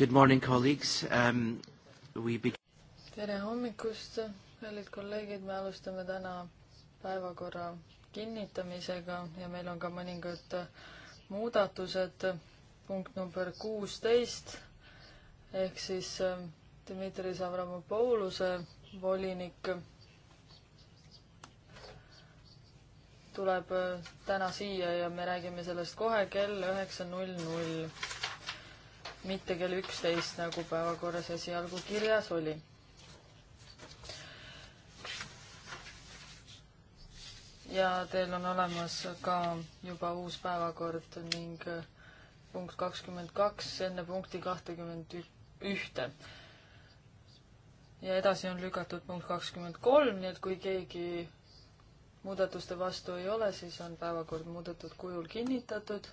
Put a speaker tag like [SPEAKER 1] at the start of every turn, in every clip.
[SPEAKER 1] Good morning, colleagues um,. We be...
[SPEAKER 2] tere hommikust, kallid kolleegid, me alustame täna päevakorra kinnitamisega ja meil on ka mõningad muudatused. punkt number kuusteist ehk siis ähm, Dmitri Savramopouluse volinik tuleb äh, täna siia ja me räägime sellest kohe kell üheksa null null mitte kell üksteist, nagu päevakorras esialgu kirjas oli. ja teil on olemas ka juba uus päevakord ning punkt kakskümmend kaks enne punkti kahtekümmend ühte. ja edasi on lükatud punkt kakskümmend kolm, nii et kui keegi muudatuste vastu ei ole, siis on päevakord muudetud kujul kinnitatud.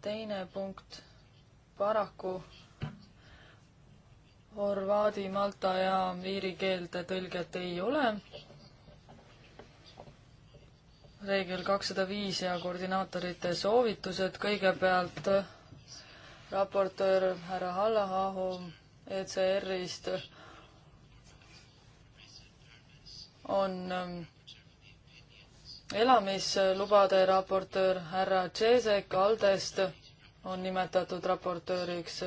[SPEAKER 2] teine punkt paraku horvaadi, malta ja iiri keelde tõlget ei ole. reegel kakssada viis ja koordinaatorite soovitused kõigepealt raportöör härra Hallahahu ECR-ist on ähm, elamislubade raportöör härra Tšesek Aldest on nimetatud raportööriks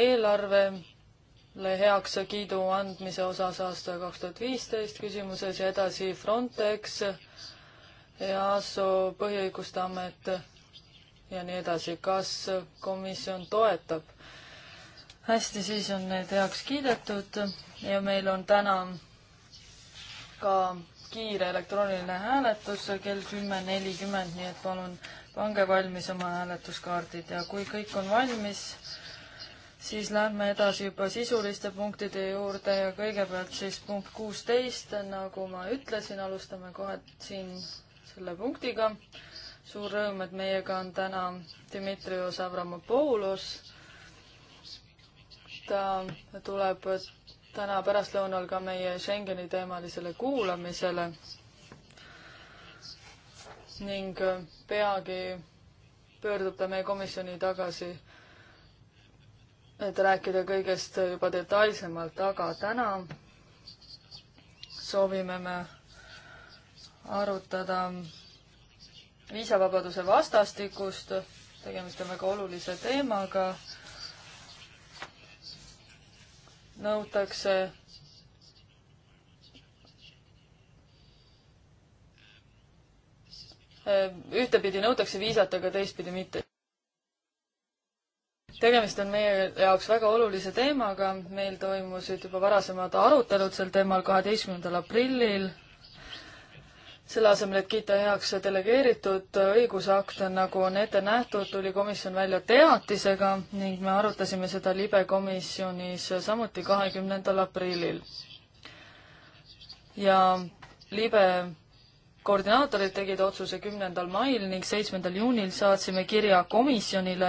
[SPEAKER 2] eelarvele heakskiidu andmise osas aasta kaks tuhat viisteist küsimuses ja edasi Frontex, EASO, Põhiõiguste Amet ja nii edasi. kas komisjon toetab? hästi, siis on need heaks kiidetud ja meil on täna ka kiire elektrooniline hääletus kell kümme nelikümmend, nii et palun pange valmis oma hääletuskaardid ja kui kõik on valmis, siis lähme edasi juba sisuliste punktide juurde ja kõigepealt siis punkt kuusteist, nagu ma ütlesin, alustame kohe siin selle punktiga. suur rõõm, et meiega on täna Dmitrios Avramopoulos. ta tuleb täna pärastlõunal ka meie Schengeni teemalisele kuulamisele ning äh, peagi pöördub ta meie komisjoni tagasi, et rääkida kõigest juba detailsemalt, aga täna soovime me arutada viisavabaduse vastastikust, tegemist on väga olulise teemaga, nõutakse Äh, ühtepidi nõutakse viisat, aga teistpidi mitte. tegemist on meie jaoks väga olulise teemaga, meil toimusid juba varasemad arutelud sel teemal kaheteistkümnendal aprillil. selle asemel, et kiita heaks delegeeritud õigusakt, nagu on ette nähtud, tuli komisjon välja teatisega ning me arutasime seda libe komisjonis samuti kahekümnendal aprillil. ja libe koordinaatorid tegid otsuse kümnendal mail ning seitsmendal juunil saatsime kirja komisjonile,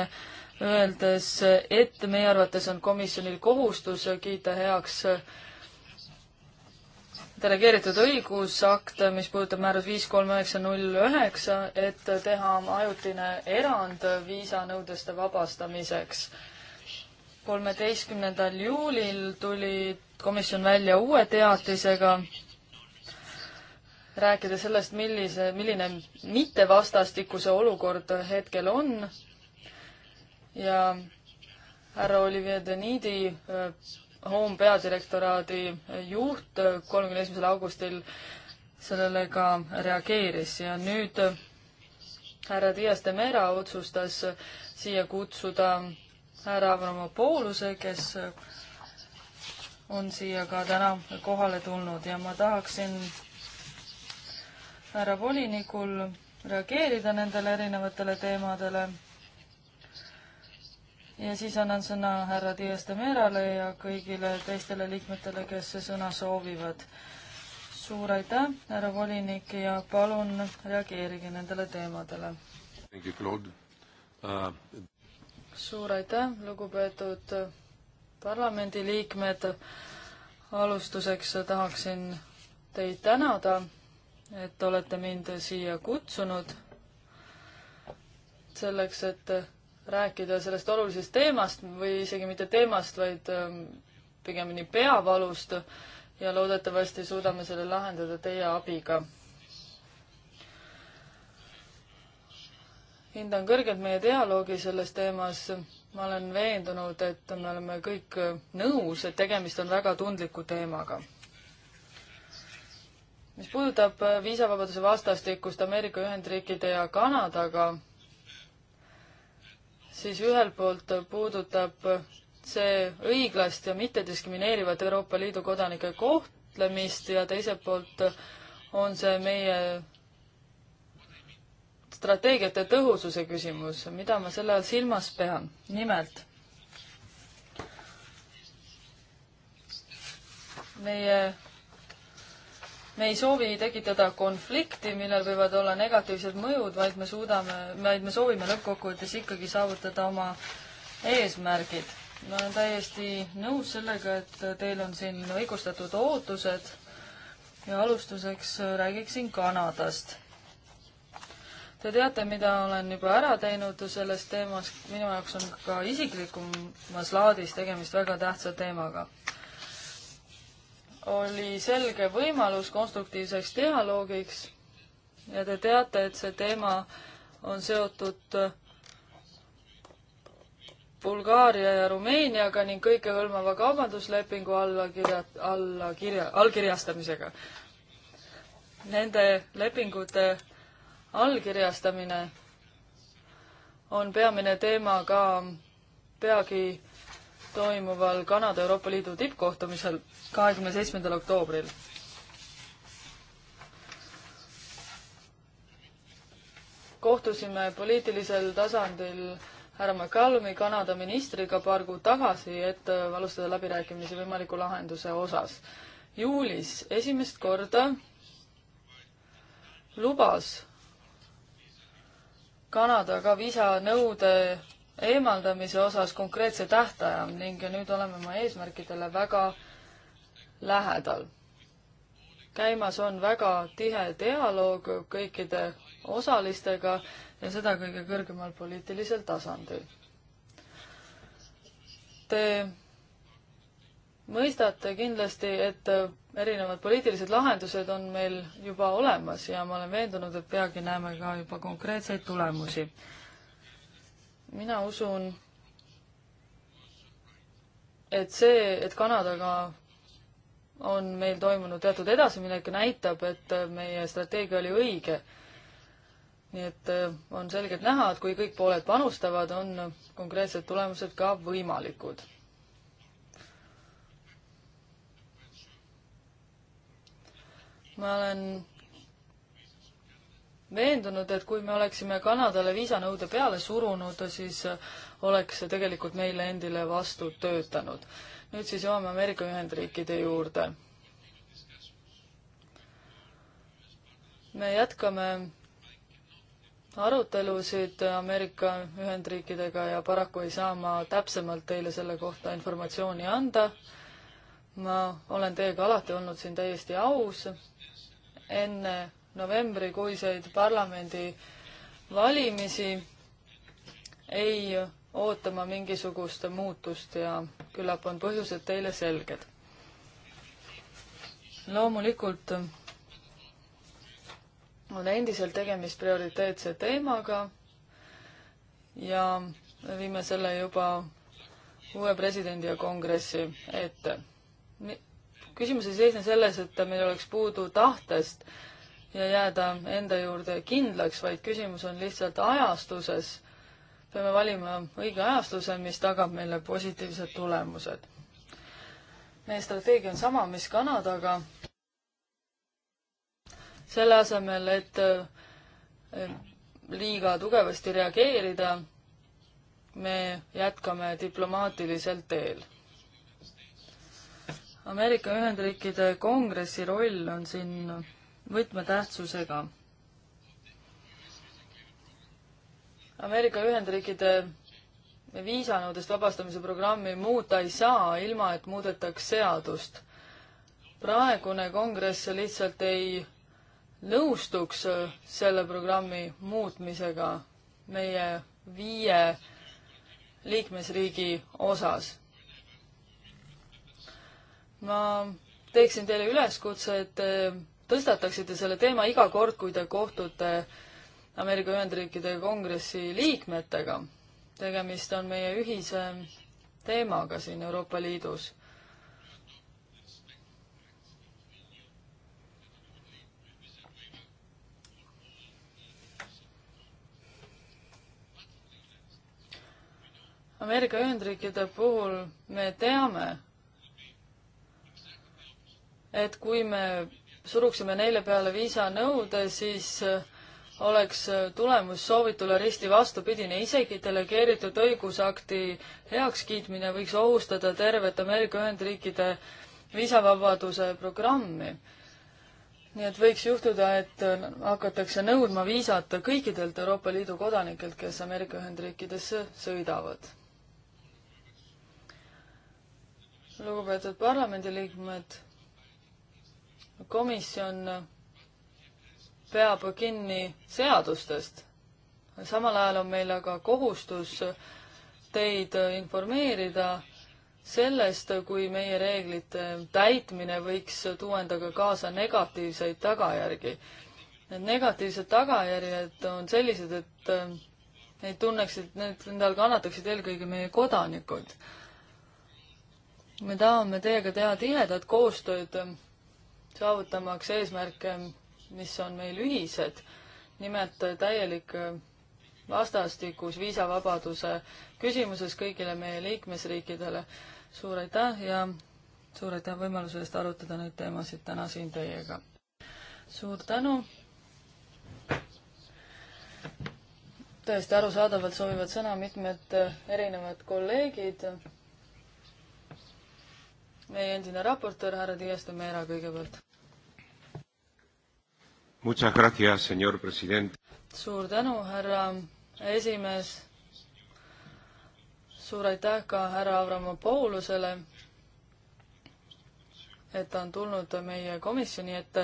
[SPEAKER 2] öeldes, et meie arvates on komisjonil kohustus kiita heaks delegeeritud õigusakt, mis puudutab määrus viis kolm üheksa null üheksa, et teha ajutine erand viisanõudeste vabastamiseks. kolmeteistkümnendal juulil tuli komisjon välja uue teatisega rääkida sellest, millise, milline mittevastastikuse olukord hetkel on ja härra Olivier Denidi, äh, Home peadirektoraadi juht äh, kolmekümne esimesel augustil sellele ka reageeris ja nüüd äh, härra Dias de Mera otsustas siia kutsuda härra Avramopouluse, kes on siia ka täna kohale tulnud ja ma tahaksin härra volinikul reageerida nendele erinevatele teemadele. ja siis annan sõna härra Dias de Merale ja kõigile teistele liikmetele, kes sõna soovivad. suur aitäh, härra volinik, ja palun reageerige nendele teemadele.
[SPEAKER 3] Uh...
[SPEAKER 2] suur aitäh, lugupeetud parlamendiliikmed. alustuseks tahaksin teid tänada et olete mind siia kutsunud selleks, et rääkida sellest olulisest teemast või isegi mitte teemast, vaid ähm, pigemini peavalust ja loodetavasti suudame selle lahendada teie abiga. hindan kõrgelt meie dialoogi selles teemas. ma olen veendunud, et me oleme kõik nõus, et tegemist on väga tundliku teemaga mis puudutab äh, viisavabaduse vastastikust Ameerika Ühendriikide ja Kanadaga, siis ühelt poolt puudutab see õiglast ja mittediskrimineerivat Euroopa Liidu kodanike kohtlemist ja teiselt poolt on see meie strateegiate tõhususe küsimus, mida ma selle all silmas pean. nimelt, meie me ei soovi tekitada konflikti, millel võivad olla negatiivsed mõjud, vaid me suudame, vaid me soovime lõppkokkuvõttes ikkagi saavutada oma eesmärgid. ma olen täiesti nõus sellega, et teil on siin õigustatud ootused ja alustuseks räägiksin Kanadast. Te teate, mida olen juba ära teinud selles teemas, minu jaoks on ka isiklikumas laadis tegemist väga tähtsa teemaga oli selge võimalus konstruktiivseks dialoogiks ja te teate, et see teema on seotud Bulgaaria ja Rumeeniaga ning kõikehõlmava kaubanduslepingu allakirja, allakirja, allkirjastamisega. Nende lepingute allkirjastamine on peamine teema ka peagi toimuval Kanada Euroopa Liidu tippkohtumisel kahekümne seitsmendal oktoobril. kohtusime poliitilisel tasandil härra McCallumi Kanada ministriga paar kuud tagasi, et alustada läbirääkimisi võimaliku lahenduse osas. juulis esimest korda lubas Kanada ka viisanõude eemaldamise osas konkreetse tähtaja ning nüüd oleme oma eesmärkidele väga lähedal. käimas on väga tihe dialoog kõikide osalistega ja seda kõige kõrgemal poliitilisel tasandil. Te mõistate kindlasti, et erinevad poliitilised lahendused on meil juba olemas ja ma olen veendunud, et peagi näeme ka juba konkreetseid tulemusi mina usun, et see, et Kanadaga on meil toimunud teatud edasiminek, näitab, et meie strateegia oli õige. nii et äh, on selgelt näha, et kui kõik pooled panustavad, on konkreetsed tulemused ka võimalikud. ma olen veendunud, et kui me oleksime Kanadale viisanõude peale surunud, siis oleks see tegelikult meile endile vastu töötanud. nüüd siis jõuame Ameerika Ühendriikide juurde. me jätkame arutelusid Ameerika Ühendriikidega ja paraku ei saa ma täpsemalt teile selle kohta informatsiooni anda. ma olen teiega alati olnud siin täiesti aus. enne novembrikuiseid parlamendivalimisi ei oota ma mingisugust muutust ja küllap on põhjused teile selged. loomulikult on endiselt tegemist prioriteetse teemaga ja viime selle juba uue presidendi ja kongressi ette. küsimus ei seisne selles, et meil oleks puudu tahtest ja jääda enda juurde kindlaks, vaid küsimus on lihtsalt ajastuses. peame valima õige ajastuse, mis tagab meile positiivsed tulemused. meie strateegia on sama, mis Kanadaga. selle asemel, et liiga tugevasti reageerida, me jätkame diplomaatilisel teel Ameerika Ühendriikide kongressi roll on siin võtmetähtsusega. Ameerika Ühendriikide viisanõudest vabastamise programmi muuta ei saa, ilma et muudetaks seadust. praegune kongress lihtsalt ei nõustuks selle programmi muutmisega meie viie liikmesriigi osas. ma teeksin teile üleskutse, et tõstataksite selle teema iga kord, kui te kohtute Ameerika Ühendriikide Kongressi liikmetega. tegemist on meie ühise teemaga siin Euroopa Liidus. Ameerika Ühendriikide puhul me teame, et kui me suruksime neile peale viisanõude, siis äh, oleks äh, tulemus soovitule risti vastupidine, isegi delegeeritud õigusakti heakskiitmine võiks ohustada tervet Ameerika Ühendriikide viisavabaduse programmi. nii et võiks juhtuda, et äh, hakatakse nõudma viisat kõikidelt Euroopa Liidu kodanikelt, kes Ameerika Ühendriikidesse sõidavad. lugupeetud parlamendiliikmed komisjon peab kinni seadustest. samal ajal on meil aga kohustus teid informeerida sellest, kui meie reeglite täitmine võiks tuua endaga kaasa negatiivseid tagajärgi. Need negatiivsed tagajärjed on sellised, et äh, neid tunneksid, need endal kannataksid eelkõige meie kodanikud. me tahame teiega teha tihedat koostööd saavutamaks eesmärke, mis on meil ühised, nimelt täielik äh, vastastikus viisavabaduse küsimuses kõigile meie liikmesriikidele. suur aitäh ja suur aitäh võimaluse eest arutada neid teemasid täna siin teiega. suur tänu. täiesti arusaadavalt soovivad sõna mitmed äh, erinevad kolleegid. meie endine raportöör härra Dias de Mera kõigepealt.
[SPEAKER 1] Muchas gracias, senor president.
[SPEAKER 2] suur tänu, härra esimees. suur aitäh ka härra Avramopoulusele, et ta on tulnud meie komisjoni ette.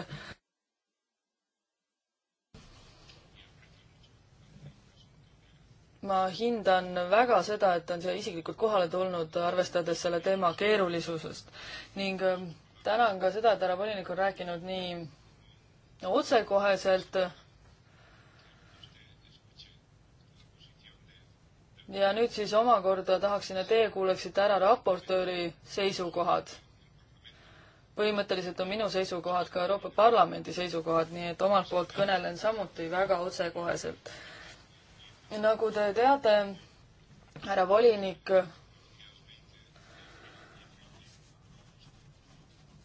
[SPEAKER 2] ma hindan väga seda, et ta on siia isiklikult kohale tulnud, arvestades selle teema keerulisusest ning ähm, tänan ka seda, et härra volinik on rääkinud nii otsekoheselt. ja nüüd siis omakorda tahaksin, et teie kuuleksite ära raportööri seisukohad. põhimõtteliselt on minu seisukohad ka Euroopa Parlamendi seisukohad, nii et omalt poolt kõnelen samuti väga otsekoheselt. nagu te teate, härra volinik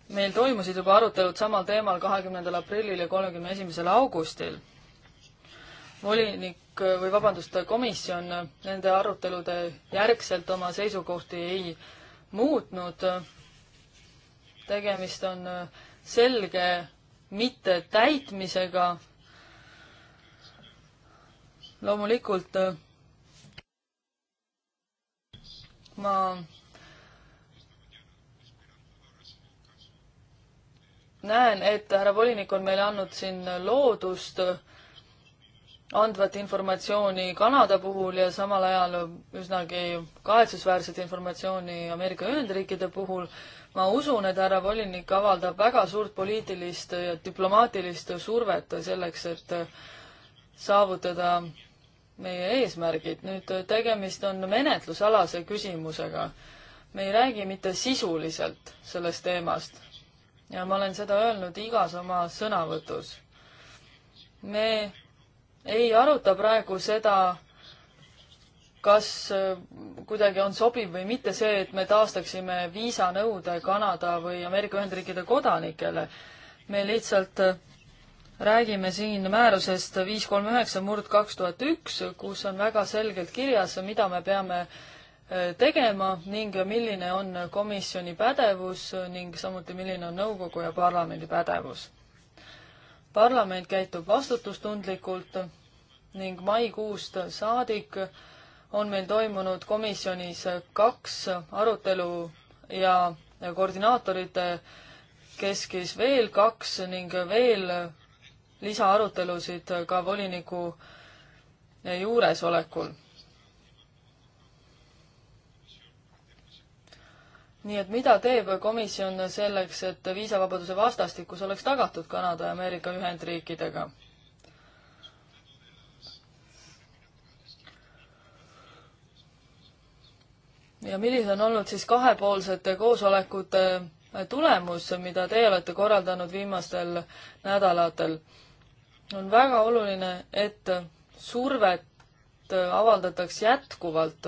[SPEAKER 2] meil toimusid juba arutelud samal teemal kahekümnendal aprillil ja kolmekümne esimesel augustil. volinik äh, või vabandust, komisjon nende arutelude järgselt oma seisukohti ei muutnud. tegemist on äh, selge mittetäitmisega. loomulikult äh, ma näen, et härra volinik on meile andnud siin loodust andvat informatsiooni Kanada puhul ja samal ajal üsnagi kahetsusväärset informatsiooni Ameerika Ühendriikide puhul. ma usun, et härra volinik avaldab väga suurt poliitilist ja diplomaatilist survet selleks, et saavutada meie eesmärgid. nüüd tegemist on menetlusalase küsimusega. me ei räägi mitte sisuliselt sellest teemast, ja ma olen seda öelnud igas oma sõnavõtus. me ei aruta praegu seda, kas äh, kuidagi on sobiv või mitte see, et me taastaksime viisanõude Kanada või Ameerika Ühendriikide kodanikele. me lihtsalt äh, räägime siin määrusest viis kolm üheksa murd kaks tuhat üks, kus on väga selgelt kirjas, mida me peame äh, Äh, tegema ning milline on komisjoni pädevus ning samuti, milline on nõukogu ja parlamendi pädevus. parlament käitub vastutustundlikult ning maikuust saadik on meil toimunud komisjonis kaks arutelu ja koordinaatorite keskis veel kaks ning veel lisaarutelusid ka voliniku juuresolekul nii et mida teeb komisjon selleks, et viisavabaduse vastastikus oleks tagatud Kanada ja Ameerika Ühendriikidega? ja millised on olnud siis kahepoolsete koosolekute tulemus, mida teie olete korraldanud viimastel nädalatel? on väga oluline, et survet avaldataks jätkuvalt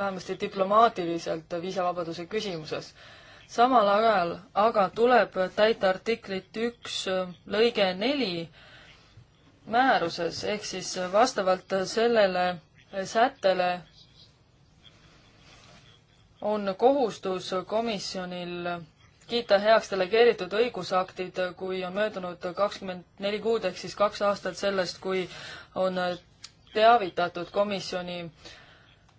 [SPEAKER 2] vähemasti diplomaatiliselt viisavabaduse küsimuses. samal ajal aga tuleb täita artiklit üks lõige neli määruses, ehk siis vastavalt sellele sättele on kohustus komisjonil kiita heaks delegeeritud õigusaktid, kui on möödunud kakskümmend neli kuud ehk siis kaks aastat sellest, kui on teavitatud komisjoni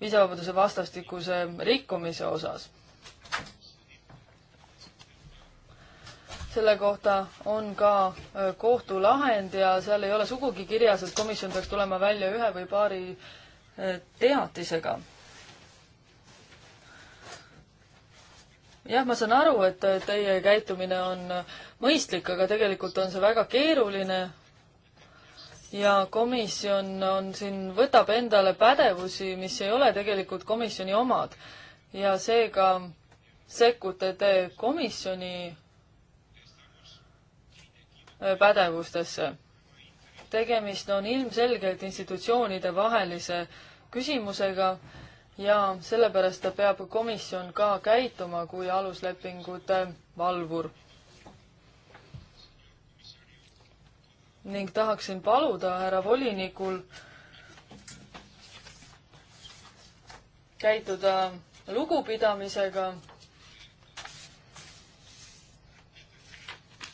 [SPEAKER 2] viisavabaduse vastastikuse rikkumise osas. selle kohta on ka äh, kohtulahend ja seal ei ole sugugi kirjas, et komisjon peaks tulema välja ühe või paari äh, teatisega jah, ma saan aru, et äh, teie käitumine on mõistlik, aga tegelikult on see väga keeruline ja komisjon on siin, võtab endale pädevusi, mis ei ole tegelikult komisjoni omad. ja seega sekkute te komisjoni äh, pädevustesse. tegemist on ilmselgelt institutsioonide vahelise küsimusega ja sellepärast peab komisjon ka käituma kui aluslepingute valvur ning tahaksin paluda härra volinikul käituda lugupidamisega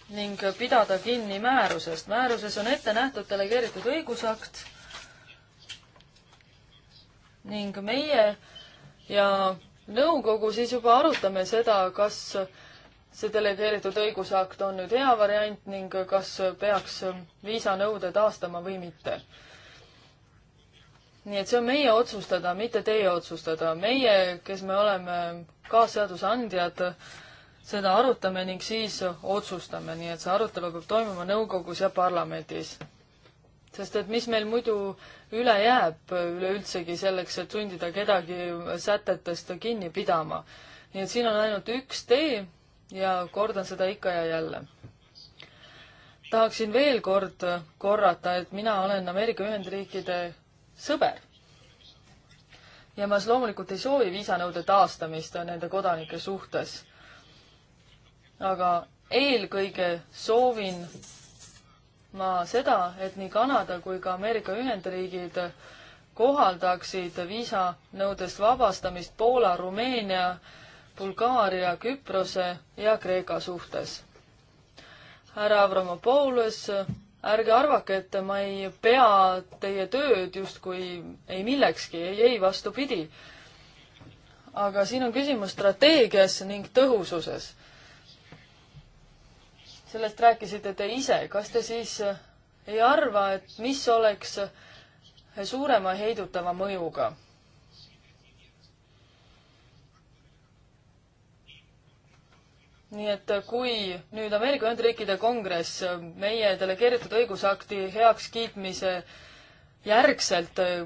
[SPEAKER 2] ning pidada kinni määrusest. määruses on ette nähtud delegeeritud õigusakt ning meie ja nõukogu siis juba arutame seda, kas see delegeeritud õigusakt on nüüd hea variant ning kas peaks viisanõude taastama või mitte. nii et see on meie otsustada, mitte teie otsustada. meie, kes me oleme kaasseadusandjad, seda arutame ning siis otsustame, nii et see arutelu peab toimuma nõukogus ja parlamendis. sest et mis meil muidu üle jääb üleüldsegi selleks, et sundida kedagi sätetest kinni pidama. nii et siin on ainult üks tee ja kordan seda ikka ja jälle. tahaksin veel kord korrata, et mina olen Ameerika Ühendriikide sõber. ja ma loomulikult ei soovi viisanõude taastamist nende kodanike suhtes. aga eelkõige soovin ma seda, et nii Kanada kui ka Ameerika Ühendriigid kohaldaksid viisanõudest vabastamist Poola, Rumeenia, Bulgaaria, Küprose ja Kreeka suhtes. härra Avramopoulos, ärge arvake, et ma ei pea teie tööd justkui ei millekski, ei, ei, vastupidi. aga siin on küsimus strateegias ning tõhususes. sellest rääkisite te ise, kas te siis ei arva, et mis oleks suurema heidutava mõjuga? nii et äh, kui nüüd Ameerika Ühendriikide kongress äh, meie delegeeritud õigusakti heakskiitmise järgselt äh,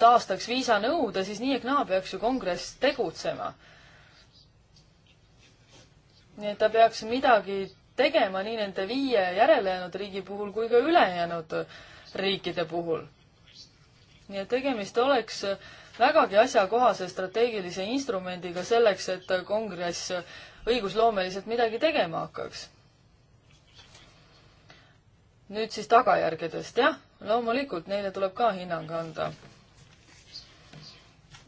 [SPEAKER 2] taastaks viisanõude, siis nii ehk naa peaks ju kongress tegutsema. nii et ta peaks midagi tegema nii nende viie järelejäänud riigi puhul kui ka ülejäänud riikide puhul. nii et tegemist oleks vägagi asjakohase strateegilise instrumendiga selleks, et kongress õigusloomeliselt midagi tegema hakkaks. nüüd siis tagajärgedest, jah, loomulikult neile tuleb ka hinnang anda.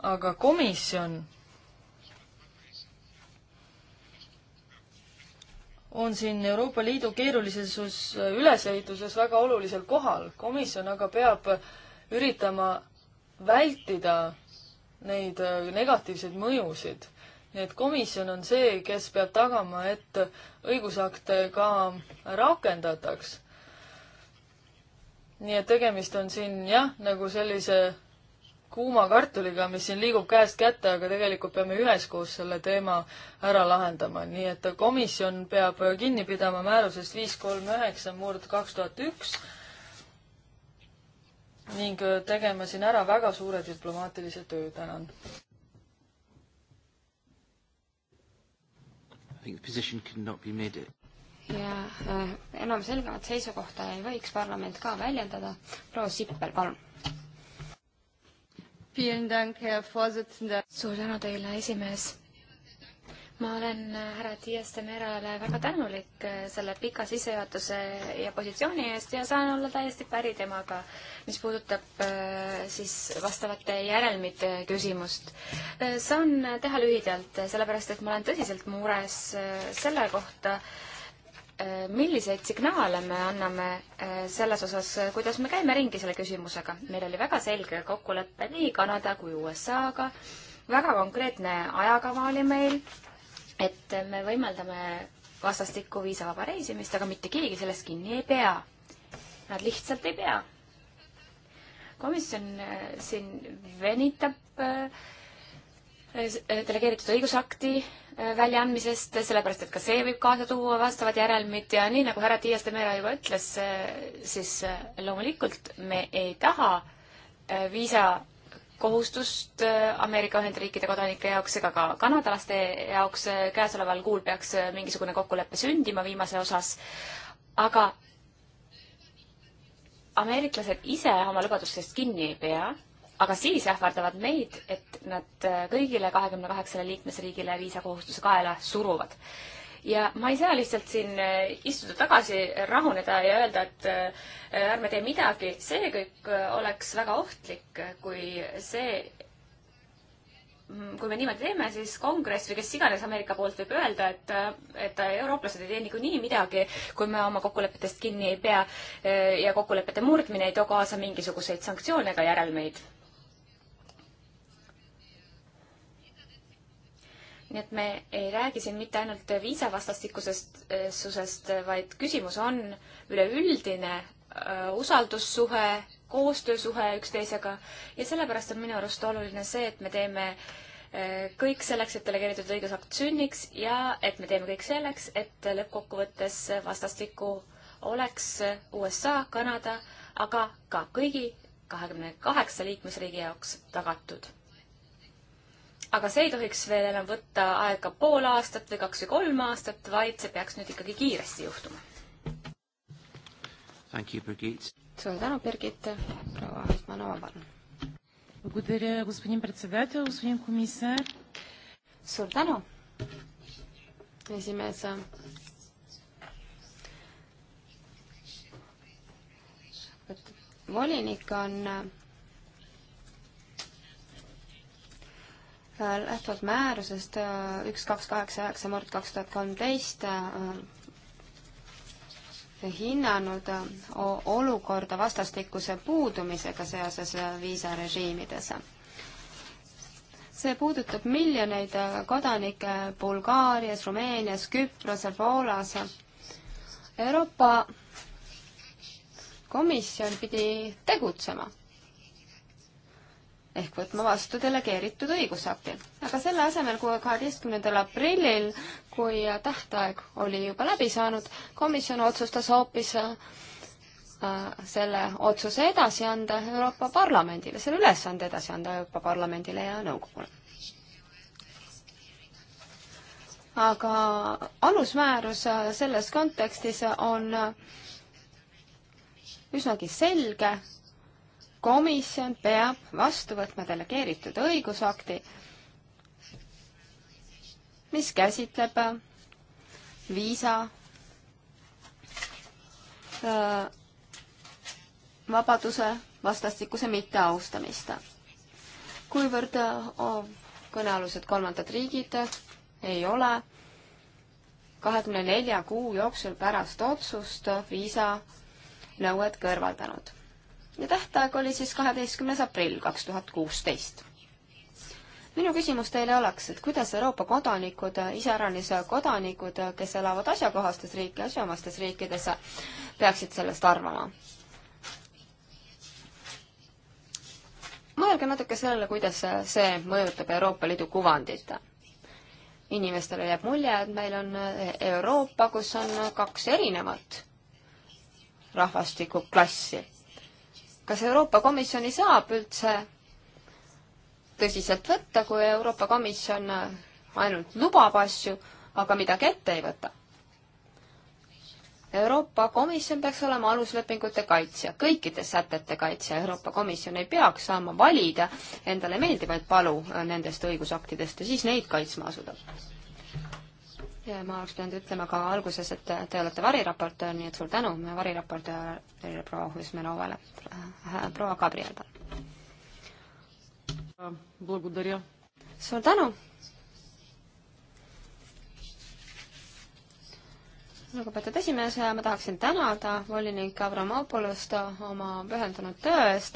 [SPEAKER 2] aga komisjon on siin Euroopa Liidu keerulises ülesehituses väga olulisel kohal. komisjon aga peab üritama vältida neid negatiivseid mõjusid nii et komisjon on see, kes peab tagama, et õigusakte ka rakendataks. nii et tegemist on siin jah, nagu sellise kuuma kartuliga, mis siin liigub käest kätte, aga tegelikult peame üheskoos selle teema ära lahendama, nii et komisjon peab kinni pidama määrusest viis kolm üheksa murd kaks tuhat üks ning tegema siin ära väga suure diplomaatilise töö, tänan.
[SPEAKER 1] overlapping position could not be made it.
[SPEAKER 2] ja äh,
[SPEAKER 4] enam selgemat seisukohta ei võiks parlament ka väljendada. proua Sippel, palun. suur tänu teile, esimees
[SPEAKER 3] ma olen härra Dias de Merale väga tänulik äh, selle pika sissejuhatuse ja positsiooni eest ja saan olla täiesti päri temaga, mis puudutab äh, siis vastavate järelmite küsimust. Äh, saan teha lühidalt, sellepärast et ma olen tõsiselt mures selle kohta, milliseid signaale me anname selles osas, kuidas me käime ringi selle küsimusega. meil oli väga selge kokkulepe nii Kanada kui USA-ga, väga konkreetne ajakava oli meil et me võimaldame vastastikku viisavaba reisimist, aga mitte keegi sellest kinni ei pea. Nad lihtsalt ei pea. komisjon äh, siin venitab äh, äh, delegeeritud õigusakti väljaandmisest, sellepärast et ka see võib kaasa tuua vastavad järelmid ja nii nagu härra Tiias de Mera juba ütles, siis loomulikult me ei taha viisa kohustust äh, Ameerika Ühendriikide kodanike jaoks ega ka kanadalaste jaoks äh, käesoleval kuul peaks äh, mingisugune kokkulepe sündima viimase osas, aga ameeriklased ise oma lubadustest kinni ei pea, aga siis ähvardavad meid, et nad kõigile kahekümne kaheksale liikmesriigile viisakohustuse kaela suruvad ja ma ei saa lihtsalt siin äh, istuda tagasi, rahuneda ja öelda, et äh, ärme tee midagi. see kõik äh, oleks väga ohtlik, kui see, mm, kui me niimoodi teeme, siis kongress või kes iganes Ameerika poolt võib öelda, et, et eurooplased ei tee niikuinii midagi, kui me oma kokkulepetest kinni ei pea. ja kokkulepete murdmine ei too kaasa mingisuguseid sanktsioone ega järelmeid nii et me ei räägi siin mitte ainult viisavastastikusest, eh, susest, eh, vaid küsimus on üleüldine eh, usaldussuhe, koostöösuhe üksteisega ja sellepärast on minu arust oluline see, et me teeme kõik selleks, et delegeeritud õigusakt sünniks ja et me teeme kõik selleks, et lõppkokkuvõttes vastastikku oleks USA, Kanada, aga ka kõigi kahekümne kaheksa liikmesriigi jaoks tagatud aga see ei tohiks veel enam võtta aega pool aastat või kaks või kolm aastat, vaid see peaks nüüd ikkagi kiiresti juhtuma.
[SPEAKER 4] suur tänu, Birgit. proua Hasmanova, palun. suur tänu, esimees. volinik on Äh, lähtuvalt määrusest äh, üks, kaks, kaheksa, üheksa, murd kaks tuhat kolmteist äh, hinnanud olukorda vastastikuse puudumisega seoses viisarežiimides. see puudutab miljoneid kodanikke Bulgaarias, Rumeenias, Küprosel, Poolas. Euroopa Komisjon pidi tegutsema ehk võtma vastu delegeeritud õigusakti. aga selle asemel, kui kaheteistkümnendal aprillil, kui tähtaeg oli juba läbi saanud, komisjon otsustas hoopis äh, selle otsuse edasi anda Euroopa Parlamendile, selle ülesande edasi anda Euroopa Parlamendile ja nõukogule. aga alusmäärus selles kontekstis on üsnagi selge komisjon peab vastu võtma delegeeritud õigusakti, mis käsitleb äh, viisa äh, vabaduse vastastikuse mitteaustamist. kuivõrd oh, kõnealused kolmandad riigid ei ole kahekümne nelja kuu jooksul pärast otsust viisa nõuet kõrvaldanud ja tähtaeg oli siis kaheteistkümnes aprill kaks tuhat kuusteist. minu küsimus teile oleks, et kuidas Euroopa kodanikud, iseäranis kodanikud, kes elavad asjakohastes riik-, asjaomastes riikides, peaksid sellest arvama? mõelge natuke sellele, kuidas see mõjutab Euroopa Liidu kuvandit. inimestele jääb mulje, et meil on Euroopa, kus on kaks erinevat rahvastikuklassi kas Euroopa Komisjoni saab üldse tõsiselt võtta, kui Euroopa Komisjon ainult lubab asju, aga midagi ette ei võta? Euroopa Komisjon peaks olema aluslepingute kaitsja, kõikide sätete kaitsja. Euroopa Komisjon ei peaks saama valida endale meeldivaid palu nendest õigusaktidest ja siis neid kaitsma asuda ja ma oleks pidanud ütlema ka alguses, et te olete variraportöör, nii et suur tänu variraportöörile proua Husmenovale. Äh, proua Gabriel, palun. suur tänu. lugupeetud esimees, ma tahaksin tänada volinik Avramopolust oma pühendunud töö eest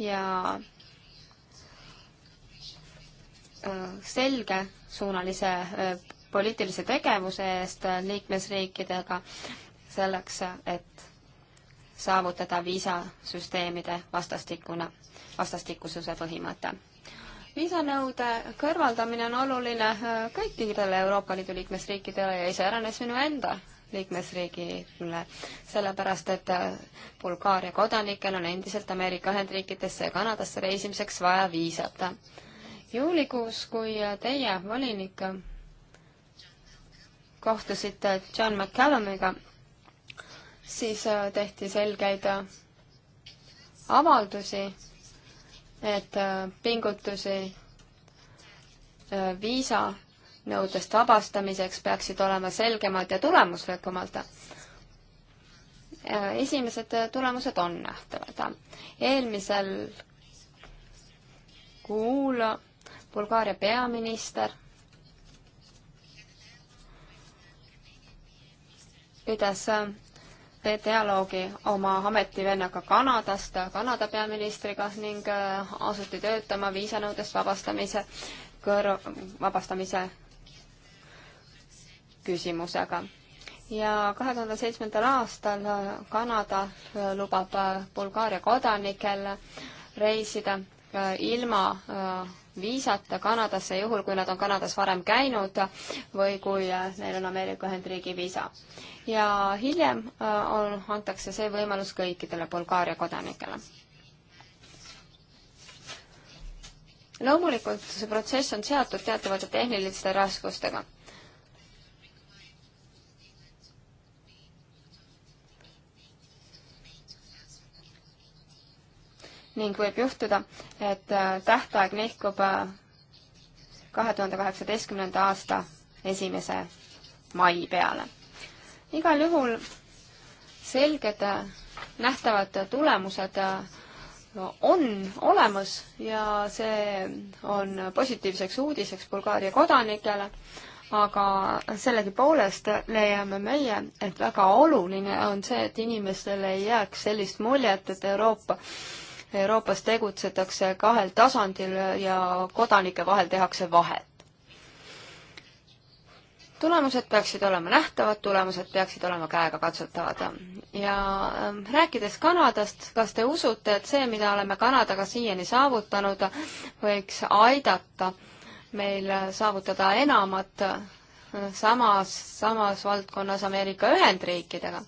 [SPEAKER 4] ja äh, selgesuunalise äh, poliitilise tegevuse eest liikmesriikidega selleks, et saavutada viisasüsteemide vastastikune, vastastikususe põhimõte. viisanõude kõrvaldamine on oluline äh, kõikidele Euroopa Liidu liikmesriikidele ja iseäranis minu enda liikmesriigile, sellepärast et äh, Bulgaaria kodanikel on endiselt Ameerika Ühendriikidesse ja Kanadasse reisimiseks vaja viisat. juulikuus, kui äh, teie volinik kohtusite John McCallumiga, siis äh, tehti selgeid äh, avaldusi, et äh, pingutusi viisanõudest vabastamiseks peaksid olema selgemad ja tulemuslikumad esimesed tulemused on nähtavad. eelmisel kuul Bulgaaria peaminister pidas dialoogi oma ametivennaga Kanadast, Kanada peaministriga ning asuti töötama viisanõudest vabastamise kõr-, vabastamise küsimusega. ja kahe tuhande seitsmendal aastal Kanada lubab Bulgaaria kodanikel reisida ilma viisata Kanadasse, juhul kui nad on Kanadas varem käinud või kui äh, neil on Ameerika Ühendriigi viisa. ja hiljem äh, on, antakse see võimalus kõikidele Bulgaaria kodanikele. loomulikult see protsess on seotud teatavate tehniliste raskustega ning võib juhtuda, et äh, tähtaeg nihkub äh, kahe tuhande kaheksateistkümnenda aasta esimese mai peale. igal juhul selged äh, nähtavad tulemused on olemas ja see on positiivseks uudiseks Bulgaaria kodanikele, aga sellegipoolest leiame meie, et väga oluline on see, et inimestele ei jääks sellist muljet, et Euroopa Euroopas tegutsetakse kahel tasandil ja kodanike vahel tehakse vahet. tulemused peaksid olema nähtavad, tulemused peaksid olema käegakatsutavad. ja ähm, rääkides Kanadast, kas te usute, et see, mida oleme Kanadaga siiani saavutanud, võiks aidata meil saavutada enamat äh, samas, samas valdkonnas Ameerika Ühendriikidega?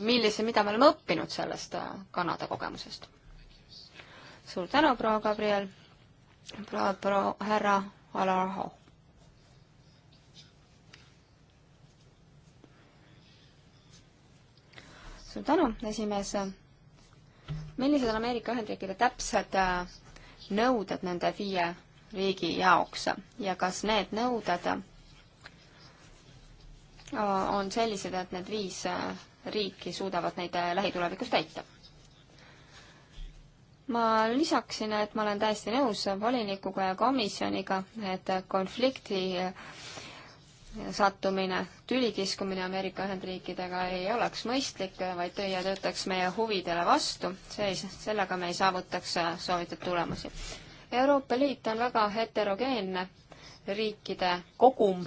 [SPEAKER 4] millise, mida me oleme õppinud sellest äh, Kanada kogemusest. suur tänu, proua Gabriel, proua, proua härra Alar Ho. suur tänu, esimees. millised on Ameerika Ühendriikide täpsed äh, nõuded nende viie riigi jaoks ja kas need nõuded äh, on sellised, et need viis riiki suudavad neid äh, lähitulevikus täita. ma lisaksin, et ma olen täiesti nõus volinikuga ja komisjoniga, et konflikti äh, sattumine, tüli kiskumine Ameerika Ühendriikidega ei oleks mõistlik, vaid tööja töötaks meie huvidele vastu, see, sellega me ei saavutaks äh, soovitud tulemusi. Euroopa Liit on väga heterogeenne riikide kogum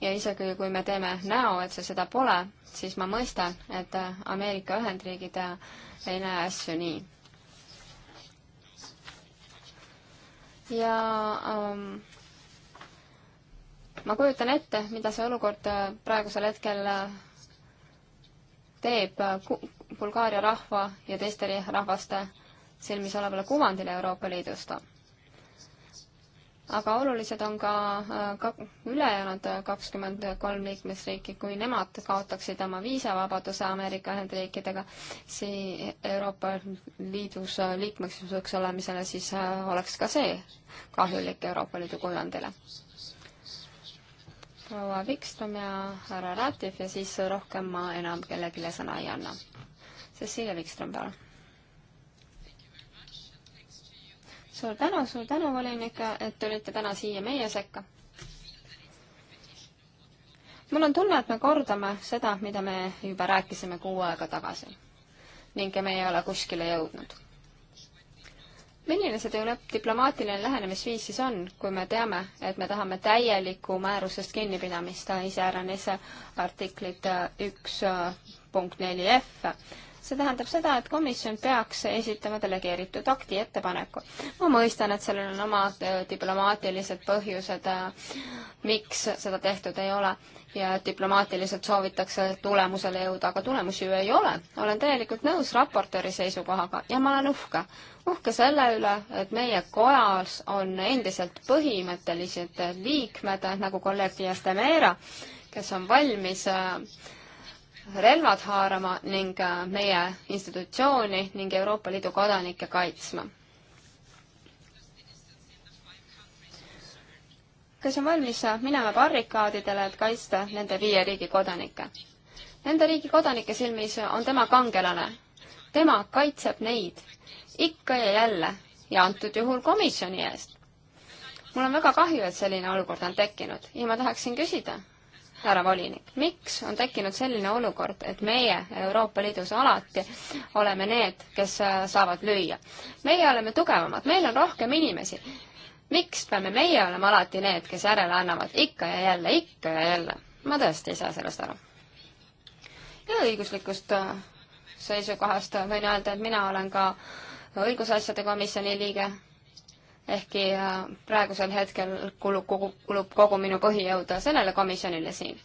[SPEAKER 4] ja isegi kui me teeme näo, et see seda pole, siis ma mõistan, et Ameerika Ühendriigid ei näe asju nii. ja ähm, ma kujutan ette, mida see olukord äh, praegusel hetkel äh, teeb Bulgaaria rahva ja teiste rahvaste silmis olevale kuvandile Euroopa Liidust aga olulised on ka, äh, ka ülejäänud kakskümmend kolm liikmesriiki, kui nemad kaotaksid oma viisavabaduse Ameerika Ühendriikidega, siis Euroopa Liidus liikmeksuseks olemisele, siis äh, oleks ka see kahjulik Euroopa Liidu kujundile. proua Vikström ja härra Ratif ja siis rohkem ma enam kellelegi sõna ei anna. Cecilia Vikström, palun suur tänu, suur tänu, volinik, et tulite täna siia meie sekka. mul on tunne, et me kordame seda, mida me juba rääkisime kuu aega tagasi ning me ei ole kuskile jõudnud. milline see diplomaatiline lähenemisviis siis on, kui me teame, et me tahame täielikku määrusest kinnipidamist, iseäranis artiklit üks punkt neli F see tähendab seda, et komisjon peaks esitama delegeeritud akti ettepaneku. ma mõistan, et sellel on oma äh, diplomaatilised põhjused, äh, miks seda tehtud ei ole ja diplomaatiliselt soovitakse tulemusele jõuda, aga tulemusi ju ei ole. olen täielikult nõus raportööri seisukohaga ja ma olen uhke. uhke selle üle, et meie kojas on endiselt põhimõttelised liikmed, nagu kolleeg Dias de Meira, kes on valmis äh, relvad haarama ning äh, meie institutsiooni ning Euroopa Liidu kodanikke kaitsma. kes on valmis äh, minema barrikaadidele, et kaitsta nende viie riigi kodanikke? Nende riigi kodanike silmis on tema kangelane. tema kaitseb neid ikka ja jälle ja antud juhul komisjoni eest. mul on väga kahju, et selline olukord on tekkinud ja ma tahaksin küsida, härra volinik, miks on tekkinud selline olukord, et meie Euroopa Liidus alati oleme need, kes äh, saavad lüüa? meie oleme tugevamad, meil on rohkem inimesi. miks peame meie olema alati need, kes järele annavad ikka ja jälle, ikka ja jälle? ma tõesti ei saa sellest aru. ja õiguslikust äh, seisukohast võin öelda, et mina olen ka õigusasjade komisjoni liige ehkki äh, praegusel hetkel kulub kogu, kulub kogu minu põhijõud äh, sellele komisjonile siin.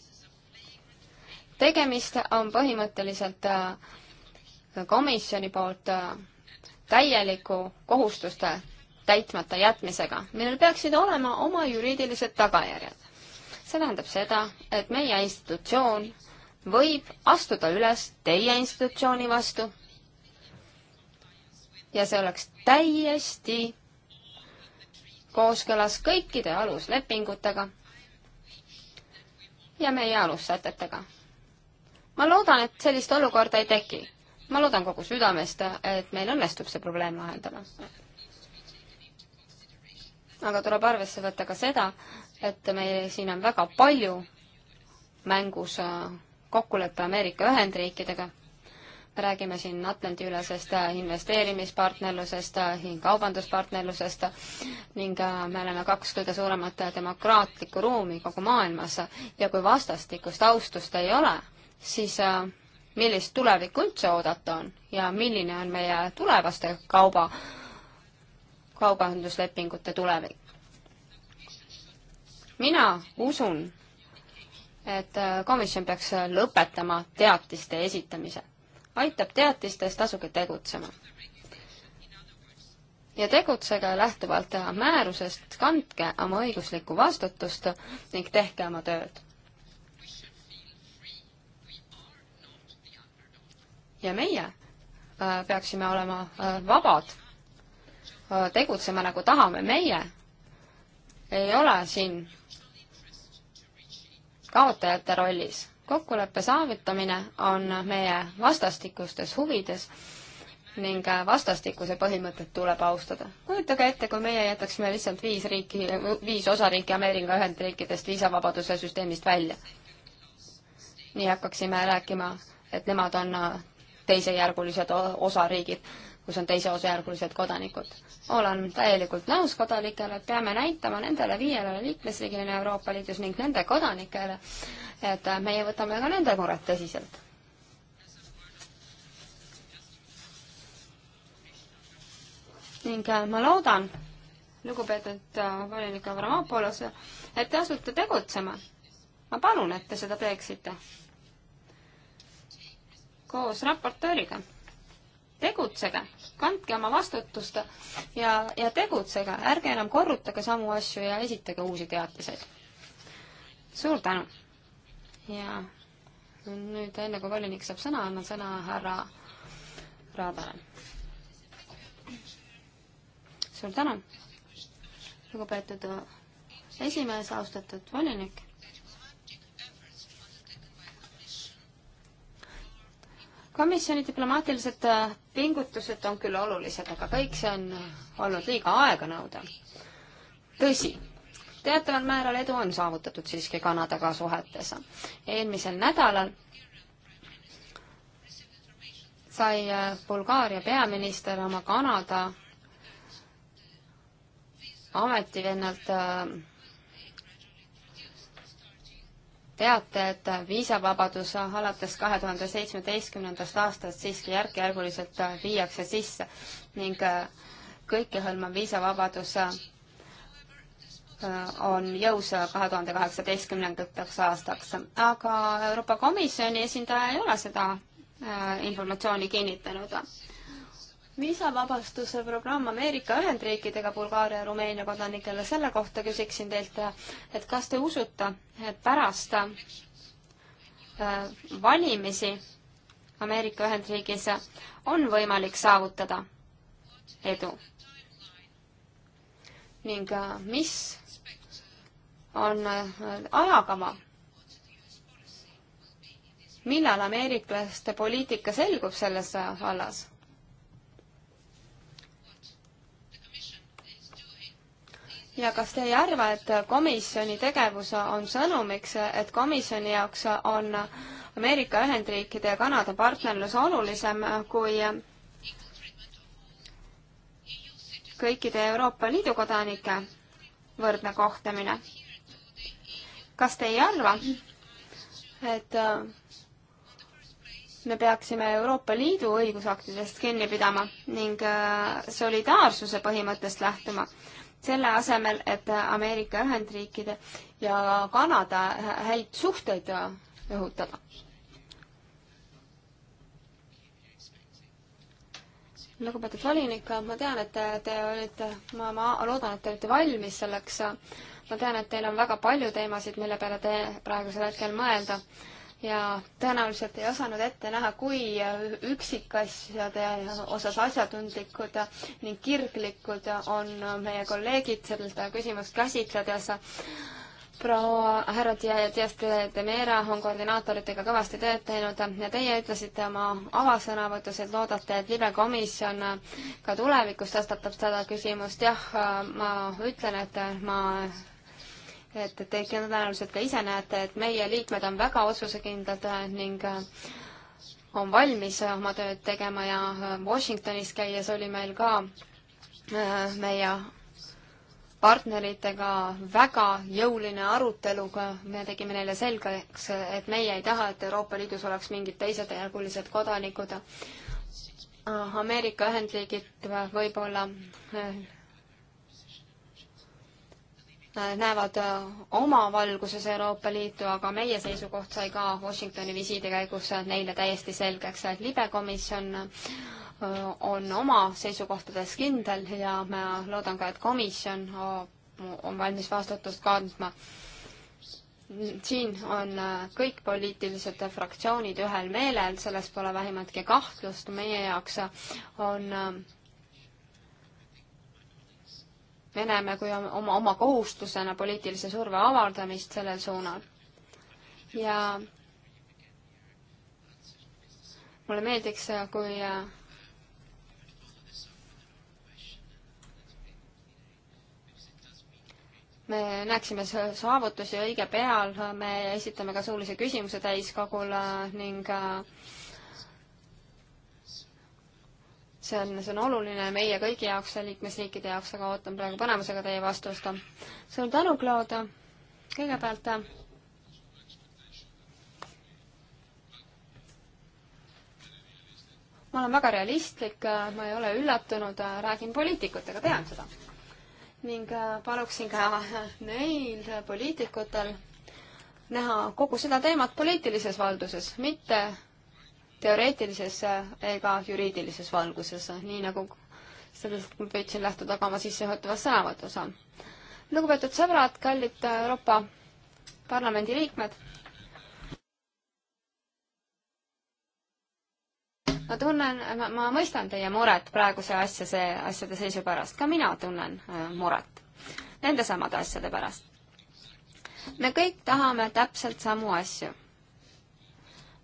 [SPEAKER 4] tegemist on põhimõtteliselt äh, komisjoni poolt täieliku kohustuste täitmata jätmisega, millel peaksid olema oma juriidilised tagajärjed. see tähendab seda, et meie institutsioon võib astuda üles teie institutsiooni vastu ja see oleks täiesti kooskõlas kõikide aluslepingutega ja meie alussätetega. ma loodan, et sellist olukorda ei teki. ma loodan kogu südamest, et meil õnnestub see probleem lahendada. aga tuleb arvesse võtta ka seda, et meil siin on väga palju mängus kokkulepe Ameerika Ühendriikidega räägime siin Atlandi-ülesest äh, investeerimispartnerlusest, äh, kaubanduspartnerlusest ning äh, me oleme kaks kõige suuremat demokraatlikku ruumi kogu maailmas ja kui vastastikust austust ei ole, siis millist tulevikku üldse oodata on ja milline on meie tulevaste kauba, kaubanduslepingute tulevik? mina usun, et komisjon peaks lõpetama teatiste esitamise aitab teatistest, asuge tegutsema. ja tegutsege lähtuvalt määrusest, kandke oma õiguslikku vastutust ning tehke oma tööd. ja meie äh, peaksime olema äh, vabad, äh, tegutsema nagu tahame, meie ei ole siin kaotajate rollis kokkuleppe saavutamine on meie vastastikustes huvides ning vastastikuse põhimõtet tuleb austada. kujutage ette, kui meie jätaksime lihtsalt viis riiki, viis osariiki Ameerika Ühendriikidest viisavabaduse süsteemist välja. nii hakkaksime rääkima, et nemad on teisejärgulised osariigid kus on teise osajärgulised kodanikud. olen täielikult nõus kodanikele, et peame näitama nendele viiele liikmesriigile Euroopa Liidus ning nende kodanikele, et meie võtame ka nende muret tõsiselt. ning äh, ma loodan, lugupeetud äh, volinik Avramopolos, et te asute tegutsema. ma palun, et te seda teeksite koos raportööriga tegutsege, kandke oma vastutust ja, ja tegutsege, ärge enam korrutage samu asju ja esitage uusi teatiseid. suur tänu! ja nüüd enne, kui volinik saab sõna, annan sõna härra Raadale. suur tänu, lugupeetud esimees, austatud volinik. komisjoni diplomaatilised äh, pingutused on küll olulised, aga kõik see on olnud liiga aeganõudev. tõsi, teataval määral edu on saavutatud siiski Kanadaga suhetes. eelmisel nädalal sai äh, Bulgaaria peaminister oma Kanada ametivennalt äh, teate, et viisavabadus alates kahe tuhande seitsmeteistkümnendast aastast siiski järk-järguliselt viiakse sisse ning äh, kõikehõlmav viisavabadus äh, on jõus kahe tuhande kaheksateistkümnendateks aastaks. aga Euroopa Komisjoni esindaja ei ole seda äh, informatsiooni kinnitanud viisavabastuse programm Ameerika Ühendriikidega Bulgaaria ja Rumeenia kodanikele, selle kohta küsiksin teilt, et kas te usute, et pärast äh, valimisi Ameerika Ühendriigis on võimalik saavutada edu? ning äh, mis on äh, ajakava? millal ameeriklaste poliitika selgub selles vallas? ja kas te ei arva, et komisjoni tegevus on sõnumiks, et komisjoni jaoks on Ameerika Ühendriikide ja Kanada partnerlus olulisem kui kõikide Euroopa Liidu kodanike võrdne kohtlemine? kas te ei arva, et me peaksime Euroopa Liidu õigusaktidest kinni pidama ning solidaarsuse põhimõttest lähtuma? selle asemel, et Ameerika Ühendriikide ja Kanada häid suhteid õhutada. lugupeetud volinik, ma tean, et te, te olite, ma, ma loodan, et te olite valmis selleks. ma tean, et teil on väga palju teemasid, mille peale te praegusel hetkel mõelda ja tõenäoliselt ei osanud ette näha, kui üksikasjade osas asjatundlikud ning kirglikud on meie kolleegid seda küsimust käsitledes. proua härra Dias de Mera on koordinaatoritega kõvasti tööd teinud ja teie ütlesite oma avasõnavõtus, et loodate, et libekomisjon ka tulevikus tõstatab seda küsimust. jah, ma ütlen, et ma et te tõenäoliselt ka ise näete, et meie liikmed on väga otsusekindlad ning äh, on valmis oma tööd tegema ja äh, Washingtonis käies oli meil ka äh, meie partneritega väga jõuline arutelu, me tegime neile selgeks, et meie ei taha, et Euroopa Liidus oleks mingid teisetejärgulised kodanikud. Ameerika Ühendriigid võib-olla näevad äh, oma valguses Euroopa Liitu, aga meie seisukoht sai ka Washingtoni visiidi käigus neile täiesti selgeks, et libekomisjon äh, on oma seisukohtades kindel ja ma loodan ka, et komisjon äh, on valmis vastutust kandma. siin on kõik poliitilised fraktsioonid ühel meelel, selles pole vähimatki kahtlust, meie jaoks on me näeme kui oma, oma kohustusena poliitilise surve avaldamist sellel suunal. ja mulle meeldiks, kui me näeksime saavutusi õige peal, me esitame ka suulise küsimuse täiskogule ning äh, see on, see on oluline meie kõigi jaoks ja liikmesriikide jaoks, aga ootan praegu põnevusega teie vastust. suur tänu, Claude. kõigepealt ma olen väga realistlik, ma ei ole üllatunud, räägin poliitikutega, tean seda. ning paluksin ka neil poliitikutel näha kogu seda teemat poliitilises valduses, mitte teoreetilises äh, ega juriidilises valguses, nii nagu sellest ma püüdsin lähtuda ka oma sissejuhatavas sõnavõtus. lugupeetud sõbrad, kallid Euroopa Parlamendi liikmed, ma tunnen, ma mõistan teie muret praeguse asjase, asjade seisu pärast, ka mina tunnen äh, muret nende samade asjade pärast. me kõik tahame täpselt samu asju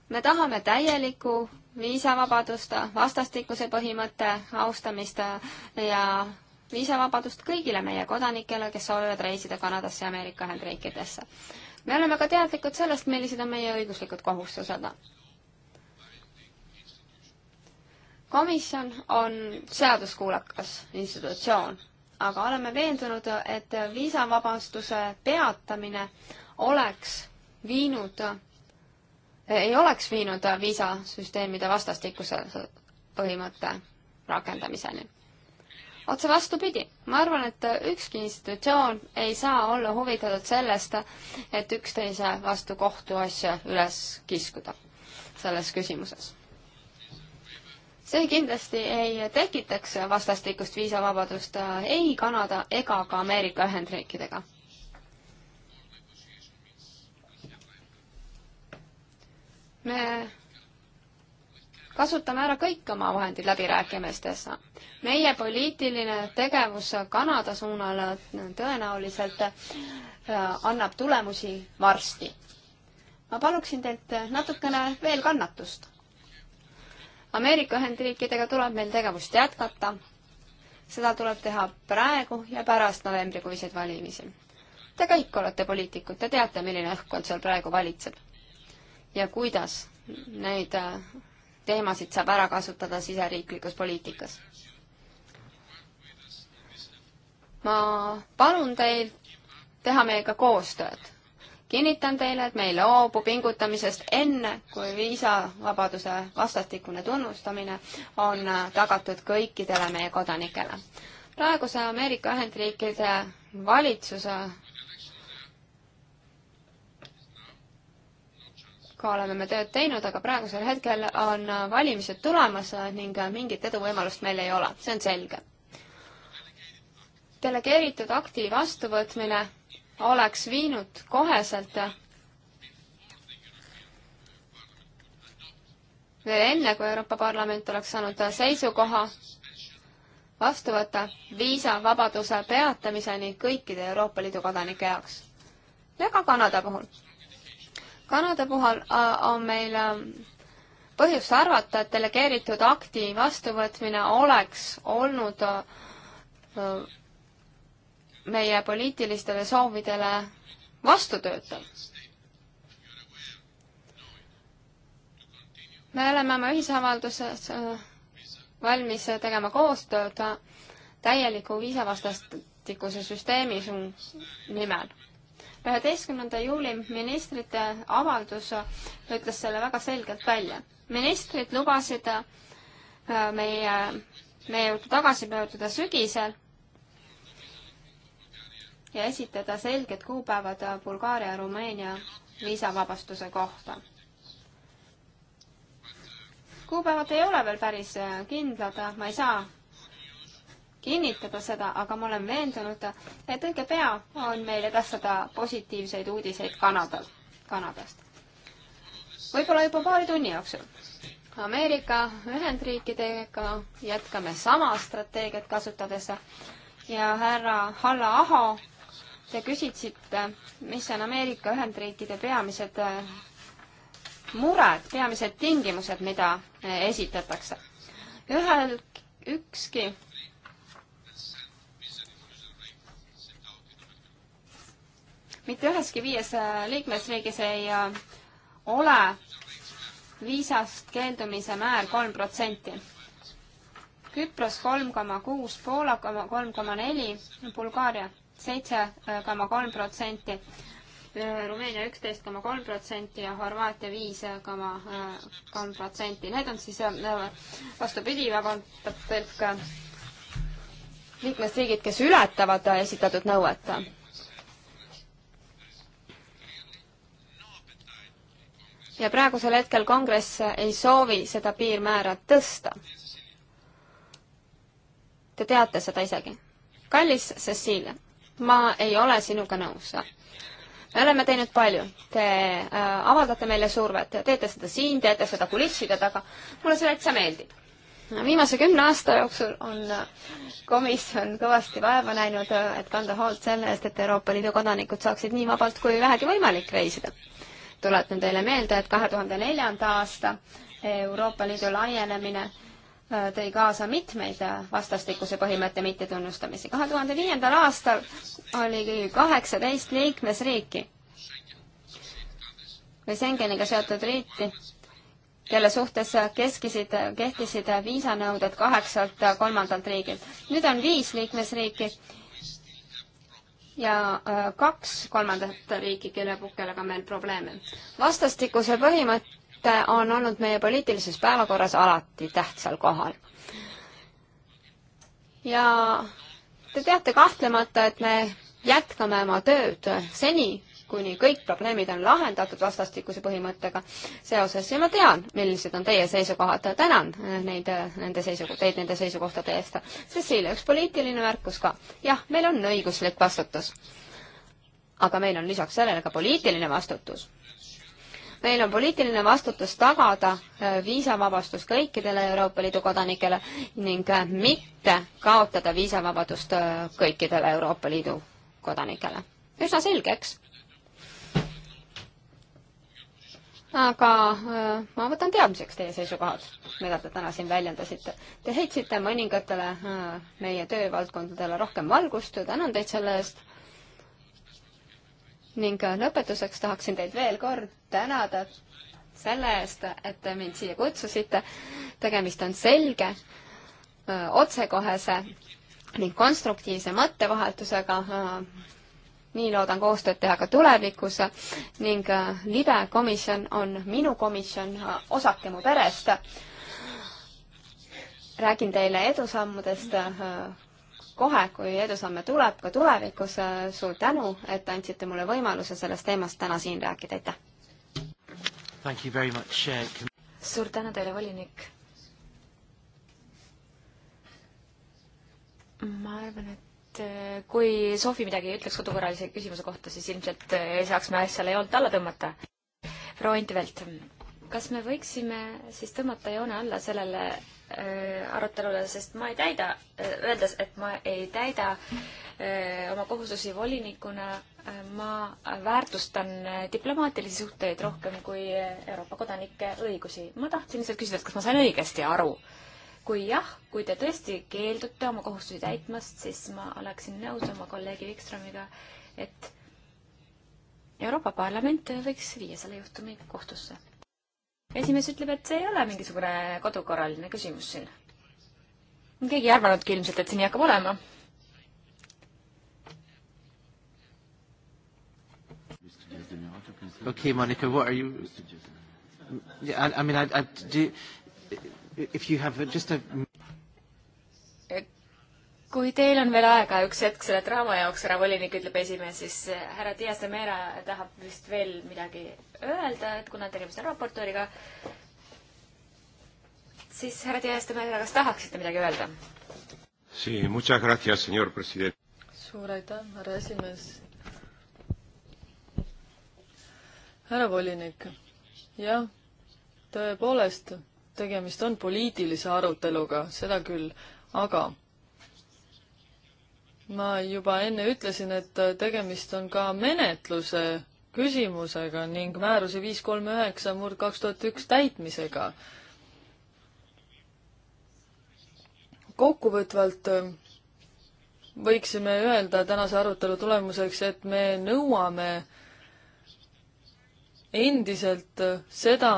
[SPEAKER 4] me tahame täielikku viisavabadust, vastastikuse põhimõtte austamist ja viisavabadust kõigile meie kodanikele, kes soovivad reisida Kanadasse ja Ameerika Ühendriikidesse. me oleme ka teadlikud sellest, millised on meie õiguslikud kohustused. komisjon on seaduskuulekas institutsioon, aga oleme veendunud, et viisavabastuse peatamine oleks viinud ei oleks viinud viisasüsteemide vastastikuse põhimõtte rakendamiseni. otse vastupidi, ma arvan, et ükski institutsioon ei saa olla huvitatud sellest, et üksteise vastu kohtuasja üles kiskuda selles küsimuses. see kindlasti ei tekitaks vastastikust viisavabadust äh, ei Kanada ega ka Ameerika Ühendriikidega me kasutame ära kõik oma vahendid läbirääkimistes. meie poliitiline tegevus Kanada suunal tõenäoliselt äh, annab tulemusi varsti. ma paluksin teilt natukene veel kannatust. Ameerika Ühendriikidega tuleb meil tegevust jätkata. seda tuleb teha praegu ja pärast novembrikuiseid valimisi. Te kõik olete poliitikud, te teate, milline õhkkond seal praegu valitseb ja kuidas neid äh, teemasid saab ära kasutada siseriiklikus poliitikas. ma palun teil teha meiega koostööd. kinnitan teile, et me ei loobu pingutamisest enne, kui viisavabaduse vastastikune tunnustamine on äh, tagatud kõikidele meie kodanikele. praeguse Ameerika Ühendriikide valitsuse ka oleme me tööd teinud, aga praegusel hetkel on valimised tulemas ning mingit eduvõimalust meil ei ole, see on selge. delegeeritud akti vastuvõtmine oleks viinud koheselt veel enne, kui Euroopa Parlament oleks saanud seisukoha vastu võtta viisavabaduse peatamiseni kõikide Euroopa Liidu kodanike jaoks ja ka Kanada puhul Kanada puhul äh, on meil äh, põhjust arvata, et delegeeritud akti vastuvõtmine oleks olnud äh, meie poliitilistele soovidele vastutöötav. me oleme oma ühisavalduses valmis tegema koostööd täieliku viisavastastikuse süsteemi nimel üheteistkümnenda juuli ministrite avaldus ütles selle väga selgelt välja. ministrid lubasid äh, meie, meie juurde tagasi pöörduda sügisel ja esitada selged kuupäevad Bulgaaria ja Rumeenia viisavabastuse kohta. kuupäevad ei ole veel päris äh, kindlad, ma ei saa kinnitada seda, aga ma olen veendunud, et õige pea on meil edastada positiivseid uudiseid Kanadal, Kanadast. võib-olla juba paari tunni jooksul. Ameerika Ühendriikidega jätkame sama strateegiat kasutades ja härra Halla Aho, te küsisite, mis on Ameerika Ühendriikide peamised eh, mured, peamised tingimused, mida eh, esitatakse. ühel, ükski mitte üheski viies äh, liikmesriigis ei äh, ole viisast keeldumise määr kolm protsenti. Küpros kolm koma kuus, Poola koma kolm koma neli, Bulgaaria seitse koma kolm protsenti, äh, Rumeenia üksteist koma kolm protsenti ja Horvaatia viis koma kolm protsenti. Need on siis vastupidi, vabandab tõlk liikmesriigid, kes ületavad esitatud nõuet ja praegusel hetkel Kongress ei soovi seda piirmäära tõsta. Te teate seda isegi. kallis Cecile, ma ei ole sinuga nõus. me oleme teinud palju, te äh, avaldate meile survet, teete seda siin, teete seda kulisside taga, mulle see täitsa meeldib viimase kümne aasta jooksul on äh, komisjon kõvasti vaeva näinud, äh, et kanda hoolt selle eest, et Euroopa Liidu kodanikud saaksid nii vabalt kui vähegi võimalik reisida tuletan teile meelde, et kahe tuhande neljanda aasta Euroopa Liidu laienemine äh, tõi kaasa mitmeid äh, vastastikuse põhimõtte mittetunnustamisi. kahe tuhande viiendal aastal oli kaheksateist liikmesriiki või Schengeniga seotud riiki, kelle suhtes äh, keskisid, kehtisid viisanõuded kaheksalt kolmandalt riigilt. nüüd on viis liikmesriiki, ja äh, kaks kolmandat riiki, kelle puhkelega meil probleeme. vastastikuse põhimõte on olnud meie poliitilises päevakorras alati tähtsal kohal. ja te teate kahtlemata, et me jätkame oma tööd seni, kuni kõik probleemid on lahendatud vastastikuse põhimõttega seoses ja ma tean, millised on teie seisukohad. tänan neid, nende seisuko-, teid nende seisukohtade eest. Cecilia, üks poliitiline märkus ka. jah, meil on õiguslik vastutus. aga meil on lisaks sellele ka poliitiline vastutus meil on poliitiline vastutus tagada äh, viisavabastus kõikidele Euroopa Liidu kodanikele ning äh, mitte kaotada viisavabadust äh, kõikidele Euroopa Liidu kodanikele. üsna selge, eks? aga äh, ma võtan teadmiseks teie seisukohad, mida te täna siin väljendasite. Te heitsite mõningatele äh, meie töövaldkondadele rohkem valgust, tänan teid selle eest. ning äh, lõpetuseks tahaksin teid veel kord tänada selle eest, et te mind siia kutsusite. tegemist on selge, otsekohese ning konstruktiivse mõttevahetusega nii loodan koostööd teha ka tulevikus ning äh, libe komisjon on minu komisjon, äh, osake mu perest. räägin teile edusammudest äh, kohe, kui edusamme tuleb ka tulevikus. suur tänu, et andsite mulle võimaluse sellest teemast täna siin rääkida, aitäh! suur tänu
[SPEAKER 3] teile, volinik! ma arvan, et Äh, kui Sofi midagi ütleks kodukorralise küsimuse kohta, siis ilmselt äh, saaks me asjale joont alla tõmmata. proua Antivelt, kas me võiksime siis tõmmata joone alla sellele äh, arutelule, sest ma ei täida äh,, öeldes, et ma ei täida äh, oma kohustusi volinikuna äh,, ma väärtustan äh, diplomaatilisi suhteid rohkem kui äh, Euroopa kodanike õigusi. ma tahtsin lihtsalt küsida, et kas ma sain õigesti aru äh, kui jah, kui te tõesti keeldute oma kohustusi täitmast, siis ma oleksin nõus oma kolleegi Vikströmiga, et Euroopa Parlament võiks viia selle juhtumi kohtusse. esimees ütleb, et see ei ole mingisugune kodukorraline küsimus siin. keegi ei arvanudki ilmselt, et see nii hakkab olema
[SPEAKER 1] Okay, Monica, what are you? Yeah, I, I mean, I, I do if you have just a
[SPEAKER 3] kui teil on veel aega üks hetk selle draama jaoks, härra volinik, ütleb esimees, siis eh, härra Dias de Mera tahab vist veel midagi öelda, et kuna tegemist on raportööriga, siis härra Dias de Mera, kas tahaksite midagi öelda?
[SPEAKER 2] suur aitäh, härra esimees. härra volinik, jah, tõepoolest tegemist on poliitilise aruteluga, seda küll, aga ma juba enne ütlesin, et tegemist on ka menetluse küsimusega ning määruse viis kolm üheksa murd kaks tuhat üks täitmisega. kokkuvõtvalt võiksime öelda tänase arutelu tulemuseks, et me nõuame endiselt seda,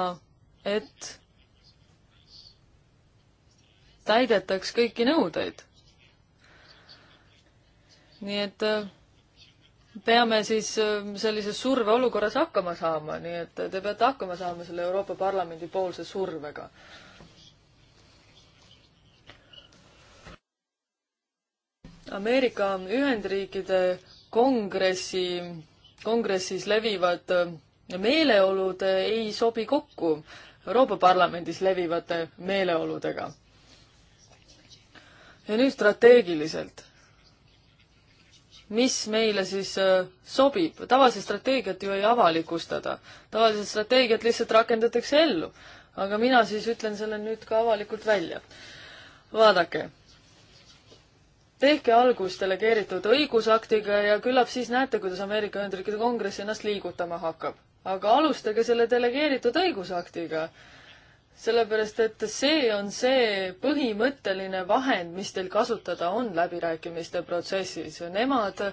[SPEAKER 2] et täidetaks kõiki nõudeid. nii et äh, peame siis äh, sellises surveolukorras hakkama saama, nii et te peate hakkama saama selle Euroopa Parlamendi poolse survega. Ameerika Ühendriikide kongressi, kongressis levivad äh, meeleolud ei sobi kokku Euroopa Parlamendis levivate meeleoludega ja nüüd strateegiliselt. mis meile siis äh, sobib, tavaliselt strateegiat ju ei avalikustada, tavaliselt strateegiat lihtsalt rakendatakse ellu, aga mina siis ütlen selle nüüd ka avalikult välja. vaadake, tehke algus delegeeritud õigusaktiga ja küllap siis näete, kuidas Ameerika Ühendriikide Kongress ennast liigutama hakkab. aga alustage selle delegeeritud õigusaktiga sellepärast, et see on see põhimõtteline vahend, mis teil kasutada on läbirääkimiste protsessis. Nemad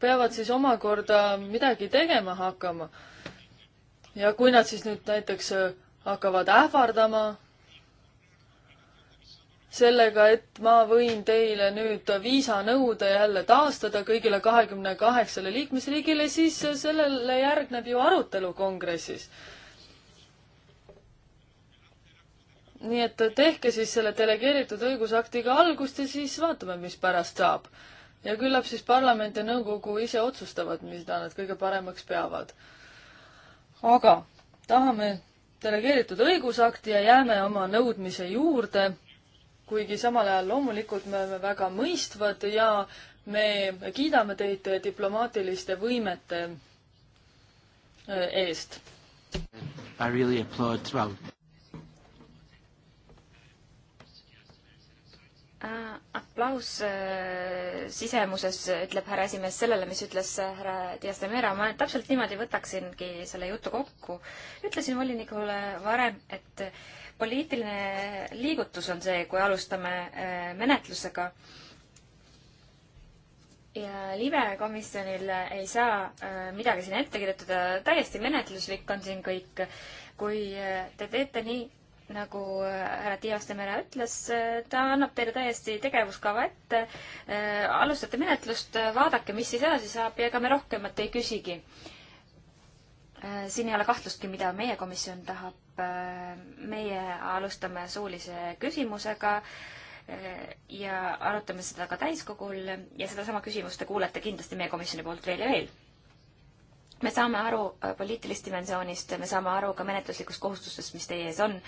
[SPEAKER 2] peavad siis omakorda midagi tegema hakkama. ja kui nad siis nüüd näiteks hakkavad ähvardama sellega, et ma võin teile nüüd viisanõude jälle taastada kõigile kahekümne kaheksale liikmesriigile, siis sellele järgneb ju arutelu kongressis nii et tehke siis selle delegeeritud õigusaktiga algust ja siis vaatame, mis pärast saab. ja küllap siis parlament ja nõukogu ise otsustavad, mida nad kõige paremaks peavad. aga tahame delegeeritud õigusakti ja jääme oma nõudmise juurde, kuigi samal ajal loomulikult me oleme väga mõistvad ja me kiidame teid diplomaatiliste võimete äh, eest.
[SPEAKER 1] I really applaud well
[SPEAKER 2] Äh,
[SPEAKER 3] aplaus äh, sisemuses, ütleb härra esimees sellele, mis ütles äh, härra Dias de Mera, ma täpselt niimoodi võtaksingi selle jutu kokku. ütlesin volinikule varem, et poliitiline liigutus on see, kui alustame menetlusega. ja libekomisjonil ei saa midagi sinna ette kirjutada, täiesti menetluslik on siin kõik. kui te teete nii, nagu äh, härra Tiiastemere ütles, äh, ta annab teile täiesti tegevuskava ette, äh, alustate menetlust, vaadake, mis siis edasi saab ja ega me rohkemat ei küsigi. siin ei ole kahtlustki, mida meie komisjon tahab. meie alustame suulise küsimusega ja arutame seda ka täiskogul ja sedasama küsimust te kuulete kindlasti meie komisjoni poolt veel ja veel me saame aru äh, poliitilist dimensioonist, me saame aru ka menetluslikust kohustustest, mis teie ees on.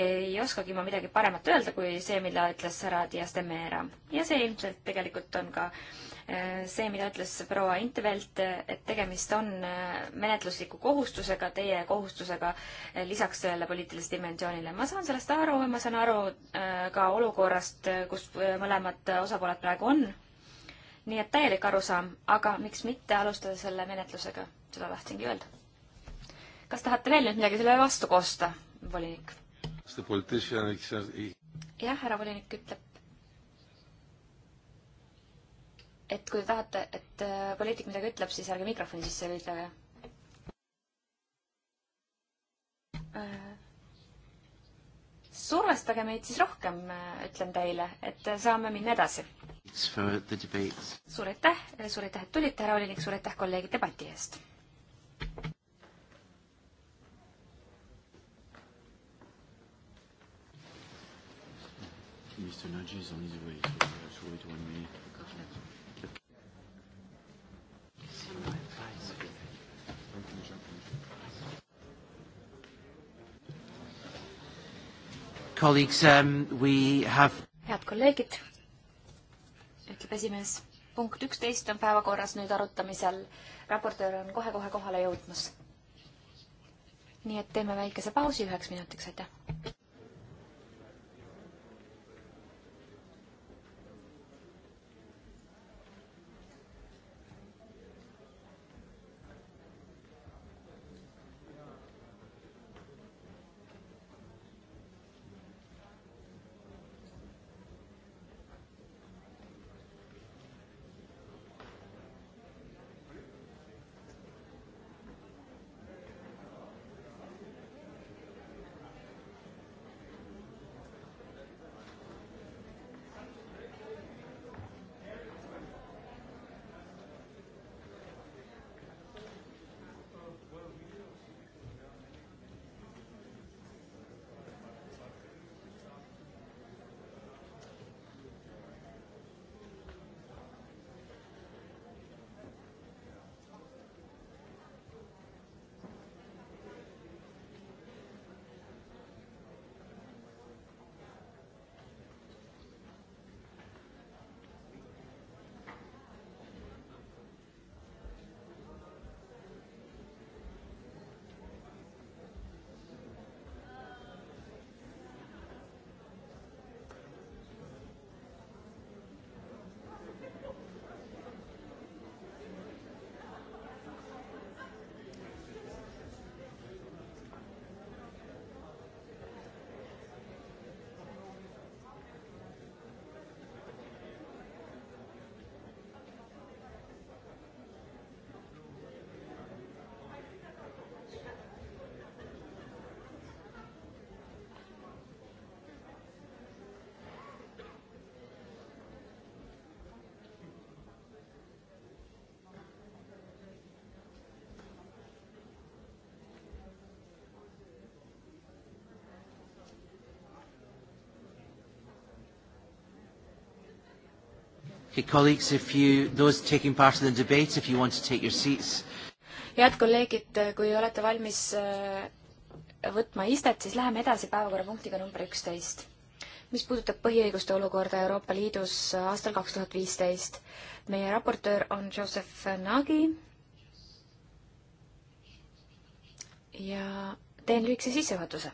[SPEAKER 3] ei oskagi ma midagi paremat öelda, kui see, mida ütles härra Dias de Meera. ja see ilmselt tegelikult on ka äh, see, mida ütles proua Intervelt, et tegemist on äh, menetlusliku kohustusega, teie kohustusega lisaks sellele poliitilisele dimensioonile. ma saan sellest aru ja ma saan aru ka olukorrast, kus mõlemad osapooled praegu on nii et täielik arusaam, aga miks mitte alustada selle menetlusega, seda tahtsingi öelda. kas tahate veel nüüd midagi selle vastu koosta, volinik? jah, härra volinik ütleb, et kui te tahate, et äh, poliitik midagi ütleb, siis ärge mikrofoni sisse lülitage äh, survestage meid siis rohkem, äh, ütlen teile, et saame minna edasi
[SPEAKER 1] suur
[SPEAKER 3] aitäh, suur aitäh, et tulite, härra volinik, suur aitäh, kolleegid, debati
[SPEAKER 4] eest!
[SPEAKER 1] Mr. Nagy is on his way, so we have to wait one minute. Colleagues, um, we have...
[SPEAKER 3] head kolleegid ütleb esimees. punkt üksteist on päevakorras nüüd arutamisel. raportöör on kohe-kohe kohale jõudmas. nii et teeme väikese pausi üheks minutiks,
[SPEAKER 4] aitäh.
[SPEAKER 1] Okay, colleagues, if you, those taking part in the debate, if you want to take your seats.
[SPEAKER 3] head kolleegid, kui olete valmis äh, võtma istet, siis läheme edasi päevakorrapunktiga number üksteist, mis puudutab põhiõiguste olukorda Euroopa Liidus aastal kaks tuhat viisteist. meie raportöör on Joseph Nagi. ja teen lühikese sissejuhatuse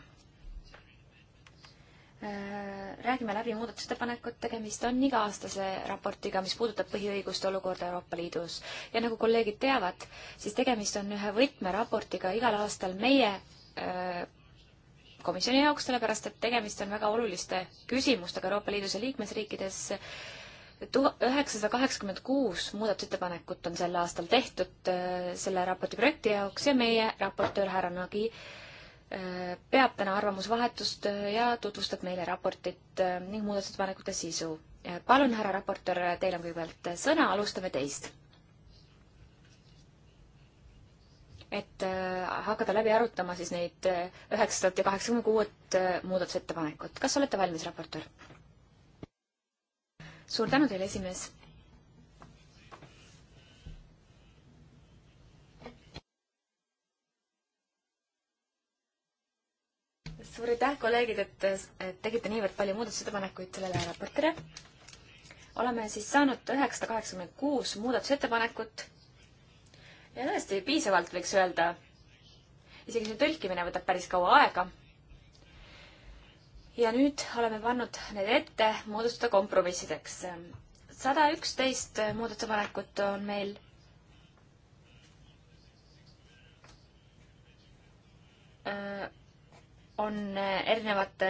[SPEAKER 3] Äh, räägime läbi muudatusettepanekud, tegemist on iga-aastase raportiga, mis puudutab põhiõiguste olukorda Euroopa Liidus. ja nagu kolleegid teavad, siis tegemist on ühe võtmeraportiga igal aastal meie äh, komisjoni jaoks, sellepärast et tegemist on väga oluliste küsimustega Euroopa Liidus ja liikmesriikides. üheksasada kaheksakümmend kuus muudatusettepanekut on sel aastal tehtud äh, selle raporti projekti jaoks ja meie raportöör härra Nagi no peab täna arvamusvahetust äh, ja tutvustab meile raportit äh, ning muudatusettepanekute sisu. palun, härra raportöör, teil on kõigepealt sõna, alustame teist. et äh, hakata läbi arutama siis neid üheksasadat ja kaheksakümne kuuet muudatusettepanekut. kas olete valmis, raportöör? suur tänu teile, esimees suur aitäh, kolleegid, et tegite niivõrd palju muudatusettepanekuid sellele raportile. oleme siis saanud üheksasada kaheksakümmend kuus muudatusettepanekut. ja tõesti, piisavalt võiks öelda. isegi see tõlkimine võtab päris kaua aega. ja nüüd oleme pannud need ette moodustada kompromissideks. sada üksteist muudatusettepanekut on meil äh, on eh, erinevate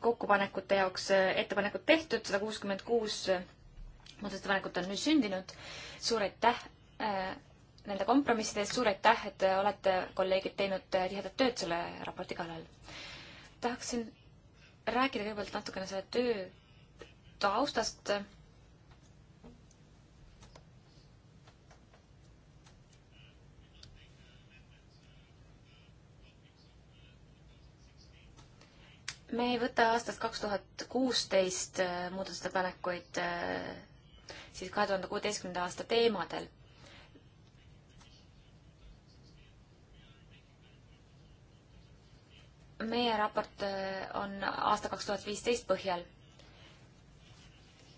[SPEAKER 3] kokkupanekute jaoks eh, ettepanekud tehtud, sada kuuskümmend kuus eh, muudatusettepanekut on nüüd sündinud. suur aitäh nende kompromisside eest, suur aitäh, et olete, kolleegid, teinud tihedat tööd selle raporti kallal. tahaksin rääkida kõigepealt natukene selle töö taustast me ei võta aastast kaks tuhat kuusteist äh, muudatusettepanekuid äh, siis kahe tuhande kuueteistkümnenda aasta teemadel. meie raport äh, on aasta kaks tuhat viisteist põhjal.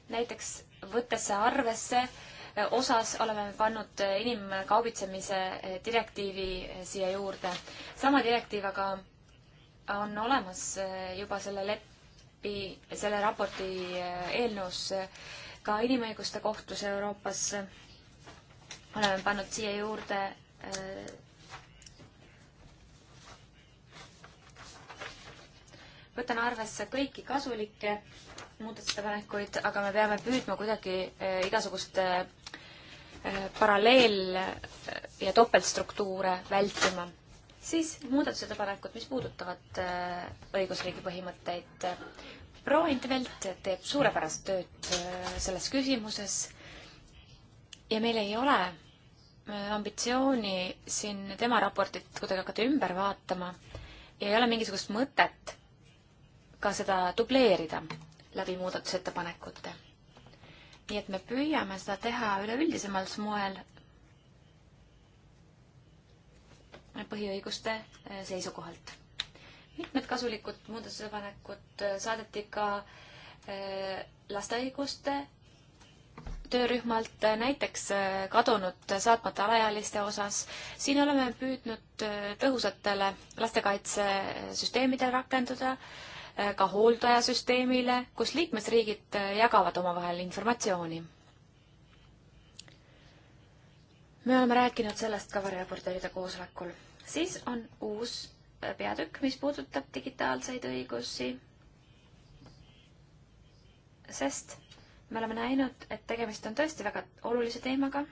[SPEAKER 3] näiteks võttes arvesse osas oleme pannud inimkaubitsemise direktiivi siia juurde. sama direktiiv aga on olemas eh, juba selle lepi, selle raporti eh, eelnõus eh, ka inimõiguste kohtus Euroopas. oleme pannud siia juurde võtan arvesse kõiki kasulikke muudatusettepanekuid, aga me peame püüdma kuidagi igasugust paralleel- ja topeltstruktuure vältima siis muudatusettepanekud, mis puudutavad äh, õigusriigi põhimõtteid. proua Intvelt teeb suurepärast tööd äh, selles küsimuses ja meil ei ole äh, ambitsiooni siin tema raportit kuidagi hakata ümber vaatama ja ei ole mingisugust mõtet ka seda dubleerida läbi muudatusettepanekute. nii et me püüame seda teha üleüldisemal moel, põhiõiguste äh, seisukohalt. mitmed kasulikud muudatusettepanekud äh, saadeti ka äh, laste õiguste töörühmalt, näiteks kadunud saatmata alaealiste osas. siin oleme püüdnud tõhusatele lastekaitsesüsteemidele rakenduda, ka hooldajasüsteemile, kus liikmesriigid jagavad omavahel informatsiooni. me oleme rääkinud sellest ka variraportööride koosolekul siis on uus äh, peatükk, mis puudutab digitaalseid õigusi, sest me oleme näinud, et tegemist on tõesti väga olulise teemaga.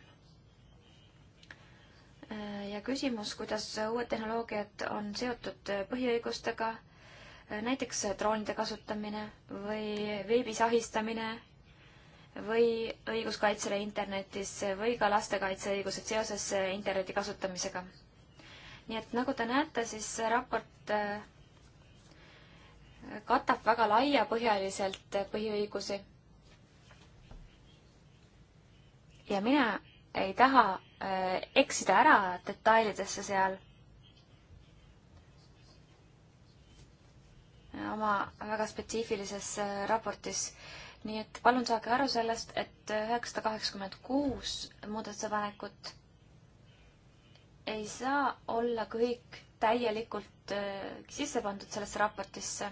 [SPEAKER 3] Äh, ja küsimus, kuidas uued tehnoloogiad on seotud äh, põhiõigustega, näiteks droonide kasutamine või veebis ahistamine või õiguskaitsele internetis või ka lastekaitseõigused seoses interneti kasutamisega nii et nagu te näete, siis see raport äh, katab väga laiapõhjaliselt äh, põhiõigusi. ja mina ei taha äh, eksida ära detailidesse seal oma väga spetsiifilises raportis. nii et palun saage aru sellest, et üheksasada kaheksakümmend kuus muudatusepanekut ei saa olla kõik täielikult äh, sisse pandud sellesse raportisse.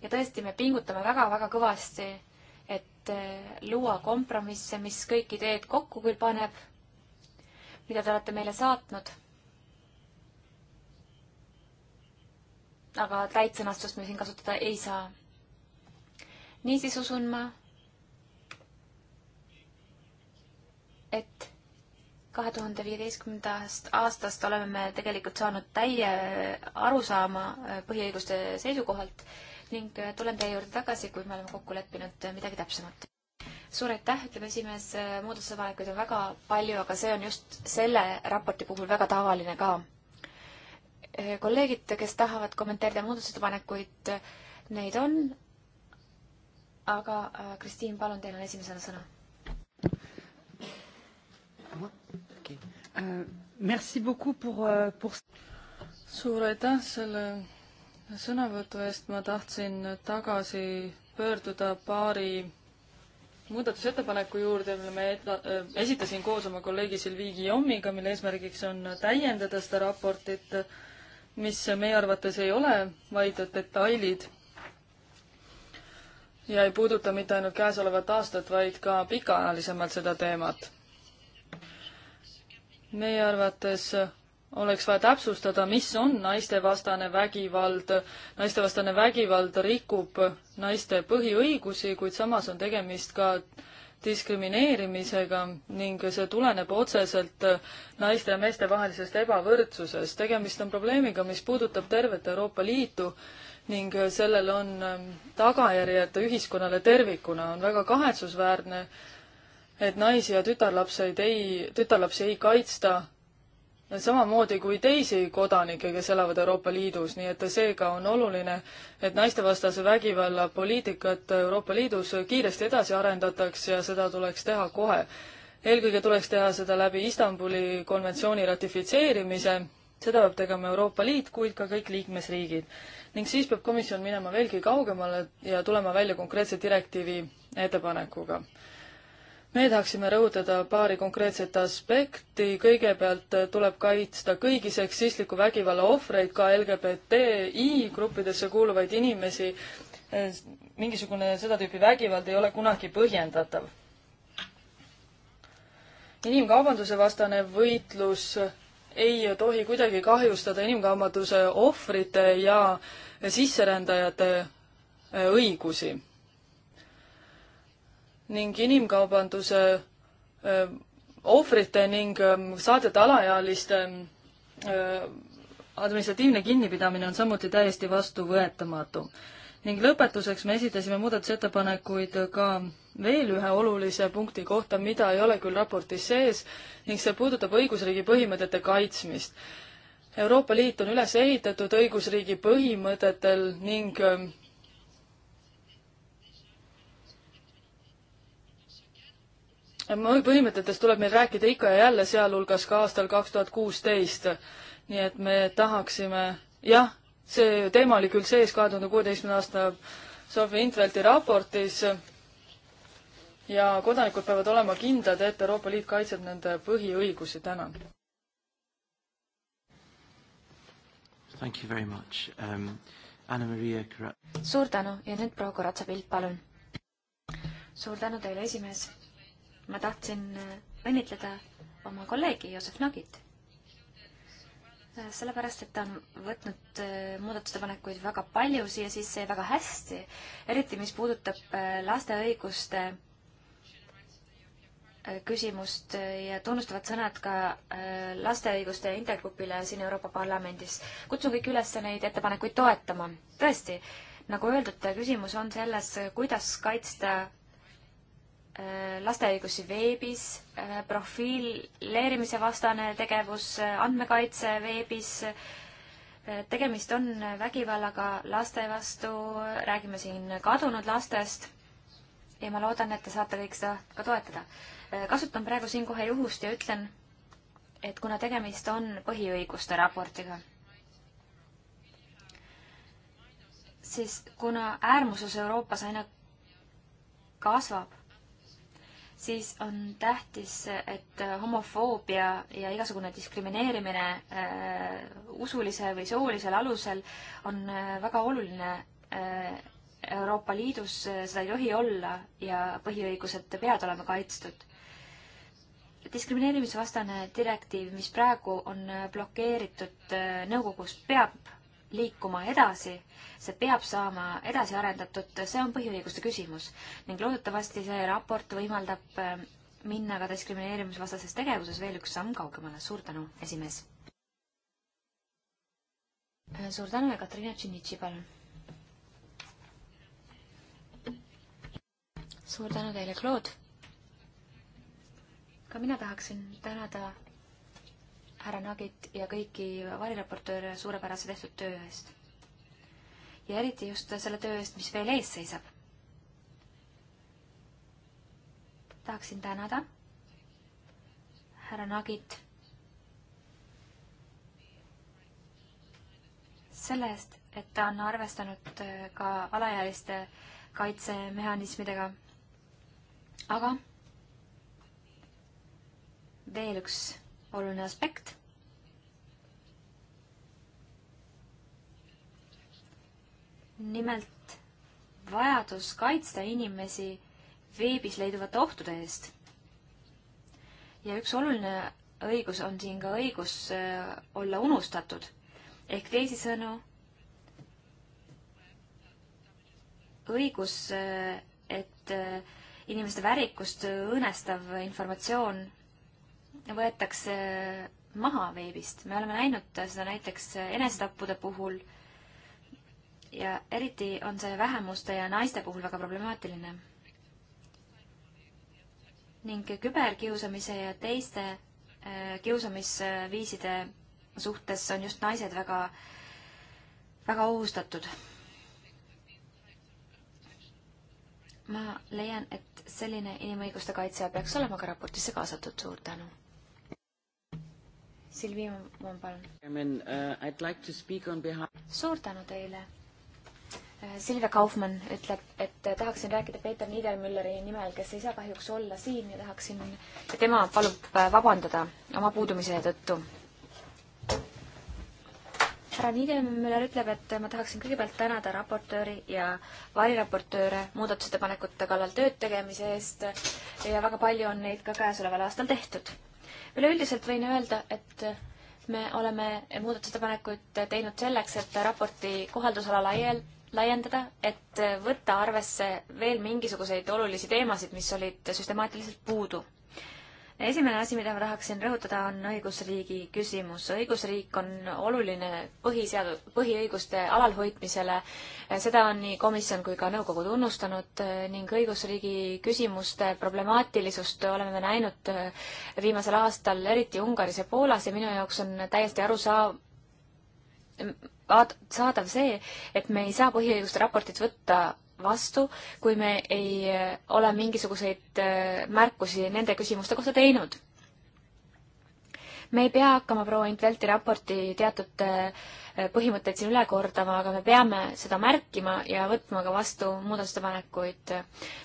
[SPEAKER 3] ja tõesti, me pingutame väga-väga kõvasti, et äh, luua kompromisse, mis kõik ideed kokku küll paneb, mida te olete meile saatnud. aga täit sõnastust me siin kasutada ei saa. niisiis usun ma, et kahe tuhande viieteistkümnendast aastast oleme me tegelikult saanud täie arusaama äh, põhiõiguste seisukohalt ning äh, tulen teie juurde tagasi, kui me oleme kokku leppinud äh, midagi täpsemat. suur aitäh, ütleme esimees, muudatusepanekuid on väga palju, aga see on just selle raporti puhul väga tavaline ka. kolleegid, kes tahavad kommenteerida muudatusettepanekuid, neid on, aga Kristiin, palun, teil on esimesena
[SPEAKER 2] sõna okay.. Uh, äh, pour... Äh, suur aitäh selle sõnavõtu eest, ma tahtsin tagasi pöörduda paari muudatusettepaneku juurde, mille me edla, äh, esitasin koos oma kolleegi Sylvie Guillaume'iga, mille eesmärgiks on täiendada seda raportit, mis meie arvates ei ole vaid detailid ja ei puuduta mitte ainult käesolevat aastat, vaid ka pikaajalisemalt seda teemat meie arvates oleks vaja täpsustada, mis on naistevastane vägivald. naistevastane vägivald rikub naiste põhiõigusi, kuid samas on tegemist ka diskrimineerimisega ning see tuleneb otseselt naiste ja meeste vahelisest ebavõrdsusest. tegemist on probleemiga, mis puudutab tervet Euroopa Liitu ning sellel on tagajärjed ühiskonnale tervikuna. on väga kahetsusväärne, et naisi ja tütarlapseid ei, tütarlapsi ei kaitsta samamoodi kui teisi kodanikke, kes elavad Euroopa Liidus, nii et seega on oluline, et naistevastase vägivalla poliitikat Euroopa Liidus kiiresti edasi arendataks ja seda tuleks teha kohe. eelkõige tuleks teha seda läbi Istanbuli konventsiooni ratifitseerimise, seda peab tegema Euroopa Liit, kuid ka kõik liikmesriigid. ning siis peab komisjon minema veelgi kaugemale ja tulema välja konkreetse direktiivi ettepanekuga me tahaksime rõhutada paari konkreetset aspekti, kõigepealt tuleb kaitsta kõigi seksistliku vägivalla ohvreid, ka LGBTI gruppidesse kuuluvaid inimesi. mingisugune seda tüüpi vägivald ei ole kunagi põhjendatav. inimkaubanduse vastane võitlus ei tohi kuidagi kahjustada inimkaubanduse ohvrite ja sisserändajate õigusi ning inimkaubanduse ohvrite ning saadete alaealiste administratiivne kinnipidamine on samuti täiesti vastuvõetamatu. ning lõpetuseks me esitasime muudatusettepanekuid ka veel ühe olulise punkti kohta, mida ei ole küll raportis sees ning see puudutab õigusriigi põhimõtete kaitsmist. Euroopa Liit on üles ehitatud õigusriigi põhimõtetel ning põhimõtetest tuleb meil rääkida ikka ja jälle, sealhulgas ka aastal kaks tuhat kuusteist. nii et me tahaksime, jah, see teema oli küll sees kahe tuhande kuueteistkümnenda aasta Sofi Intvelti raportis ja kodanikud peavad olema kindlad, et Euroopa Liit kaitseb nende põhiõigusi, tänan.
[SPEAKER 1] Thank you very much um,. Anna-Maria Kura-.
[SPEAKER 3] suur tänu ja nüüd proua Kuratsa pilt, palun. suur tänu teile, esimees ma tahtsin äh, õnnitleda oma kolleegi Joosep Nagit, äh, sellepärast et ta on võtnud äh, muudatusettepanekuid väga palju siia sisse ja väga hästi, eriti mis puudutab laste õiguste küsimust ja tunnustavad sõnad ka laste õiguste intergrupile siin Euroopa Parlamendis. kutsun kõik üles neid ettepanekuid toetama. tõesti, nagu öeldud, küsimus on selles, kuidas kaitsta Äh, laste õigusi veebis, äh, profileerimise vastane tegevus, äh, andmekaitse veebis, tegemist on vägivallaga laste vastu, räägime siin kadunud lastest ja ma loodan, et te saate kõik seda ka toetada. kasutan praegu siin kohe juhust ja ütlen, et kuna tegemist on põhiõiguste raportiga, siis kuna äärmusus Euroopas aina kasvab, siis on tähtis, et homofoobia ja igasugune diskrimineerimine äh, usulise või soolisel alusel on äh, väga oluline äh, Euroopa Liidus, äh, seda ei tohi olla ja põhiõigused peavad olema kaitstud. diskrimineerimisvastane direktiiv, mis praegu on äh, blokeeritud äh, nõukogus, peab liikuma edasi, see peab saama edasi arendatud, see on põhiõiguste küsimus. ning loodetavasti see raport võimaldab ähm, minna ka diskrimineerimisvastases tegevuses veel üks samm kaugemale. suur tänu, esimees! Äh, suur tänu ja Katriina Tšinitši, palun! suur tänu teile, Claude! ka mina tahaksin tänada härra Nagit ja kõiki variraportööre suurepärase tehtud töö eest. ja eriti just selle töö eest, mis veel ees seisab. tahaksin tänada härra Nagit selle eest, et ta on arvestanud äh, ka alaealiste kaitsemehhanismidega. aga veel üks oluline aspekt. nimelt vajadus kaitsta inimesi veebis leiduvate ohtude eest. ja üks oluline õigus on siin ka õigus äh, olla unustatud ehk teisisõnu õigus, äh, et äh, inimeste väärikust õõnestav informatsioon võetakse maha veebist. me oleme näinud seda näiteks enesetappude puhul ja eriti on see vähemuste ja naiste puhul väga problemaatiline. ning küberkiusamise ja teiste äh, kiusamisviiside suhtes on just naised väga, väga ohustatud. ma leian, et selline inimõiguste kaitse peaks olema ka raportisse kaasatud, suur tänu Silvi Vamman,
[SPEAKER 1] palun. Uh,
[SPEAKER 3] suur tänu teile. Uh, Silvia Kaufmann ütleb, et uh, tahaksin rääkida Peeter Niedermülleri nimel, kes ei saa kahjuks olla siin ja tahaksin, tema palub vabandada oma puudumise tõttu. härra Niedermüller ütleb, et ma tahaksin kõigepealt tänada raportööri ja variraportööre muudatusettepanekute kallal tööd tegemise eest ja väga palju on neid ka käesoleval aastal tehtud üleüldiselt võin öelda, et me oleme muudatusettepanekuid teinud selleks, et raporti kohaldusala laial-, laiendada, et võtta arvesse veel mingisuguseid olulisi teemasid, mis olid süstemaatiliselt puudu esimene asi, mida ma tahaksin rõhutada, on õigusriigi küsimus. õigusriik on oluline põhiseadus, põhiõiguste alalhoidmisele. seda on nii komisjon kui ka nõukogu tunnustanud eh, ning õigusriigi küsimuste problemaatilisust oleme me näinud eh, viimasel aastal eriti Ungaris ja Poolas ja minu jaoks on täiesti arusaa-, saadav see, et me ei saa põhiõiguste raportit võtta vastu, kui me ei äh, ole mingisuguseid äh, märkusi nende küsimuste kohta teinud. me ei pea hakkama proua Intvelti raporti teatud äh, põhimõtteid siin üle kordama, aga me peame seda märkima ja võtma ka vastu muudatusettepanekuid.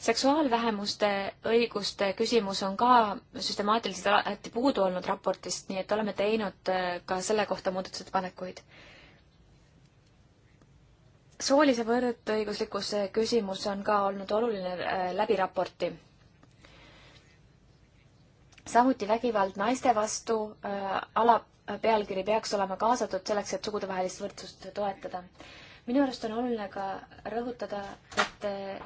[SPEAKER 3] seksuaalvähemuste õiguste küsimus on ka süstemaatiliselt alati puudu olnud raportist, nii et oleme teinud ka selle kohta muudatusettepanekuid soolise võrdõiguslikkuse küsimus on ka olnud oluline äh, läbi raporti. samuti vägivald naiste vastu äh, alapealkiri äh, peaks olema kaasatud selleks, et sugudevahelist võrdsust toetada. minu arust on oluline ka rõhutada, et äh,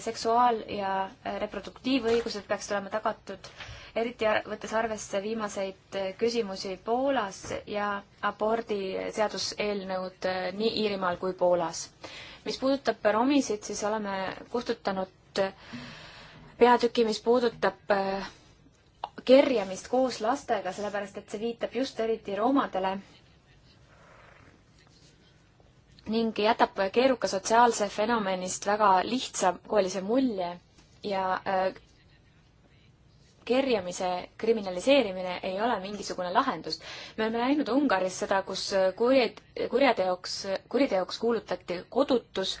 [SPEAKER 3] seksuaal- ja äh, reproduktiivõigused peaksid olema tagatud äh, eriti võttes arvesse viimaseid äh, küsimusi Poolas ja abordiseaduseelnõud äh, nii Iirimaal kui Poolas. mis puudutab romisid, siis oleme kustutanud äh, peatüki, mis puudutab kerjamist koos lastega, sellepärast et see viitab just eriti romadele ning jätab keeruka sotsiaalse fenomenist väga lihtsakoelise mulje ja kerjamise kriminaliseerimine ei ole mingisugune lahendus. me oleme näinud Ungaris seda, kus kurjad, kurjateoks, kuriteoks kuulutati kodutus.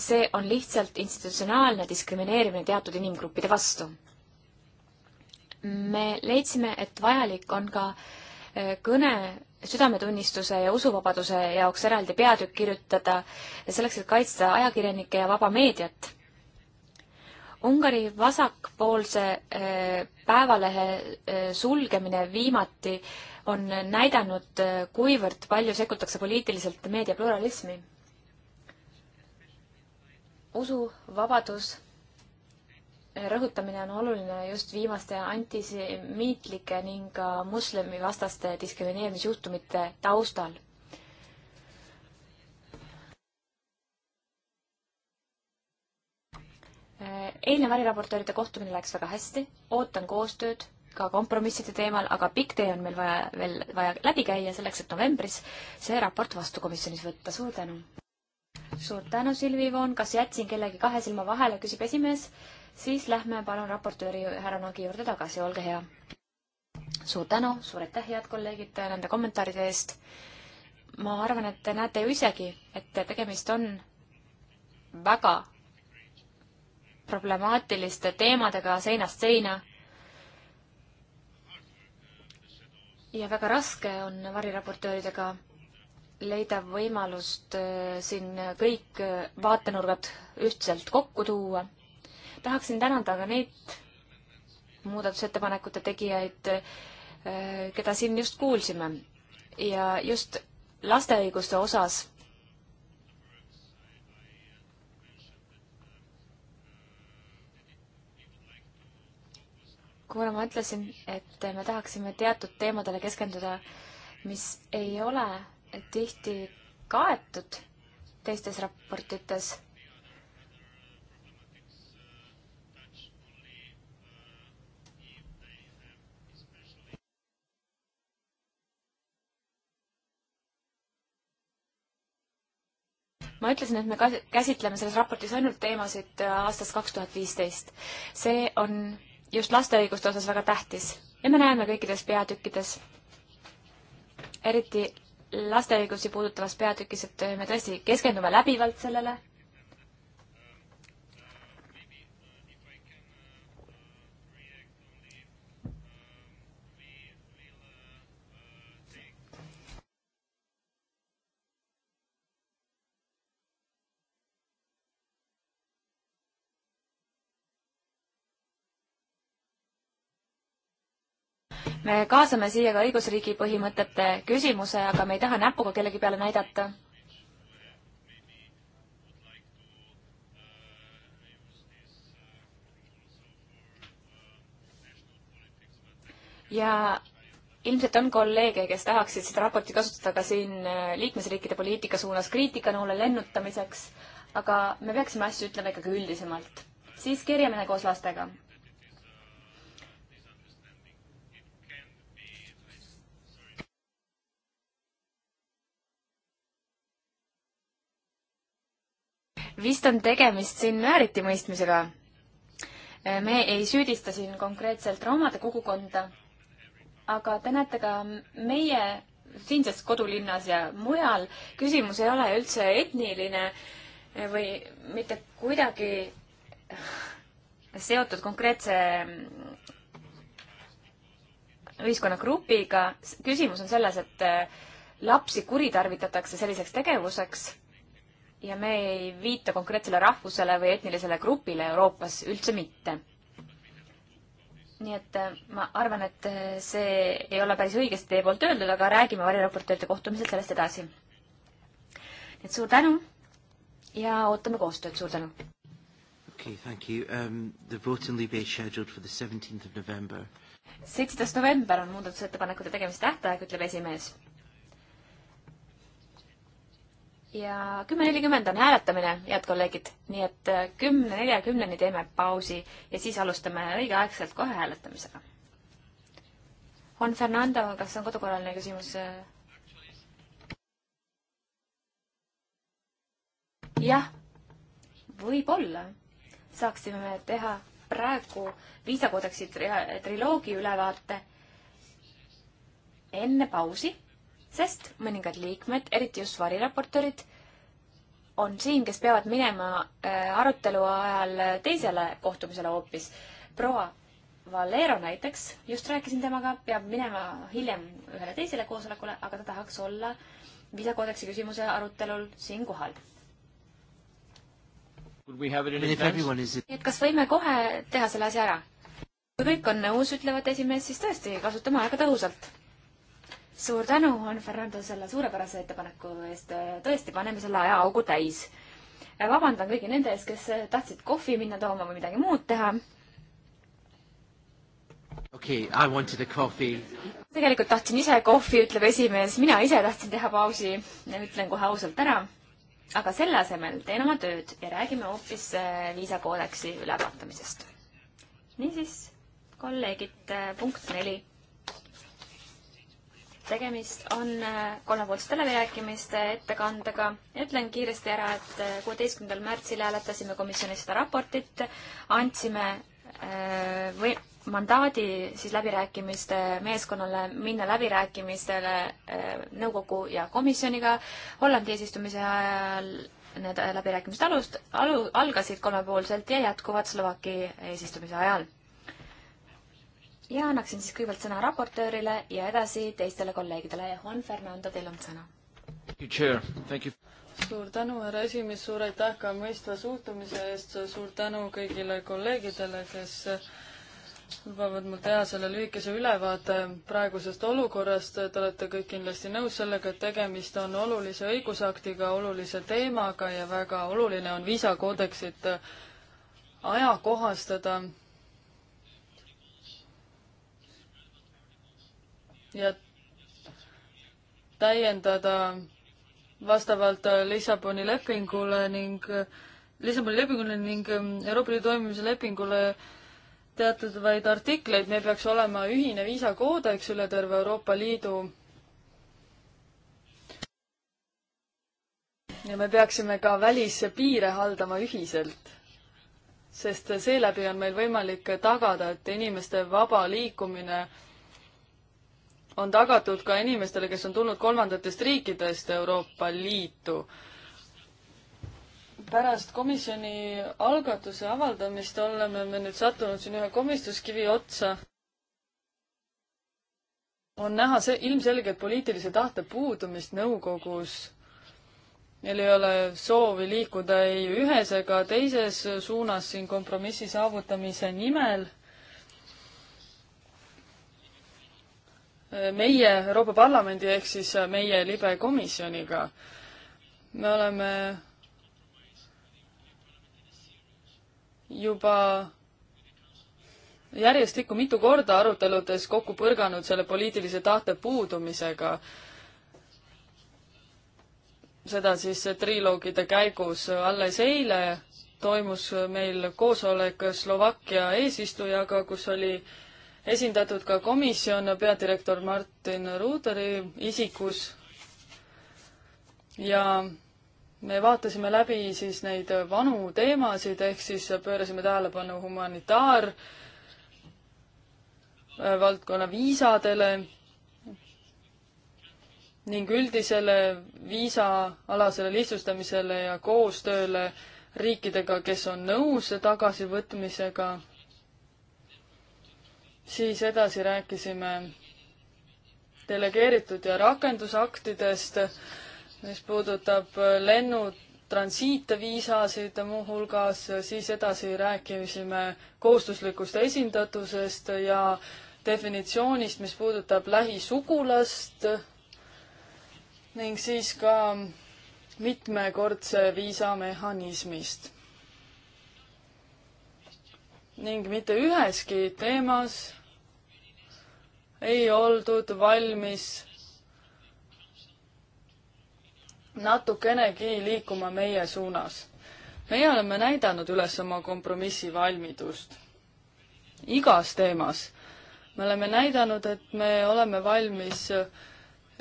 [SPEAKER 3] see on lihtsalt institutsionaalne diskrimineerimine teatud inimgruppide vastu. me leidsime, et vajalik on ka eh, kõne südametunnistuse ja usuvabaduse jaoks eraldi peatükk kirjutada, selleks et kaitsta ajakirjanikke ja vaba meediat Ungari vasakpoolse eh, päevalehe eh, sulgemine viimati on näidanud, eh, kuivõrd palju sekkutakse poliitiliselt meediapluralismi. usuvabadus rõhutamine on oluline just viimaste antisemiitlike ning ka moslemivastaste diskrimineerimisjuhtumite taustal eilne variraportööride kohtumine läks väga hästi, ootan koostööd ka kompromisside teemal, aga pikk tee on meil vaja veel vaja läbi käia selleks, et novembris see raport vastu komisjonis võtta. suur tänu. suur tänu, Silvi Ivoon, kas jätsin kellegi kahe silma vahele, küsib esimees. siis lähme palun raportööri härra Nagi juurde tagasi, olge hea. suur tänu, suur aitäh, head kolleegid, nende kommentaaride eest. ma arvan, et te näete ju isegi, et tegemist on väga problemaatiliste teemadega seinast seina. ja väga raske on variraportööridega leida võimalust äh, siin kõik äh, vaatenurgad ühtselt kokku tuua. tahaksin tänada ka neid muudatusettepanekute tegijaid, äh, keda siin just kuulsime ja just laste õiguste osas kuna ma ütlesin, et me tahaksime teatud teemadele keskenduda, mis ei ole tihti kaetud teistes raportites, ma ütlesin, et me käsitleme selles raportis ainult teemasid aastast kaks tuhat viisteist. see on just laste õiguste osas väga tähtis ja me näeme kõikides peatükkides, eriti laste õigusi puudutavas peatükis, et me tõesti keskendume läbivalt sellele me kaasame siia ka õigusriigi põhimõtete küsimuse, aga me ei taha näpuga kellegi peale näidata. ja ilmselt on kolleege, kes tahaksid seda raporti kasutada ka siin äh, liikmesriikide poliitika suunas kriitikanõule lennutamiseks, aga me peaksime asju ütlema ikkagi üldisemalt. siis kerjamine koos lastega. vist on tegemist siin vääritimõistmisega. Äh, me ei süüdista siin konkreetselt roomade kogukonda, aga te näete ka meie siinses kodulinnas ja mujal küsimus ei ole üldse etniline äh, või mitte kuidagi äh, seotud konkreetse mm, ühiskonnagrupiga. küsimus on selles, et lapsi kuritarvitatakse selliseks tegevuseks ja me ei viita konkreetsele rahvusele või etnilisele grupile Euroopas üldse mitte. nii et äh, ma arvan, et äh, see ei ole päris õigesti teie poolt öeldud, aga räägime variraportööride kohtumisel sellest edasi. nii et suur tänu ja ootame koostööd, suur tänu!
[SPEAKER 1] Okay, thank you. Um, the vote in Libya is scheduled for the 17th of November.
[SPEAKER 3] seitseteist november on muudatusettepanekute tegemise tähtaeg, ütleb esimees ja kümme nelikümmend on hääletamine, head kolleegid, nii et äh, kümne neljakümneni teeme pausi ja siis alustame õigeaegselt kohe hääletamisega. Juan Fernando, kas on kodukorraline küsimus? jah, võib-olla saaksime teha praegu viisakoodeksi tri triloogi ülevaate enne pausi sest mõningad liikmed, eriti just variraportöörid, on siin, kes peavad minema äh, arutelu ajal teisele kohtumisele hoopis. proua Valero näiteks, just rääkisin temaga, peab minema hiljem ühele teisele koosolekule, aga ta tahaks olla viisakoodeksi küsimuse arutelul siin kohal. et kas võime kohe teha selle asja ära? kui kõik on nõus, ütlevad esimees, siis tõesti, kasutame aega tõhusalt suur tänu, Juan Fernando, selle suurepärase ettepaneku eest. tõesti, paneme selle ajaaugu täis. vabandan kõigi nende ees, kes tahtsid kohvi minna tooma või midagi muud teha.
[SPEAKER 1] okei okay,, I wanted a coffee.
[SPEAKER 3] tegelikult tahtsin ise kohvi, ütleb esimees. mina ise tahtsin teha pausi, ütlen kohe ausalt ära. aga selle asemel teen oma tööd ja räägime hoopis viisakoodeksi eh, ülevaatamisest. niisiis, kolleegid, eh, punkt neli tegemist on äh, kolmepoolsete läbirääkimiste ettekandega. ütlen kiiresti ära, et äh, kuueteistkümnendal märtsil hääletasime komisjonis seda raportit, andsime äh, või mandaadi siis läbirääkimiste meeskonnale minna läbirääkimistele nõukogu ja komisjoniga. Hollandi eesistumise ajal need läbirääkimised alust, alu-, algasid kolmepoolselt ja jätkuvad Slovaki eesistumise ajal ja annaksin siis kõigepealt sõna raportöörile ja edasi
[SPEAKER 2] teistele kolleegidele. Juan Fernando, teil on sõna. suur tänu, härra esimees, suur aitäh ka mõistva suhtumise eest, suur tänu kõigile kolleegidele, kes lubavad mul teha selle lühikese ülevaate praegusest olukorrast. Te olete kõik kindlasti nõus sellega, et tegemist on olulise õigusaktiga, olulise teemaga ja väga oluline on viisakoodeksit ajakohastada ja täiendada vastavalt Lissaboni lepingule ning Lissaboni lepingule ning ähm, Euroopa Liidu toimimise lepingule teatud vaid artikleid, meil peaks olema ühine viisakoodeks üle terve Euroopa Liidu. ja me peaksime ka välispiire haldama ühiselt, sest seeläbi on meil võimalik tagada, et inimeste vaba liikumine on tagatud ka inimestele, kes on tulnud kolmandatest riikidest Euroopa Liitu. pärast komisjoni algatuse avaldamist oleme me nüüd sattunud siin ühe komistuskivi otsa. on näha see ilmselgelt poliitilise tahte puudumist nõukogus. Neil ei ole soovi liikuda ei ühes ega teises suunas siin kompromissi saavutamise nimel meie Euroopa Parlamendi ehk siis meie libe komisjoniga. me oleme juba järjestikku mitu korda aruteludes kokku põrganud selle poliitilise tahte puudumisega. seda siis triloogide käigus. alles eile toimus meil koosolek Slovakkia eesistujaga, kus oli esindatud ka komisjon peadirektor Martin Ruuderi isikus ja me vaatasime läbi siis neid vanu teemasid, ehk siis pöörasime tähelepanu humanitaar äh, valdkonna viisadele ning üldisele viisaalasele lihtsustamisele ja koostööle riikidega, kes on nõus tagasivõtmisega siis edasi rääkisime delegeeritud ja rakendusaktidest, mis puudutab lennutransiite, viisasid muuhulgas, siis edasi rääkisime kohustuslikust esindatusest ja definitsioonist, mis puudutab lähisugulast ning siis ka mitmekordse viisamehhanismist. ning mitte üheski teemas ei oldud valmis natukenegi liikuma meie suunas. meie oleme näidanud üles oma kompromissivalmidust igas teemas. me oleme näidanud, et me oleme valmis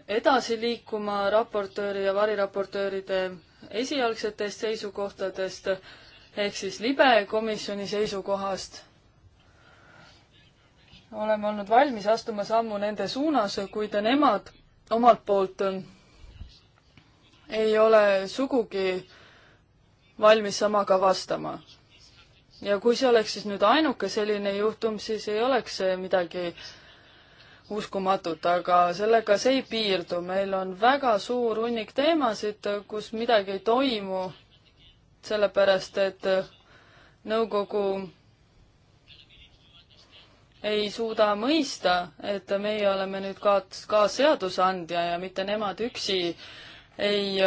[SPEAKER 2] edasi liikuma raportööri ja variraportööride esialgsetest seisukohtadest ehk siis libe komisjoni seisukohast oleme olnud valmis astuma sammu nende suunas, kuid nemad omalt poolt ähm, ei ole sugugi valmis samaga vastama. ja kui see oleks siis nüüd ainuke selline juhtum, siis ei oleks see midagi uskumatut, aga sellega see ei piirdu, meil on väga suur hunnik teemasid, kus midagi ei toimu, sellepärast et nõukogu ei suuda mõista, et meie oleme nüüd ka, ka seadusandja ja mitte nemad üksi ei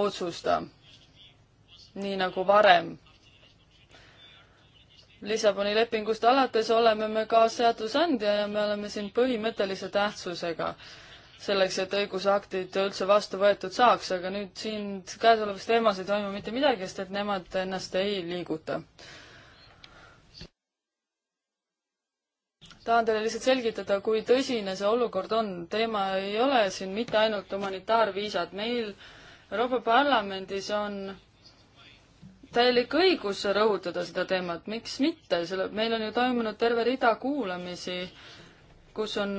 [SPEAKER 2] otsusta, nii nagu varem. Lissaboni lepingust alates oleme me ka seadusandja ja me oleme siin põhimõttelise tähtsusega selleks, et õigusaktid üldse vastu võetud saaks, aga nüüd siin käesolevas teemas ei toimu mitte midagi, sest et nemad ennast ei liiguta tahan teile lihtsalt selgitada, kui tõsine see olukord on. teema ei ole siin mitte ainult humanitaarviisad, meil Euroopa Parlamendis on täielik õigus rõhutada seda teemat, miks mitte, selle, meil on ju toimunud terve rida kuulamisi, kus on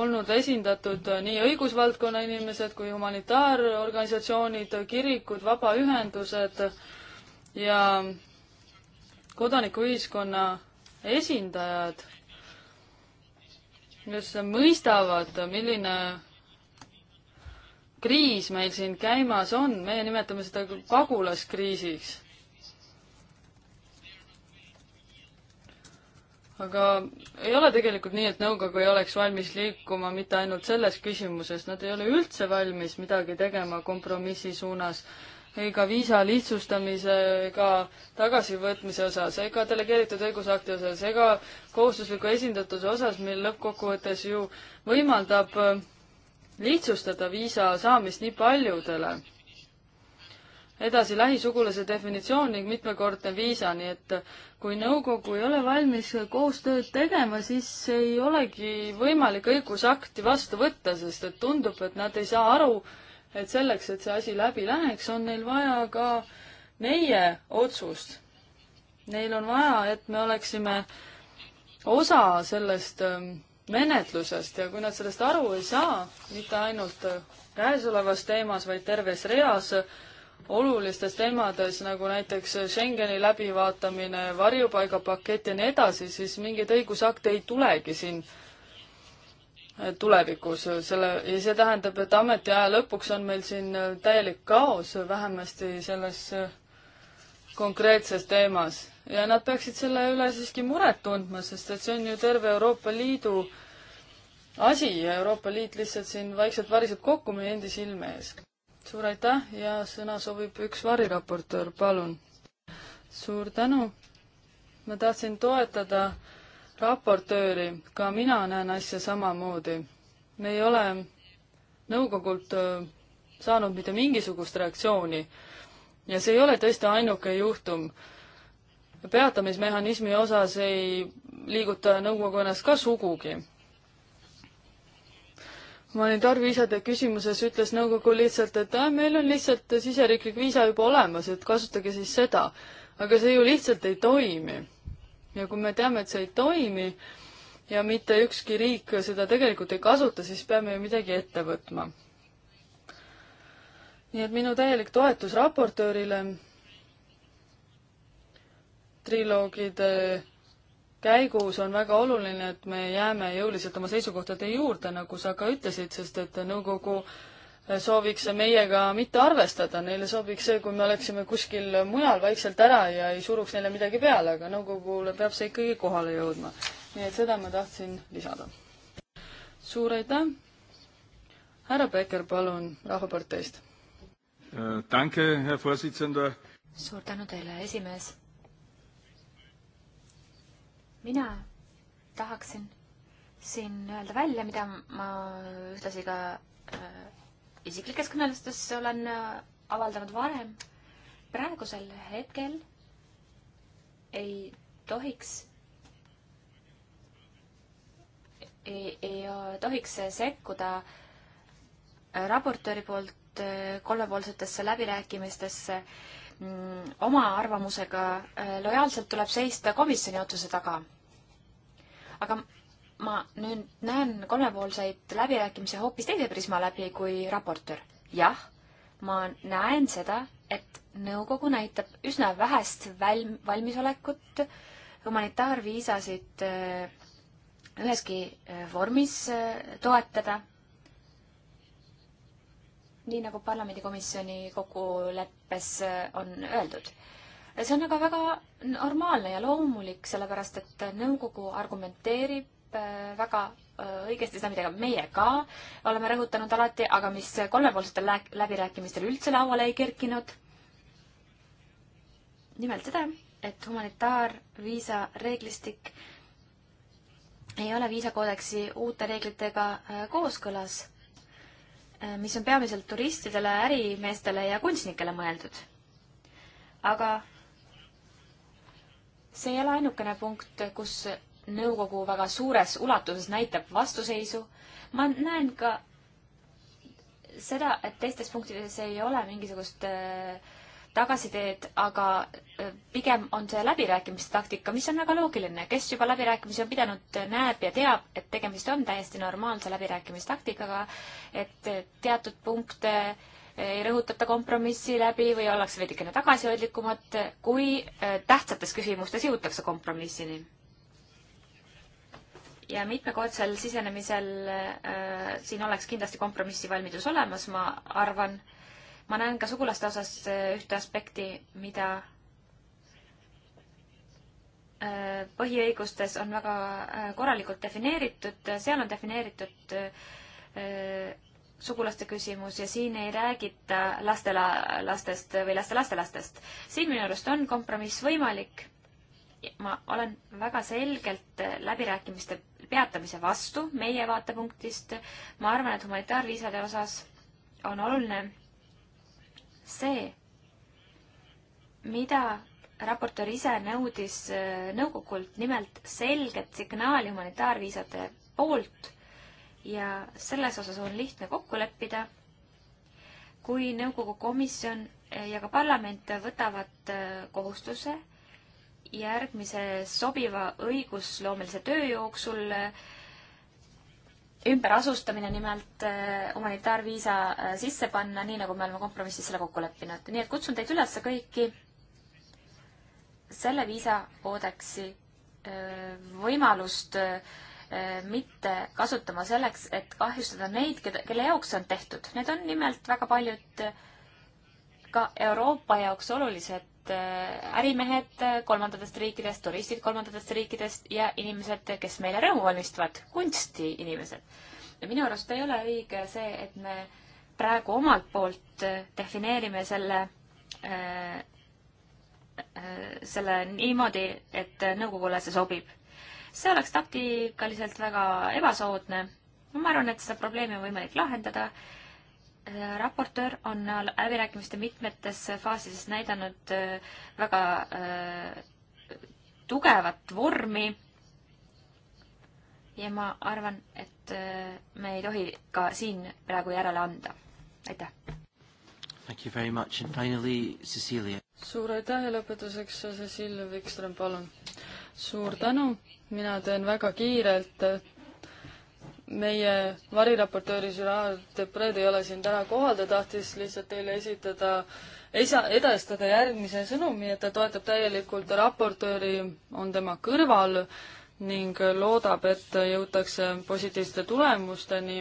[SPEAKER 2] olnud esindatud nii õigusvaldkonna inimesed kui humanitaarorganisatsioonid, kirikud, vabaühendused ja kodanikuühiskonna esindajad kes mõistavad, milline kriis meil siin käimas on, meie nimetame seda küll pagulaskriisiks. aga ei ole tegelikult nii, et nõukogu ei oleks valmis liikuma mitte ainult selles küsimuses, nad ei ole üldse valmis midagi tegema kompromissi suunas ega viisa lihtsustamisega tagasivõtmise osas ega delegeeritud õigusakti osas ega kohustusliku esindatuse osas, mil lõppkokkuvõttes ju võimaldab äh, lihtsustada viisa saamist nii paljudele. edasi lähisugulase definitsioon ning mitmekordne viisa, nii et kui nõukogu ei ole valmis koostööd tegema, siis ei olegi võimalik õigusakti vastu võtta, sest et tundub, et nad ei saa aru, et selleks, et see asi läbi läheks, on neil vaja ka meie otsust. Neil on vaja, et me oleksime osa sellest ähm, menetlusest ja kui nad sellest aru ei saa, mitte ainult äh, käesolevas teemas, vaid terves reas äh, olulistes teemades, nagu näiteks äh, Schengeni läbivaatamine, varjupaigapakett ja nii edasi, siis mingeid õigusakte ei tulegi siin tulevikus, selle, ja see tähendab, et ametiaja lõpuks on meil siin täielik kaos vähemasti selles konkreetses teemas. ja nad peaksid selle üle siiski muret tundma, sest et see on ju terve Euroopa Liidu asi ja Euroopa Liit lihtsalt siin vaikselt variseb kokku meie endi silme ees. suur aitäh ja sõna soovib üks variraportöör, palun. suur tänu. ma tahtsin toetada raportööri, ka mina näen asja samamoodi. me ei ole nõukogult saanud mitte mingisugust reaktsiooni ja see ei ole tõesti ainuke juhtum. peatamismehhanismi osas ei liiguta nõukogu ennast ka sugugi. ma olin Tarvi isade küsimuses, ütles nõukogu lihtsalt, et äh, meil on lihtsalt siseriiklik viisa juba olemas, et kasutage siis seda. aga see ju lihtsalt ei toimi ja kui me teame, et see ei toimi ja mitte ükski riik seda tegelikult ei kasuta, siis peame ju midagi ette võtma. nii et minu täielik toetus raportöörile triloogide käigus on väga oluline, et me jääme jõuliselt oma seisukohtade juurde, nagu sa ka ütlesid, sest et nõukogu äh, sooviks meiega mitte arvestada, neile sobiks see, kui me oleksime kuskil mujal vaikselt ära ja ei suruks neile midagi peale, aga nõukogule peab see ikkagi kohale jõudma. nii et seda ma tahtsin lisada. suur aitäh! härra Becker, palun, Rahvaparteist uh,. Danke, Herr Vorsitzender! suur tänu teile, esimees!
[SPEAKER 3] mina tahaksin siin öelda välja, mida ma ühtlasi ka äh, isiklikes kõnelustes olen äh, avaldanud varem. praegusel hetkel ei tohiks ei, ei äh, tohiks sekkuda äh, raportööri poolt kolmepoolsetesse läbirääkimistesse mm, oma arvamusega, lojaalselt tuleb seista komisjoni otsuse taga. aga ma nüüd näen kolmepoolseid läbirääkimisi hoopis teise prisma läbi kui raportöör. jah, ma näen seda, et nõukogu näitab üsna vähest väl-, valmisolekut humanitaarviisasid äh, üheski äh, vormis äh, toetada, nii nagu parlamendikomisjoni kokkuleppes on öeldud see on aga väga normaalne ja loomulik, sellepärast et nõukogu argumenteerib Äh, väga äh, õigesti seda, mida meie ka oleme rõhutanud alati, aga mis kolmepoolsetel läbirääkimistel üldse lauale ei kerkinud. nimelt seda, et humanitaarviisa reeglistik ei ole viisakoodeksi uute reeglitega äh, kooskõlas, mis on peamiselt turistidele, ärimeestele ja kunstnikele mõeldud. aga see ei ole ainukene punkt, kus nõukogu väga suures ulatuses näitab vastuseisu. ma näen ka seda, et teistes punktides ei ole mingisugust äh, tagasiteed, aga äh, pigem on see läbirääkimiste taktika, mis on väga loogiline. kes juba läbirääkimisi on pidanud, näeb ja teab, et tegemist on täiesti normaalse läbirääkimistaktikaga, et äh, teatud punkte ei rõhutata kompromissi läbi või ollakse veidikene tagasihoidlikumad, kui tähtsates küsimustes jõutakse kompromissini ja mitmekordsel sisenemisel äh, siin oleks kindlasti kompromissivalmidus olemas, ma arvan. ma näen ka sugulaste osas äh, ühte aspekti, mida äh, põhiõigustes on väga äh, korralikult defineeritud, seal on defineeritud äh, sugulaste küsimus ja siin ei räägita lastelastest või lastelastelastest. siin minu arust on kompromiss võimalik ma olen väga selgelt äh, läbirääkimiste peatamise vastu meie vaatepunktist. ma arvan, et humanitaarviisade osas on oluline see, mida raportöör ise nõudis äh, nõukogult nimelt selget signaali humanitaarviisade poolt ja selles osas on lihtne kokku leppida. kui nõukogu komisjon ja ka parlament võtavad äh, kohustuse järgmise sobiva õigusloomelise töö jooksul ümberasustamine nimelt eh, humanitaarviisa eh, sisse panna, nii nagu me oleme kompromissis selle kokku leppinud. nii et kutsun teid üles kõiki selle viisakoodeksi eh, võimalust mitte kasutama selleks, et kahjustada neid, keda, kelle jaoks on tehtud. Need on nimelt väga paljud ka Euroopa jaoks olulised Äh, ärimehed äh, kolmandatest riikidest, turistid kolmandatest riikidest ja inimesed, kes meile rõõmu valmistavad, kunstiinimesed. ja minu arust ei ole õige see, et me praegu omalt poolt äh, defineerime selle äh, selle niimoodi, et nõukogule see sobib. see oleks taktikaliselt väga ebasoodne. ma arvan, et seda probleemi on võimalik lahendada raportöör on läbirääkimiste mitmetes faasides näidanud äh, väga äh, tugevat vormi ja ma arvan, et äh, me ei tohi
[SPEAKER 2] ka siin praegu järele anda. aitäh!
[SPEAKER 1] Thank you very much and finally Cecilia.
[SPEAKER 2] suur aitäh ja lõpetuseks Cecilia Wikström, palun! suur tänu, mina teen väga kiirelt meie variraportöör Gerard Depred ei ole siin täna kohal, ta tahtis lihtsalt teile esitada, esa-, edastada järgmise sõnumi, et ta toetab täielikult raportööri, on tema kõrval ning loodab, et jõutakse positiivsete tulemusteni.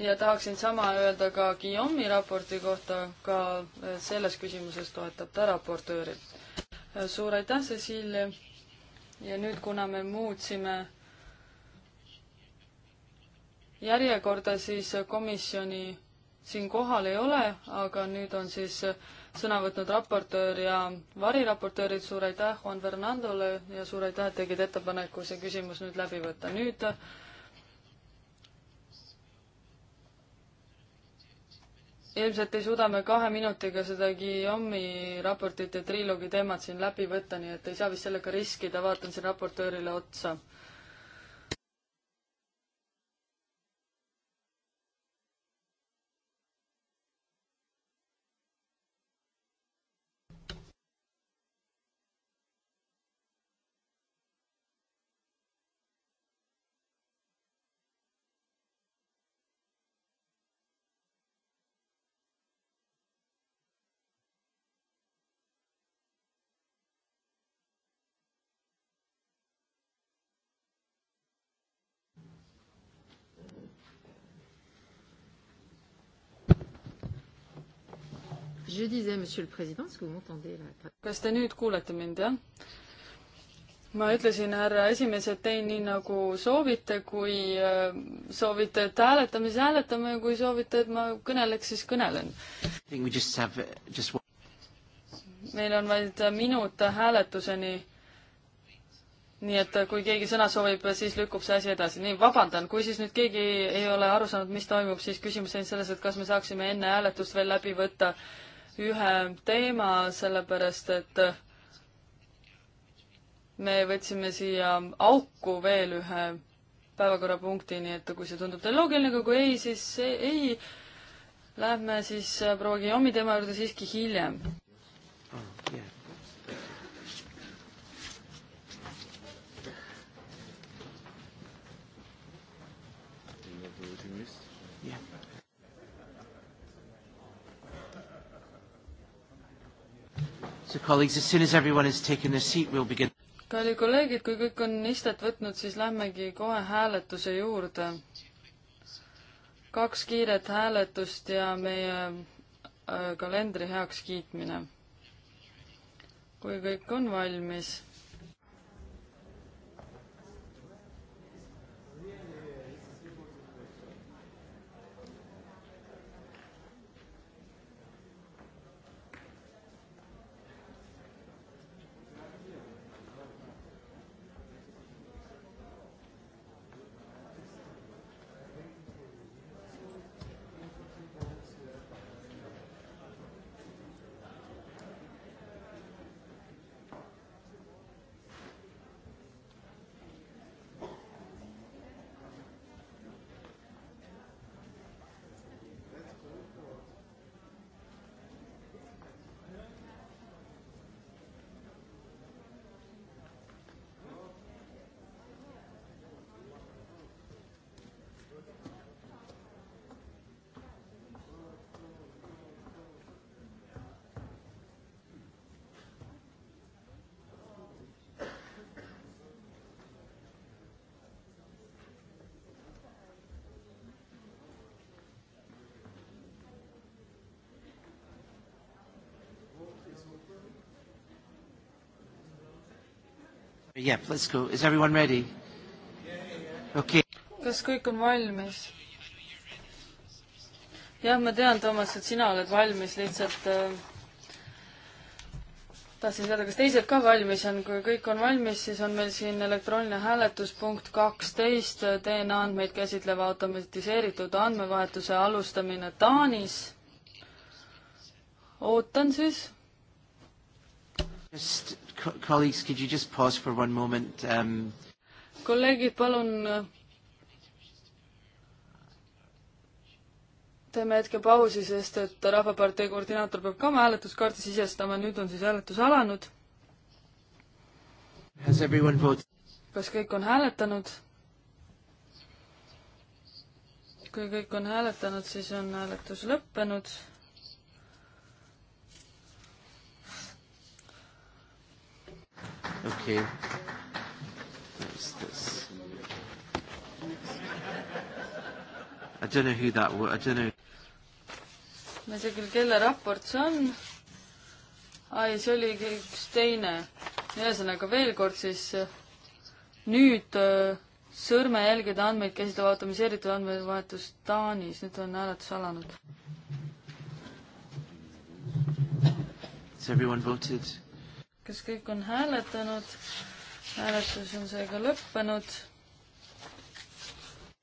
[SPEAKER 2] ja tahaksin sama öelda ka Guillaume'i raporti kohta, ka selles küsimuses toetab ta raportööri. suur aitäh, Cecilia! ja nüüd, kuna me muutsime järjekorda, siis komisjoni siin kohal ei ole, aga nüüd on siis sõna võtnud raportöör ja variraportöörid, suur aitäh Juan Fernandole ja suur aitäh, et tegid ettepaneku see küsimus nüüd läbi võtta. nüüd ilmselt ei suuda me kahe minutiga seda Guillaume'i raportit ja triloogi teemat siin läbi võtta, nii et ei saa vist sellega riskida, vaatan siin raportöörile otsa. kas te nüüd kuulete mind, jah? ma ütlesin, härra esimees, et teen nii, nagu soovite, kui äh, soovite, et hääletame, siis hääletame ja kui soovite, et ma kõneleks, siis kõnelen.
[SPEAKER 1] Uh,
[SPEAKER 2] meil on vaid äh, minut hääletuseni. nii et äh, kui keegi sõna soovib, siis lükkub see asi edasi. nii, vabandan, kui siis nüüd keegi ei ole aru saanud, mis toimub, siis küsimus on selles, et kas me saaksime enne hääletust veel läbi võtta äh, ühe teema, sellepärast et me võtsime siia auku veel ühe päevakorrapunkti, nii et kui see tundub teile loogiline, aga kui ei, siis ei. Lähme siis proua Guillaume'i teema juurde siiski hiljem
[SPEAKER 1] oh,. Yeah. kallid
[SPEAKER 2] kolleegid, kui kõik on istet võtnud, siis lähmegi kohe hääletuse juurde. kaks kiiret hääletust ja meie äh, kalendri heakskiitmine. kui kõik on valmis
[SPEAKER 1] Yep, let's go. Is everyone ready? Okay.
[SPEAKER 2] kas kõik on valmis? jah, ma tean, Toomas, et sina oled valmis, lihtsalt äh, tahtsin teada, kas teised ka valmis on, kui kõik on valmis, siis on meil siin elektrooniline hääletus punkt kaksteist, DNA andmeid käsitleva automatiseeritud andmevahetuse alustamine Taanis. ootan siis.
[SPEAKER 1] Just Co colleagues, could you just pause for one moment um...?
[SPEAKER 2] kolleegid, palun teeme hetke pausi, sest et Rahvapartei koordinaator peab ka oma hääletuskaarti sisestama, nüüd on siis hääletus alanud. kas kõik on hääletanud? kui kõik on hääletanud, siis on hääletus lõppenud
[SPEAKER 1] Okay. That's this. I don't know who that was. I don't
[SPEAKER 2] know. ma ei tea küll, kelle raport see on. ai, see oli üks teine. ühesõnaga veel kord siis nüüd äh, sõrmejälgede andmeid käsitleva automatiseeritud andmevahetus Taanis, nüüd on hääletus alanud.
[SPEAKER 1] Has everyone voted?
[SPEAKER 2] kas kõik on hääletanud? hääletus on seega lõppenud.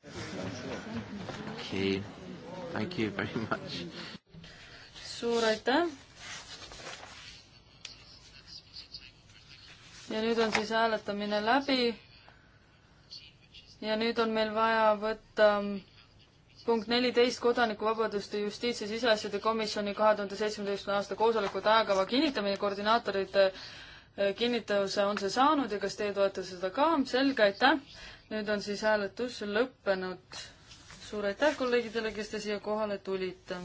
[SPEAKER 1] okei okay., thank you very much.
[SPEAKER 2] suur aitäh. ja nüüd on siis hääletamine läbi. ja nüüd on meil vaja võtta punkt neliteist Kodanikuvabaduste Justiits- ja Siseasjade Komisjoni kahe tuhande seitsmeteistkümne aasta koosolekute ajakava kinnitamine, koordinaatorite äh, kinnituse on see saanud ja kas teie toetate seda ka? selge, aitäh. nüüd on siis hääletus lõppenud. suur aitäh kolleegidele, kes te siia kohale tulite.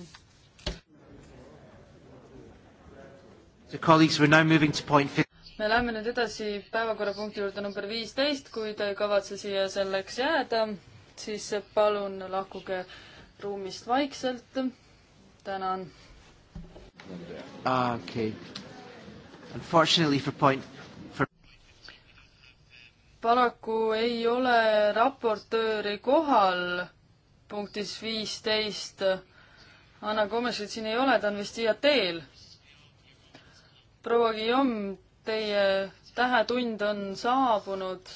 [SPEAKER 2] me läheme nüüd edasi päevakorrapunkti juurde number viisteist, kui te ei kavatse siia selleks jääda siis palun lahkuge ruumist vaikselt. tänan.
[SPEAKER 1] Ah, okei. Unfortunately for point for...
[SPEAKER 2] paraku ei ole raportööri kohal punktis viisteist. Anna Komesit siin ei ole, ta on vist siia teel. proua Guillaume, teie tähetund on saabunud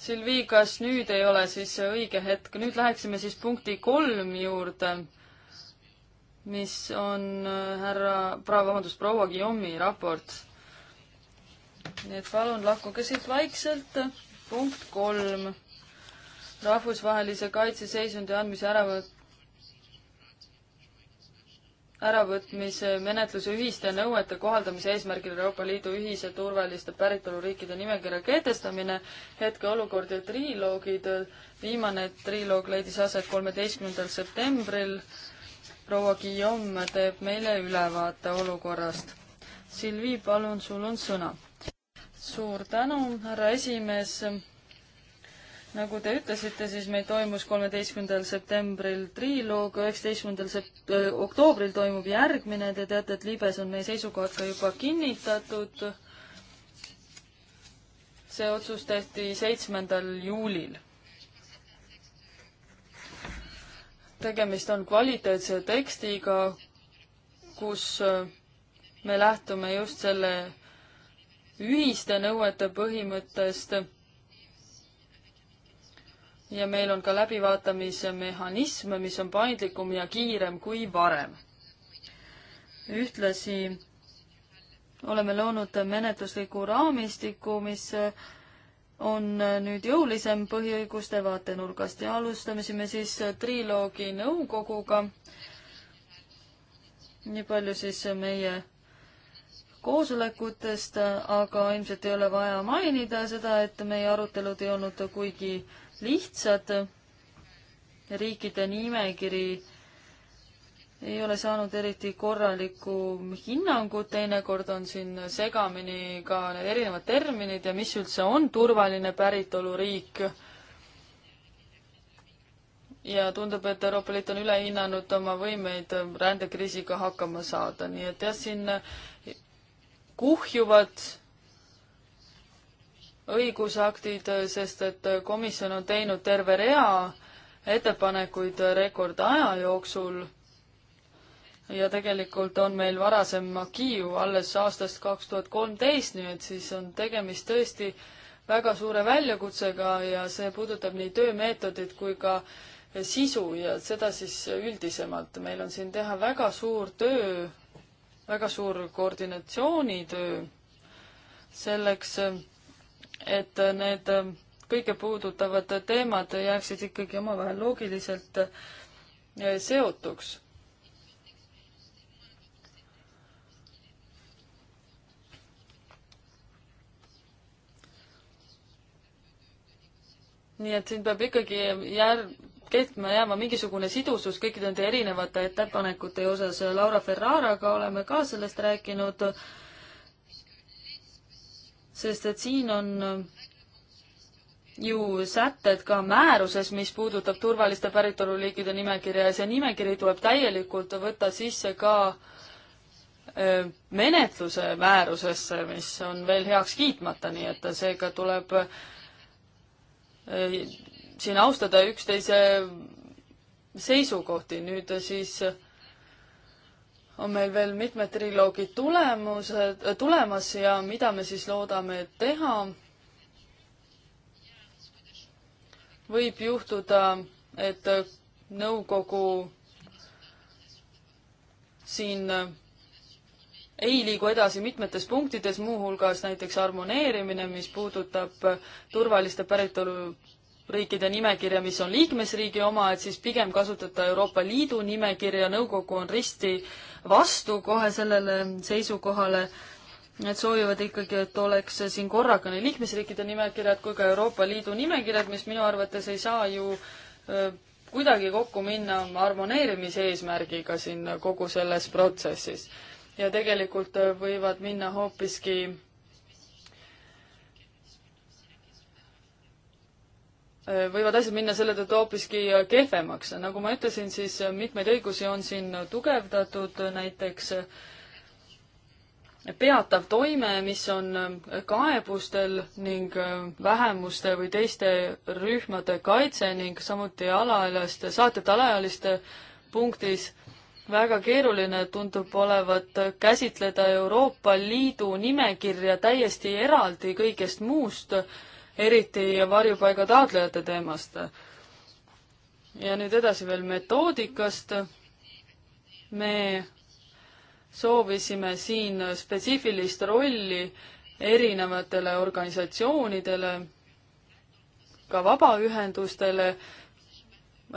[SPEAKER 2] Silvi, kas nüüd ei ole siis õige hetk, nüüd läheksime siis punkti kolm juurde, mis on äh, härra, vabandust, proua Guillaume'i raport. nii et palun lahkuge siit vaikselt, punkt kolm, rahvusvahelise kaitseseisundi andmise äravõtt äravõtmise menetluse ühiste nõuete kohaldamise eesmärgil Euroopa Liidu ühise turvaliste päritoluriikide nimekirja kehtestamine, hetkeolukord ja triloogid. viimane triloog leidis aset kolmeteistkümnendal septembril. proua Guillaume teeb meile ülevaate olukorrast. Silvi, palun, sul on sõna. suur tänu, härra esimees nagu te ütlesite, siis meil toimus kolmeteistkümnendal septembril triloog, üheksateistkümnendal sept-, oktoobril toimub järgmine, te teate, et Libes on meie seisukohad ka juba kinnitatud. see otsus tehti seitsmendal juulil. tegemist on kvaliteetse tekstiga, kus me lähtume just selle ühiste nõuete põhimõttest ja meil on ka läbivaatamise mehhanism, mis on paindlikum ja kiirem kui varem. ühtlasi oleme loonud menetlusliku raamistiku, mis on nüüd jõulisem põhiõiguste vaatenurgast ja alustasime siis triloogi nõukoguga. nii palju siis meie koosolekutest, aga ilmselt ei ole vaja mainida seda, et meie arutelud ei olnud kuigi äh, lihtsad. riikide nimekiri ei ole saanud eriti korralikku hinnangut, teinekord on siin segamini ka need erinevad terminid ja mis üldse on turvaline päritoluriik. ja tundub, et Euroopa Liit on üle hinnanud oma võimeid rändekriisiga hakkama saada, nii et jah, siin kuhjuvad õigusaktid, sest et komisjon on teinud terve rea ettepanekuid rekordaja jooksul ja tegelikult on meil varasem Makiu alles aastast kaks tuhat kolmteist, nii et siis on tegemist tõesti väga suure väljakutsega ja see puudutab nii töömeetodit kui ka sisu ja seda siis üldisemalt. meil on siin teha väga suur töö, väga suur koordinatsioonitöö selleks, et need ähm, kõige puudutavad teemad jääksid ikkagi omavahel loogiliselt äh, seotuks. nii et siin peab ikkagi jär-, kehtima jääma mingisugune sidusus kõikide nende erinevate ettepanekute osas. Laura Ferraraga oleme ka sellest rääkinud äh, sest et siin on äh, ju sätted ka määruses, mis puudutab turvaliste päritoluliikide nimekirja ja see nimekiri tuleb täielikult võtta sisse ka äh, menetluse määrusesse, mis on veel heaks kiitmata, nii et seega tuleb äh, siin austada üksteise seisukohti. nüüd siis äh, on meil veel mitmed triloogid tulemused, tulemas ja mida me siis loodame teha. võib juhtuda, et nõukogu siin ei liigu edasi mitmetes punktides, muuhulgas näiteks harmoneerimine, mis puudutab turvaliste päritolu riikide nimekirja, mis on liikmesriigi oma, et siis pigem kasutada Euroopa Liidu nimekirja, nõukogu on risti äh, vastu kohe sellele seisukohale. Nad soovivad ikkagi, et oleks siin korraga nii liikmesriikide nimekirjad kui ka Euroopa Liidu nimekirjad, mis minu arvates ei saa ju kuidagi kokku minna harmoneerimise eesmärgiga siin kogu selles protsessis. ja tegelikult võivad minna hoopiski Äh, võivad asjad minna selle tõttu hoopiski äh, kehvemaks. nagu ma ütlesin, siis äh, mitmeid õigusi on siin tugevdatud, näiteks peatav toime, mis on kaebustel ning vähemuste või teiste rühmade kaitse ning samuti alaealiste, saatjate alaealiste punktis väga keeruline tundub olevat käsitleda Euroopa Liidu nimekirja täiesti eraldi kõigest muust äh, eriti varjupaiga taotlejate teemast. ja nüüd edasi veel metoodikast. me soovisime siin spetsiifilist rolli erinevatele organisatsioonidele, ka vabaühendustele,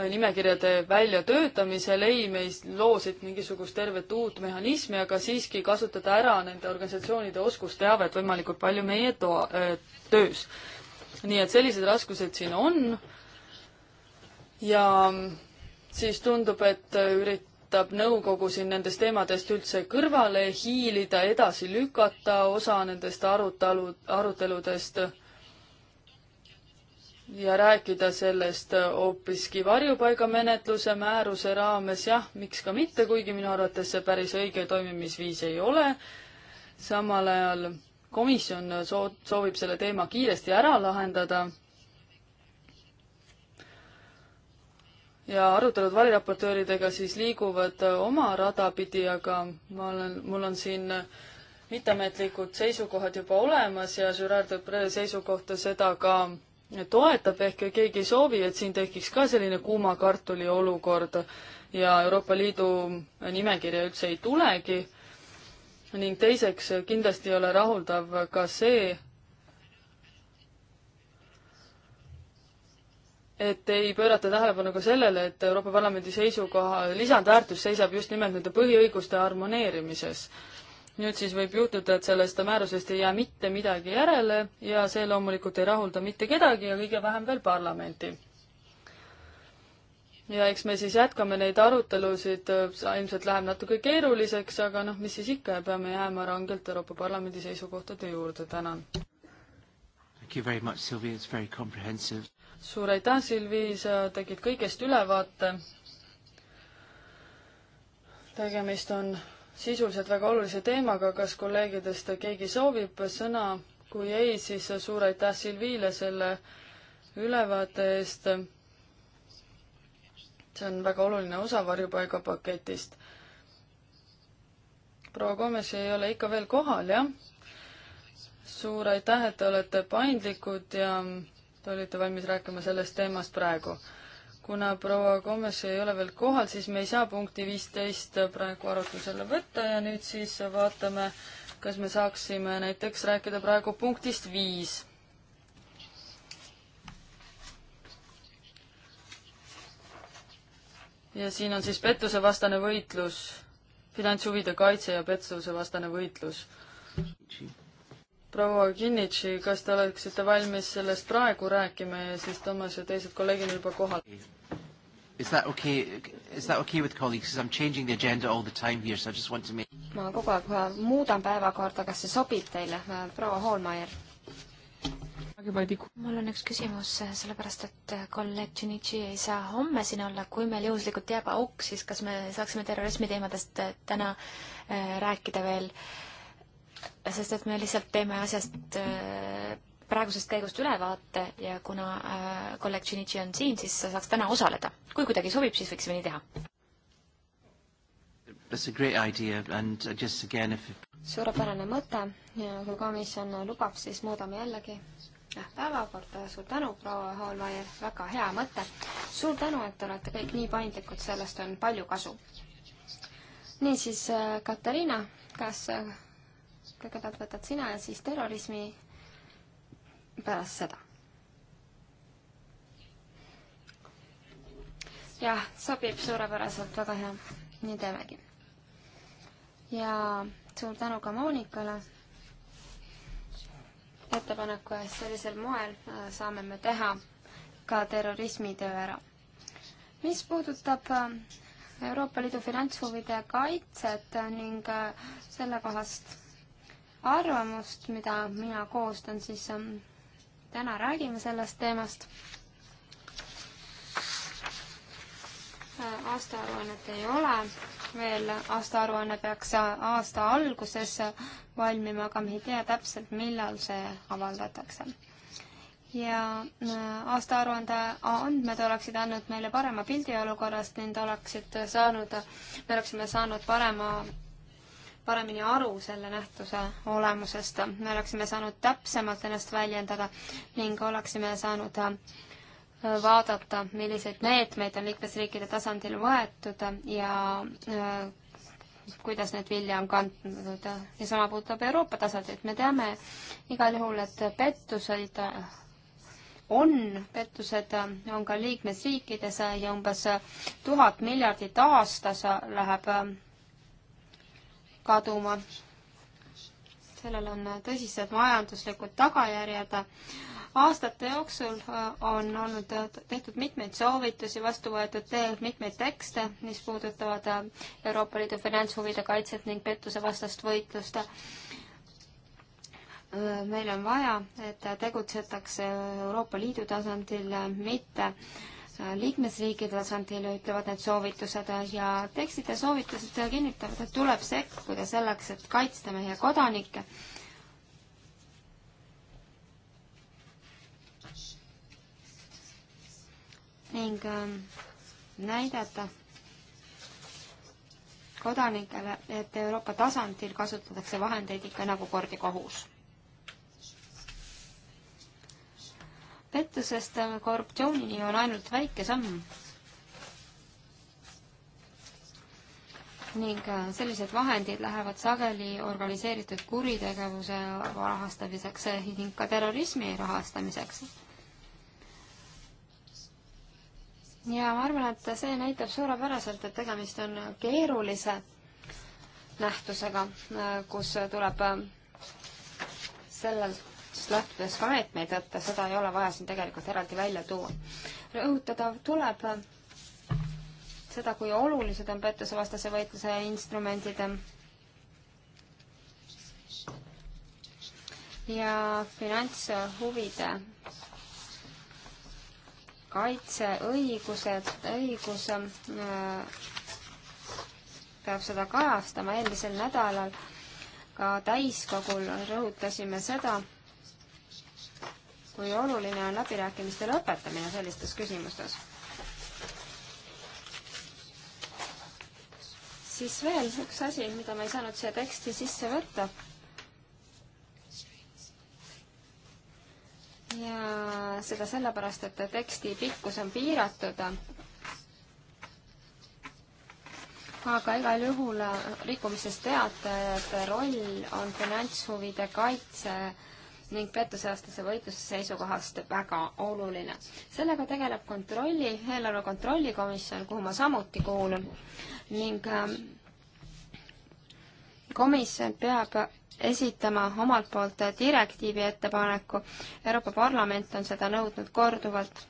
[SPEAKER 2] nimekirjade väljatöötamisel, ei, me ei loo siit mingisugust tervet uut mehhanismi, aga siiski kasutada ära nende organisatsioonide oskusteavet võimalikult palju meie toa, töös nii et sellised raskused siin on ja siis tundub, et üritab nõukogu siin nendest teemadest üldse kõrvale hiilida, edasi lükata osa nendest arutelu, aruteludest ja rääkida sellest hoopiski varjupaigamenetluse määruse raames, jah, miks ka mitte, kuigi minu arvates see päris õige toimimisviis ei ole. samal ajal komisjon soo-, soovib selle teema kiiresti ära lahendada ja arutelud variraportööridega siis liiguvad oma rada pidi, aga ma olen, mul on siin mitteametlikud seisukohad juba olemas ja Gerard Depree seisukohta seda ka toetab, ehk keegi ei soovi, et siin tekiks ka selline kuuma kartuli olukord ja Euroopa Liidu nimekirja üldse ei tulegi ning teiseks kindlasti ei ole rahuldav ka see, et ei pöörata tähelepanu ka sellele, et Euroopa Parlamendi seisukoha lisandväärtus seisab just nimelt nende põhiõiguste harmoneerimises. nüüd siis võib juhtuda, et sellest määrusest ei jää mitte midagi järele ja see loomulikult ei rahulda mitte kedagi ja kõige vähem veel parlamenti ja eks me siis jätkame neid arutelusid, ilmselt läheb natuke keeruliseks, aga noh, mis siis ikka ja peame jääma rangelt Euroopa Parlamendi seisukohtade juurde, tänan. suur aitäh, Silvi, sa tegid kõigest ülevaate. tegemist on sisuliselt väga olulise teemaga, kas kolleegidest keegi soovib sõna, kui ei, siis suur aitäh Silvile selle ülevaate eest see on väga oluline osa varjupaigapaketist. proua Komes ei ole ikka veel kohal, jah? suur aitäh, et te olete paindlikud ja te olite valmis rääkima sellest teemast praegu. kuna proua Komes ei ole veel kohal, siis me ei saa punkti viisteist praegu arutlusele võtta ja nüüd siis vaatame, kas me saaksime näiteks rääkida praegu punktist viis ja siin on siis pettusevastane võitlus, finantshuvide kaitse ja pettusevastane võitlus. proua Kinnitši, kas te oleksite valmis sellest praegu rääkima ja siis Toomas ja teised kolleegid on juba kohal?
[SPEAKER 1] Is that okay? Is that okay with colleagues? Because I'm changing the agenda all the time here, so I just want to make.
[SPEAKER 2] ma kogu aeg muudan
[SPEAKER 4] päevakorda, kas see sobib teile, proua Hoolmeier? mul on üks
[SPEAKER 3] küsimus, sellepärast et kolleeg Tšinitši ei saa homme siin olla, kui meil juhuslikult jääb auk, siis kas me saaksime terrorismi teemadest täna äh, rääkida veel? sest et me lihtsalt teeme asjast äh, praegusest käigust ülevaate ja kuna äh, kolleeg Tšinitši on siin, siis saaks täna osaleda. kui kuidagi sobib, siis võiksime nii teha
[SPEAKER 1] That's a great idea and uh, just again if
[SPEAKER 4] suurepärane mõte ja kui komisjon lubab, siis muudame jällegi päevakorda. suur tänu, proua Hoolmaier, väga hea mõte. suur tänu, et olete kõik nii paindlikud, sellest on palju kasu. niisiis, äh, Katariina, kas äh, kõigepealt võtad sina ja siis terrorismi pärast seda? jah, sobib suurepäraselt, väga hea. nii teemegi. ja suur tänu ka Monikale ettepaneku eest, sellisel moel äh, saame me teha ka terrorismitöö ära. mis puudutab äh, Euroopa Liidu finantshuvide kaitset äh, ning sellekohast arvamust, mida mina koostan, siis ähm, täna räägime sellest teemast aastaaruannet ei ole veel, aastaaruanne peaks aasta alguses valmima, aga me ei tea täpselt, millal see avaldatakse. ja äh, aastaaruande andmed oleksid andnud meile parema pildi olukorrast, need oleksid saanud, me oleksime saanud parema paremini aru selle nähtuse olemusest, me oleksime saanud täpsemalt ennast väljendada ning oleksime saanud äh, vaadata, milliseid meetmeid on liikmesriikide tasandil võetud ja äh, kuidas need vilja on kandnud ja sama puudutab Euroopa tasandit. me teame igal juhul, et pettused on, pettused on ka liikmesriikides ja umbes tuhat miljardit aastas läheb kaduma. sellel on tõsised majanduslikud tagajärjed aastate jooksul äh, on olnud äh, tehtud mitmeid soovitusi, vastu võetud teel mitmeid tekste, mis puudutavad äh, Euroopa Liidu finantshuvide kaitset ning pettusevastast võitlust. meil on vaja, et tegutsetakse Euroopa Liidu tasandil, mitte liikmesriigi tasandil ütlevad need soovitused ja tekstid ja soovitused kinnitavad, et tuleb sekkuda selleks, et kaitsta meie kodanikke ning ähm, näidata kodanikele, et Euroopa tasandil kasutatakse vahendeid ikka nagu kord ja kohus. pettusest äh, korruptsioonini on ainult väike samm. ning äh, sellised vahendid lähevad sageli organiseeritud kuritegevuse rahastamiseks äh, ning ka terrorismi rahastamiseks ja ma arvan, et see näitab suurepäraselt, et tegemist on keerulise nähtusega, kus tuleb äh, sellel siis lähtudes ka meetmeid võtta, seda ei ole vaja siin tegelikult eraldi välja tuua. rõhutada tuleb äh, seda, kui olulised on pettusevastase võitluse instrumendid ja finantshuvide kaitseõigused, õigus äh, peab seda kajastama, eelmisel nädalal ka täiskogul rõhutasime seda, kui oluline on läbirääkimiste lõpetamine sellistes küsimustes. siis veel üks asi, mida ma ei saanud siia teksti sisse võtta ja seda sellepärast, et teksti pikkus on piiratud. aga igal juhul rikkumisest teatajate roll on finantshuvide kaitse ning pettuseastase võitluse seisukohast väga oluline. sellega tegeleb kontrolli, eelarve kontrollikomisjon, kuhu ma samuti kuulun ning ähm, komisjon peab esitama omalt poolt direktiivi ettepaneku. Euroopa Parlament on seda nõudnud korduvalt.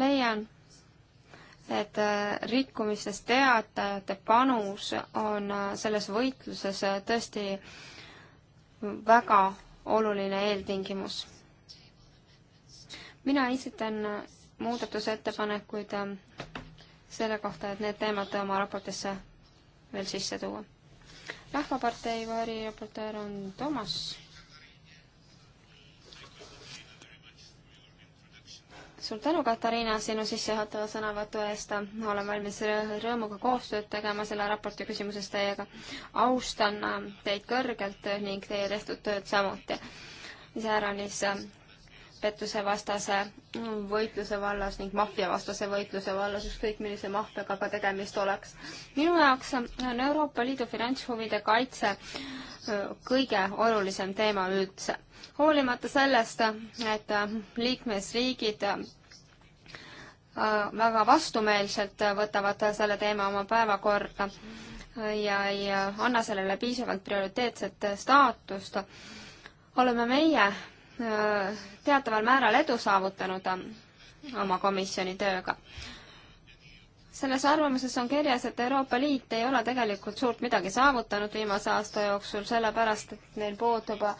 [SPEAKER 4] leian, et äh, rikkumistest teatajate panus on äh, selles võitluses äh, tõesti väga oluline eeltingimus. mina esitan muudatusettepanekuid selle kohta, et need teemad oma raportisse veel sisse tuua. rahvapartei variraportöör on Toomas. suur tänu, Katariina, sinu sissejuhatava sõnavõtu eest. olen valmis rõõmuga koostööd tegema selle raporti küsimuses teiega. austan äh, teid kõrgelt ning teie tehtud tööd samuti. iseäranis äh, pettusevastase võitluse vallas ning maffiavastase võitluse vallas, ükskõik millise maffiaga ka tegemist oleks. minu jaoks on Euroopa Liidu finantshuvide kaitse kõige olulisem teema üldse. hoolimata sellest, et äh, liikmesriigid äh, väga vastumeelselt võtavad selle teema oma päevakorda ja ei äh, anna sellele piisavalt prioriteetset staatust, oleme meie Äh, teataval määral edu saavutanud äh, oma komisjoni tööga. selles arvamuses on kirjas, et Euroopa Liit ei ole tegelikult suurt midagi saavutanud viimase aasta jooksul, sellepärast et neil puudub äh,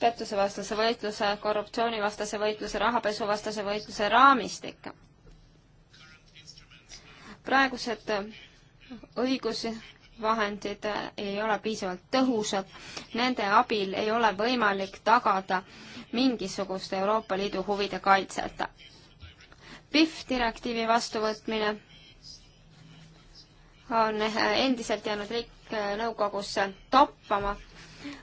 [SPEAKER 4] pettusevastase võitluse, korruptsioonivastase võitluse, rahapesuvastase võitluse raamistik. praegused õigusi vahendid äh, ei ole piisavalt tõhusad, nende abil ei ole võimalik tagada mingisugust Euroopa Liidu huvide kaitset. PIF direktiivi vastuvõtmine on äh, endiselt jäänud riik äh, nõukogusse toppama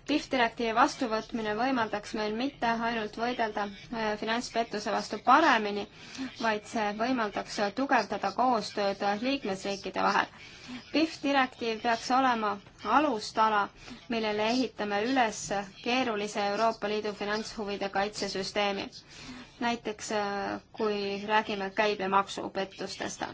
[SPEAKER 4] PIF direktiivi vastuvõtmine võimaldaks meil mitte ainult võidelda äh, finantspettuse vastu paremini, vaid see võimaldaks äh, tugevdada koostööd äh, liikmesriikide vahel. PIF direktiiv peaks olema alustala, millele ehitame üles keerulise Euroopa Liidu finantshuvide kaitsesüsteemi näiteks kui räägime käibemaksupettustest.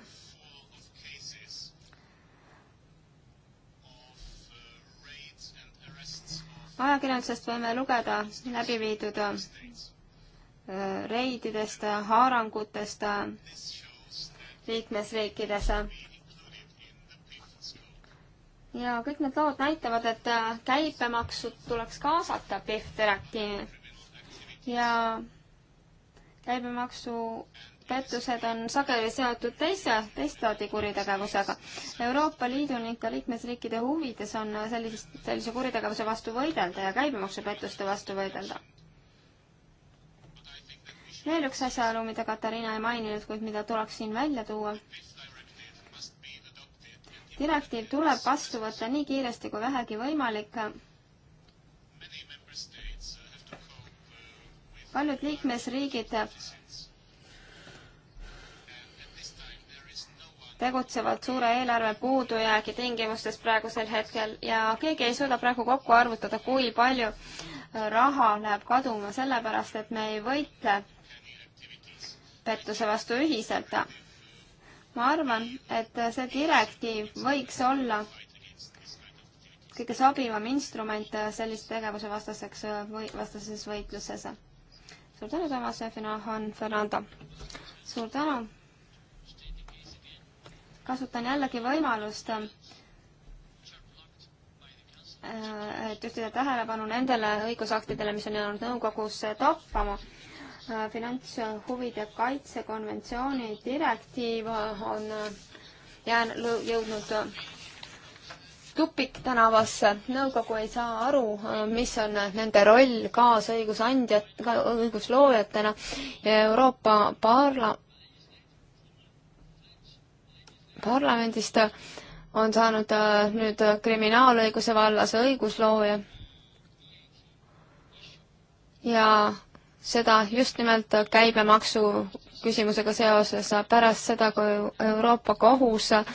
[SPEAKER 4] ajakirjandusest võime lugeda läbi viidud äh, reididest, äh, haarangutest äh, liikmesriikides. ja kõik need lood näitavad, et käibemaksud tuleks kaasata PIF direktiivi ja käibemaksu pettused on sageli seotud teise, teist laadi kuritegevusega. Euroopa Liidu ning ka liikmesriikide huvides on sellist, sellise kuritegevuse vastu võidelda ja käibemaksupettuste vastu võidelda. veel üks asjaolu, mida Katariina ei maininud, kuid mida tuleks siin välja tuua. direktiiv tuleb vastu võtta nii kiiresti kui vähegi võimalik paljud liikmesriigid tegutsevad suure eelarve puudujäägi tingimustes praegusel hetkel ja keegi ei suuda praegu kokku arvutada, kui palju äh, raha läheb kaduma, sellepärast et me ei võitle pettuse vastu ühiselt. ma arvan, et see direktiiv võiks olla kõige sobivam instrument äh, sellise tegevuse vastaseks äh, või vastases võitluses. suur tänu, Toomas ja Fernando! suur tänu! kasutan jällegi võimalust, äh, et juhtida tähelepanu nendele õigusaktidele, mis on jäänud nõukogusse toppama. Äh, finantshuvide kaitse konventsiooni direktiiv on äh, jäänud, jõudnud tupiktänavasse, nõukogu ei saa aru, mis on nende roll kaasõigusandjat, õigusloojatena ja Euroopa parla-, parlamendist on saanud äh, nüüd kriminaalõiguse vallas õiguslooja. ja seda just nimelt käibemaksu küsimusega seoses pärast seda, kui Euroopa Kohus äh,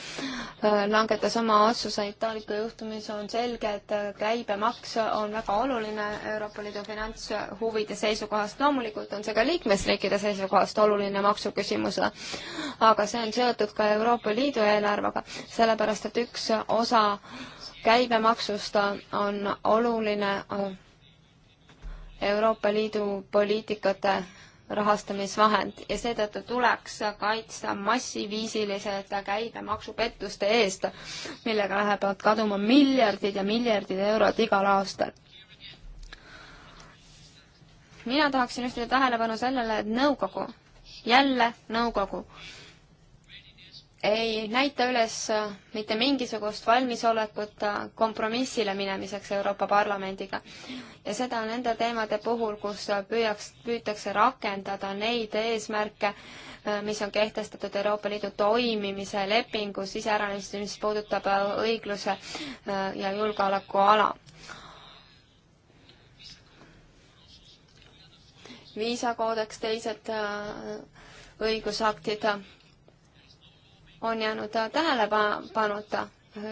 [SPEAKER 4] langetas oma otsuse Itaalia juhtumis, on selge, et äh, käibemaks on väga oluline Euroopa Liidu finantshuvide seisukohast. loomulikult on see ka liikmesriikide seisukohast oluline maksuküsimus, aga see on seotud ka Euroopa Liidu eelarvega, sellepärast et üks osa käibemaksust on oluline äh, Euroopa Liidu poliitikate rahastamisvahend ja seetõttu tuleks kaitsta massiviisilised käibemaksupettuste eest, millega lähevad kaduma miljardid ja miljardid eurod igal aastal. mina tahaksin juhtida tähelepanu sellele, et nõukogu, jälle nõukogu ei näita üles äh, mitte mingisugust valmisolekut äh, kompromissile minemiseks Euroopa Parlamendiga. ja seda nende teemade puhul, kus äh, püüaks, püütakse rakendada neid eesmärke, mis on kehtestatud Euroopa Liidu toimimise lepingus, iseäranis, mis puudutab õigluse ja julgeoleku ala. viisakoodeks, teised õigusaktid on jäänud tähelepanuta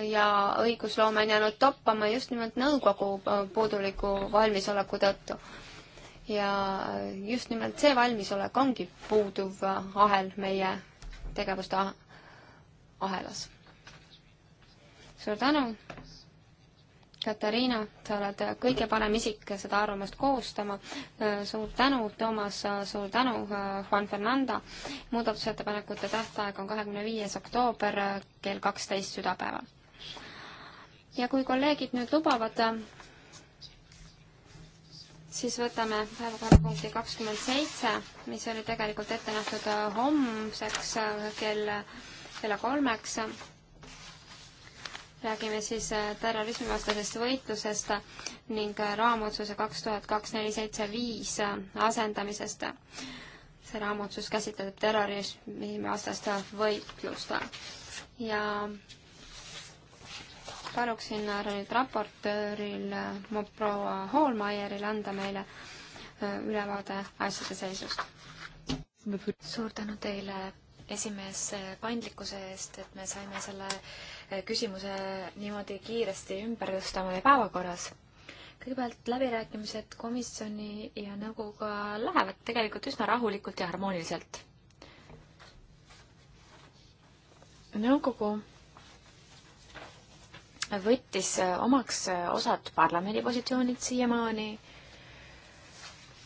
[SPEAKER 4] ja õigusloome on jäänud toppama just nimelt nõukogu puuduliku valmisoleku tõttu. ja just nimelt see valmisolek ongi puuduv ahel meie tegevuste ahelas. suur tänu! Katariina, sa oled kõige parem isik seda arvamust koostama. suur tänu, Toomas, suur tänu, Juan Fernando. muudatusettepanekute tähtaeg on kahekümne viies oktoober kell kaksteist südapäeval. ja kui kolleegid nüüd lubavad, siis võtame päevakorrapunkti kakskümmend seitse, mis oli tegelikult ette nähtud homseks kell, kella kolmeks räägime siis äh, terrorismivastasest võitlusest ning äh, raamotsuse kaks tuhat kaks neli seitse viis äh, asendamisest. see raamotsus käsitleb terrorismivastast võitlust ja paluksin nüüd raportööril proua Hoolmeieril anda meile ülevaade asjade seisust. suur tänu teile, esimees,
[SPEAKER 3] paindlikkuse eest, et me saime selle äh, Eh, küsimuse niimoodi kiiresti ümber tõstame päevakorras. kõigepealt läbirääkimised komisjoni ja nõukoguga lähevad tegelikult üsna rahulikult ja harmooniliselt. nõukogu võttis eh, omaks eh, osad parlamendi positsioonid siiamaani,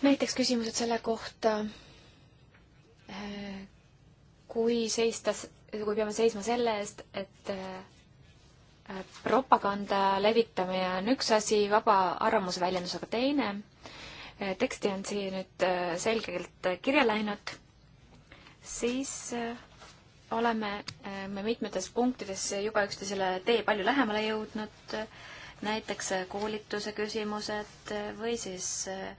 [SPEAKER 3] näiteks küsimused selle kohta, kui seista kui peame seisma selle eest, et äh, propaganda levitamine on üks asi, vaba arvamuse väljendus aga teine. Äh, teksti on siia nüüd äh, selgelt kirja läinud. siis oleme me mitmetes punktides juba üksteisele tee palju lähemale jõudnud, näiteks koolituse küsimused või siis äh,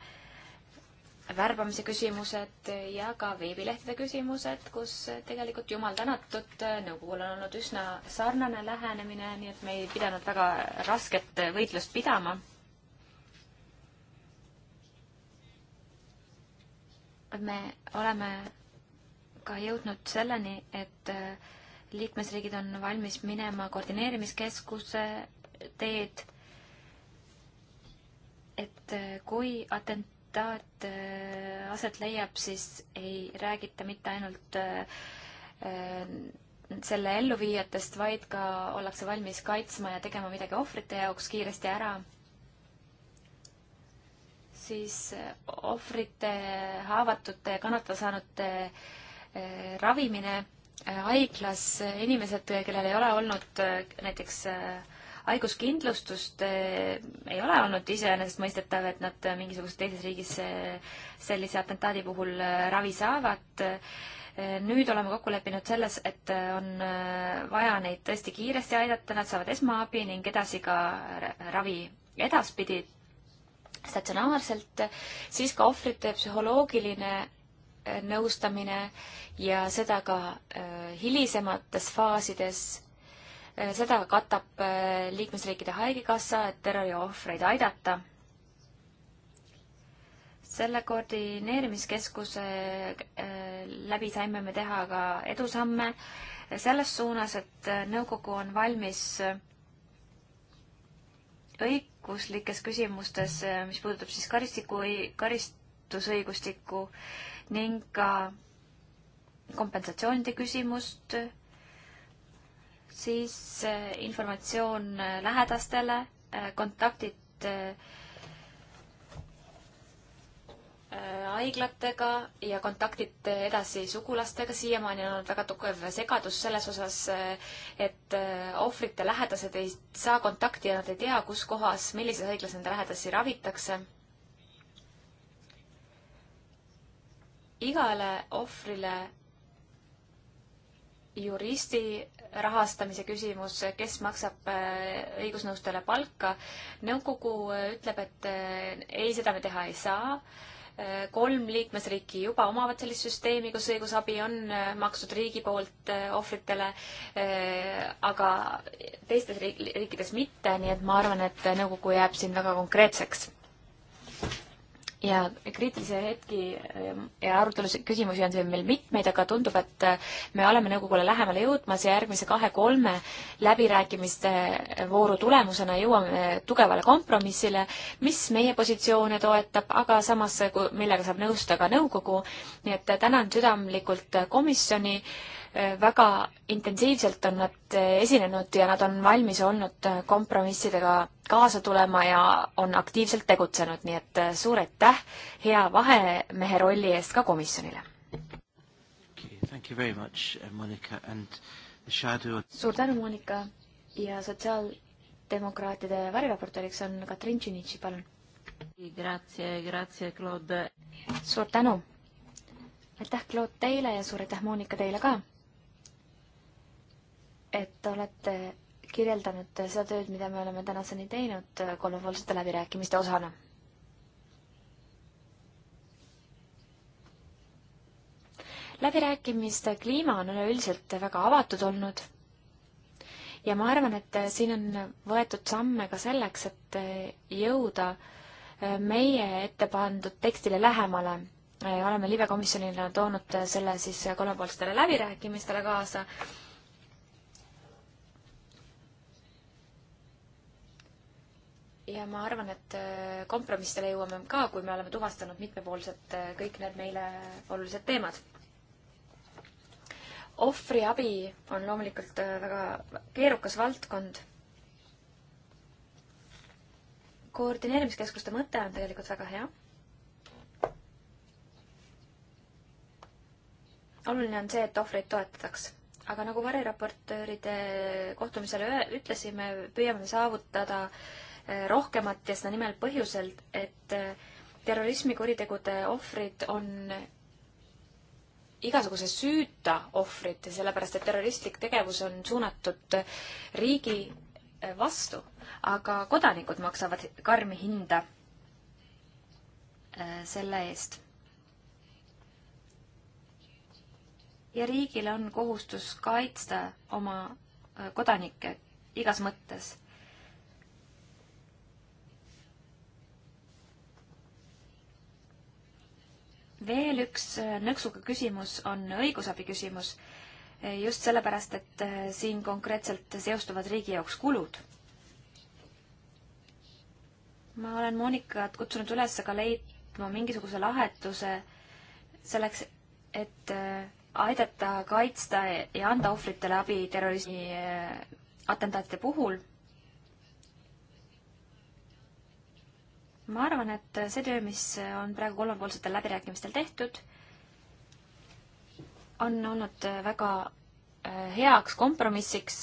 [SPEAKER 3] värbamise küsimused ja ka veebilehtede küsimused, kus tegelikult jumal tänatud, nõukogul on olnud üsna sarnane lähenemine, nii et me ei pidanud väga rasket võitlust pidama. me oleme ka jõudnud selleni, et liikmesriigid on valmis minema koordineerimiskeskuse teed, et kui atent-, tsitaat äh, aset leiab, siis ei räägita mitte ainult äh, äh, selle elluviijatest, vaid ka ollakse valmis kaitsma ja tegema midagi ohvrite jaoks kiiresti ära. siis ohvrite, haavatute, kannatada saanute ravimine haiglas, inimesed, kellel ei ole olnud näiteks äh, haiguskindlustust eh, ei ole olnud iseenesestmõistetav, et nad mingisuguses teises riigis eh, sellise atentaadi puhul eh, ravi saavad. nüüd oleme kokku leppinud selles, et on vaja neid tõesti kiiresti aidata, nad saavad esmaabi ning edasi ka ravi edaspidi statsionaarselt, siis ka ohvrite psühholoogiline nõustamine ja seda ka hilisemates faasides Eh, seda katab eh, liikmesriikide haigekassa, et terroriohvreid aidata. selle koordineerimiskeskuse eh, läbi saime me teha ka edusamme selles suunas, et nõukogu on valmis õiguslikes küsimustes, mis puudutab siis karistiku, karistusõigustikku ning ka kompensatsioonide küsimust siis eh, informatsioon eh, lähedastele, eh, kontaktid haiglatega ja kontaktid edasi sugulastega, siiamaani on olnud väga tugev segadus selles osas, et ohvrite lähedased ei saa kontakti ja nad ei tea, kus kohas, millises haiglas nende lähedasi ravitakse. igale ohvrile juristi rahastamise küsimus, kes maksab äh, õigusnõustajale palka. nõukogu äh, ütleb, et äh, ei, seda me teha ei saa. kolm liikmesriiki juba omavad sellist süsteemi, kus õigusabi on makstud riigi poolt ohvritele, aga teistes riikides mitte, nii et ma arvan, et nõukogu jääb siin väga konkreetseks ja kriitilise hetki ähm, ja arutelu küsimusi on siin meil mitmeid, aga tundub, et äh, me oleme nõukogule lähemale jõudmas ja järgmise kahe-kolme läbirääkimiste äh, vooru tulemusena jõuame äh, tugevale kompromissile, mis meie positsioone toetab, aga samas, millega saab nõustuda ka nõukogu. nii et tänan südamlikult komisjoni äh, väga intensiivselt on nad eh, esinenud ja nad on valmis olnud eh, kompromissidega kaasa tulema ja on aktiivselt tegutsenud, nii et eh, suur aitäh hea vahemehe rolli eest ka komisjonile
[SPEAKER 1] okay,! Uh, shadow... suur
[SPEAKER 3] tänu, Monika ja sotsiaaldemokraatide variraportööriks on Katrin Tšinitši, palun! suur tänu! aitäh, Claude, teile ja suur aitäh, Monika, teile ka! et olete kirjeldanud seda tööd, mida me oleme tänaseni teinud kolmepoolsete läbirääkimiste osana. läbirääkimiste kliima on üleüldiselt väga avatud olnud ja ma arvan, et siin on võetud samme ka selleks, et jõuda meie ette pandud tekstile lähemale oleme libekomisjonile toonud selle siis kolmepoolsetele läbirääkimistele kaasa ja ma arvan, et äh, kompromissile jõuame ka, kui me oleme tuvastanud mitmepoolselt äh, kõik need meile olulised teemad. ohvriabi on loomulikult äh, väga keerukas valdkond. koordineerimiskeskuste mõte on tegelikult väga hea. oluline on see, et ohvreid toetataks aga nagu variraportööride kohtumisel ütlesime, püüame saavutada äh, Eh, rohkemat ja seda nimel põhjusel, et eh, terrorismikuritegude ohvrid on igasuguse süüta ohvrid, sellepärast et terroristlik tegevus on suunatud riigi eh, vastu, aga kodanikud maksavad karmi hinda selle eest. ja riigil on kohustus kaitsta oma kodanikke igas mõttes veel üks äh, nõksuga küsimus on õigusabi küsimus. Äh, just sellepärast, et äh, siin konkreetselt seostuvad riigi jaoks kulud. ma olen Monikat kutsunud üles aga leidma mingisuguse lahenduse selleks, et aidata kaitsta ja anda ohvritele abi terrorismi atentaatide puhul ma arvan, et see töö, mis on praegu kolmepoolsetel läbirääkimistel tehtud, on olnud väga äh, heaks kompromissiks,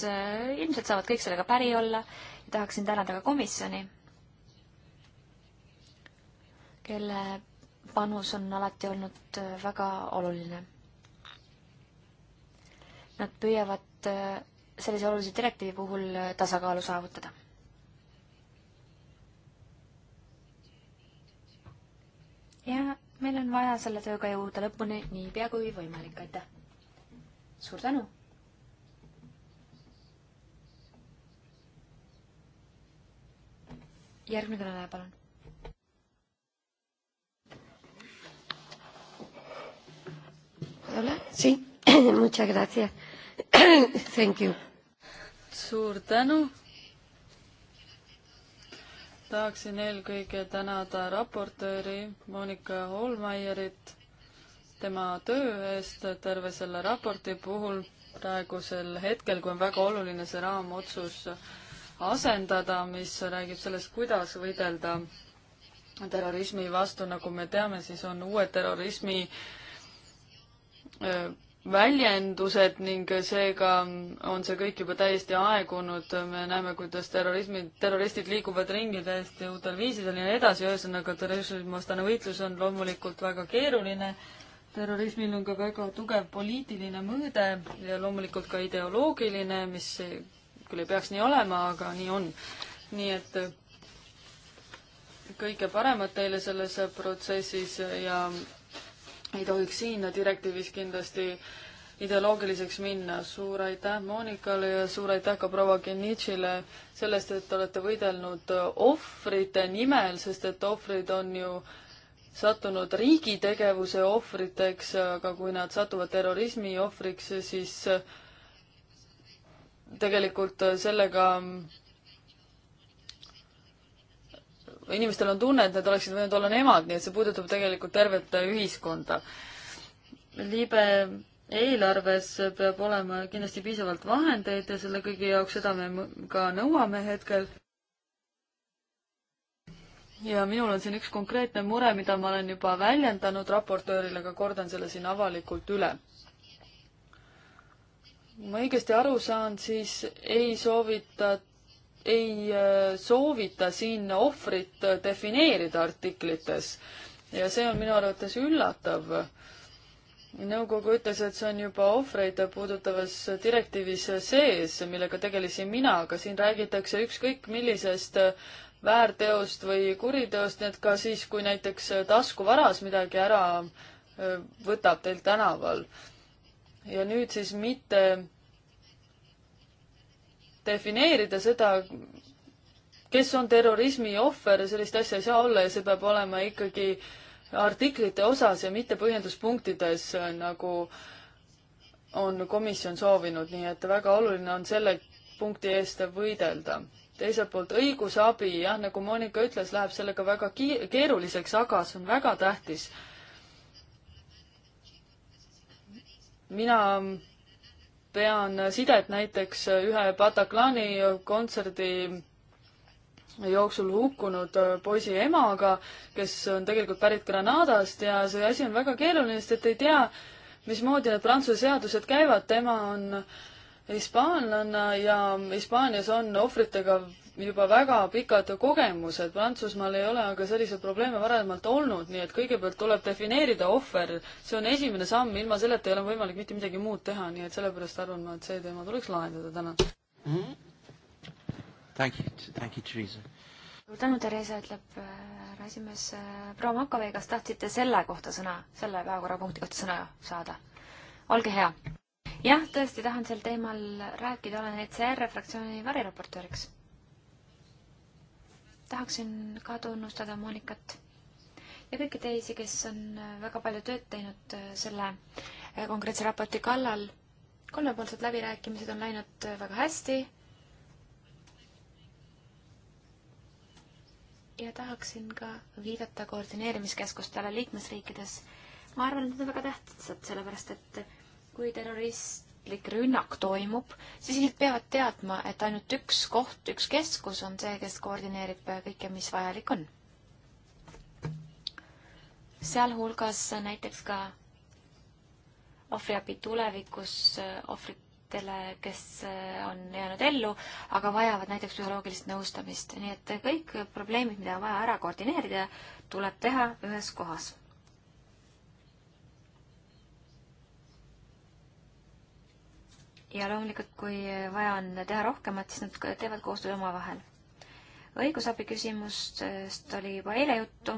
[SPEAKER 3] ilmselt saavad kõik sellega päri olla ja tahaksin tänada ka komisjoni, kelle panus on alati olnud äh, väga oluline. Nad püüavad äh, sellise olulise direktiivi puhul tasakaalu saavutada ja meil on vaja selle tööga jõuda lõpuni niipea kui võimalik, aitäh! suur tänu! järgmine kõneleja, palun
[SPEAKER 2] Hola, sí, muchas gracias. Thank you. Suur tänu tahaksin eelkõige tänada raportööri Monika Holmeierit tema töö eest terve selle raporti puhul praegusel hetkel, kui on väga oluline see raamotsus asendada, mis räägib sellest, kuidas võidelda terrorismi vastu, nagu me teame, siis on uued terrorismi väljendused ning seega on see kõik juba täiesti aegunud, me näeme, kuidas terrorismi, terroristid liiguvad ringi täiesti uutel viisidel ja nii edasi, ühesõnaga terrorismivastane võitlus on loomulikult väga keeruline, terrorismil on ka väga tugev poliitiline mõõde ja loomulikult ka ideoloogiline, mis küll ei peaks nii olema, aga nii on. nii et kõike paremat teile selles protsessis ja ei tohiks siin direktiivis kindlasti ideoloogiliseks minna. suur aitäh Monikale ja suur aitäh ka proua Genitšile sellest, et olete võidelnud ohvrite nimel, sest et ohvrid on ju sattunud riigi tegevuse ohvriteks, aga kui nad satuvad terrorismi ohvriks, siis tegelikult sellega inimestel on tunne, et nad oleksid võinud olla nemad, nii et see puudutab tegelikult tervet ühiskonda. libe eelarves peab olema kindlasti piisavalt vahendeid ja selle kõigi jaoks, seda me ka nõuame hetkel. ja minul on siin üks konkreetne mure, mida ma olen juba väljendanud raportöörile, aga kordan selle siin avalikult üle. kui ma õigesti aru saan, siis ei soovitata ei äh, soovita siin ohvrit äh, defineerida artiklites ja see on minu arvates üllatav. nõukogu ütles, et see on juba ohvreid puudutavas direktiivis sees, millega tegelesin mina, aga siin räägitakse ükskõik millisest äh, väärteost või kuriteost, nii et ka siis, kui näiteks taskuvaras midagi ära võtab teilt tänaval. ja nüüd siis mitte defineerida seda, kes on terrorismi ohver, sellist asja ei saa olla ja see peab olema ikkagi artiklite osas ja mitte põhjenduspunktides, nagu on komisjon soovinud, nii et väga oluline on selle punkti eest võidelda. teiselt poolt õigusabi, jah, nagu Monika ütles, läheb sellega väga ki-, keeruliseks, aga see on väga tähtis. mina pean sidet näiteks ühe Bataclani kontserdi jooksul hukkunud poisi emaga, kes on tegelikult pärit Granadast ja see asi on väga keeruline, sest et ei tea, mismoodi need Prantsuse seadused käivad, tema on hispaanlanna ja Hispaanias on ohvritega juba väga pikad kogemused, Prantsusmaal ei ole aga selliseid probleeme varemalt olnud, nii et kõigepealt tuleb defineerida ohver, see on esimene samm, ilma selleta ei ole võimalik mitte midagi muud teha, nii et sellepärast arvan ma, et see teema tuleks lahendada täna mm.
[SPEAKER 1] -hmm. Thank you, thank you, Theresa.
[SPEAKER 3] suur tänu, Theresa, ütleb äh, härra esimees. Äh, proua Makovei, kas tahtsite selle kohta sõna, selle päevakorrapunkti kohta sõna saada? olge hea jah, tõesti tahan sel teemal rääkida, olen ECR fraktsiooni variraportööriks tahaksin ka tunnustada Monikat ja kõiki teisi, kes on väga palju tööd teinud äh, selle äh, konkreetse raporti kallal. kolmepoolsed läbirääkimised on läinud äh, väga hästi. ja tahaksin ka viidata koordineerimiskeskustele liikmesriikides. ma arvan, et need on väga tähtsad, sellepärast et kui terrorist ametlik rünnak toimub, siis inimesed peavad teadma, et ainult üks koht, üks keskus on see, kes koordineerib kõike, mis vajalik on. sealhulgas näiteks ka ohvriabi tulevikus ohvritele, kes on jäänud ellu, aga vajavad näiteks psühholoogilist nõustamist, nii et kõik probleemid, mida on vaja ära koordineerida, tuleb teha ühes kohas ja loomulikult, kui vaja on teha rohkemat, siis nad teevad koostööd omavahel. õigusabi küsimustest oli juba eile juttu.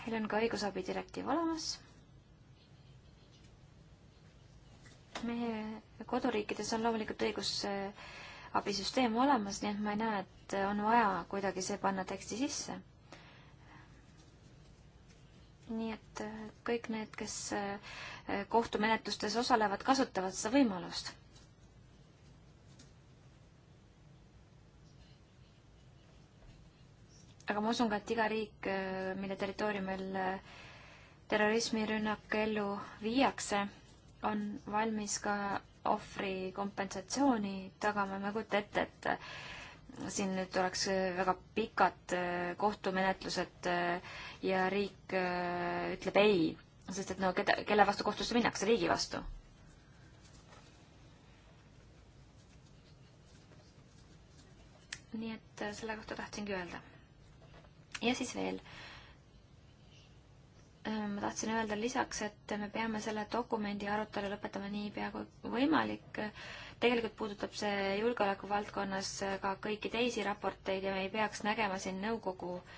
[SPEAKER 3] meil on ka õigusabi direktiiv olemas. meie koduriikides on loomulikult õigusabisüsteem olemas, nii et ma ei näe, et on vaja kuidagi see panna teksti sisse nii et äh, kõik need, kes äh, kohtumenetlustes osalevad, kasutavad seda võimalust. aga ma usun ka, et iga riik, äh, mille territooriumil terrorismirünnak ellu viiakse, on valmis ka ohvri kompensatsiooni tagama, ma ei kujuta ette, et siin nüüd oleks väga pikad kohtumenetlused ja riik äh, ütleb ei, sest et no keda, kelle vastu kohtusse minnakse, riigi vastu nii et äh, selle kohta tahtsingi öelda. ja siis veel. Äh, ma tahtsin öelda lisaks, et me peame selle dokumendi arutelu lõpetama niipea kui võimalik. tegelikult puudutab see julgeoleku valdkonnas ka kõiki teisi raporteid ja me ei peaks nägema siin nõukogu äh,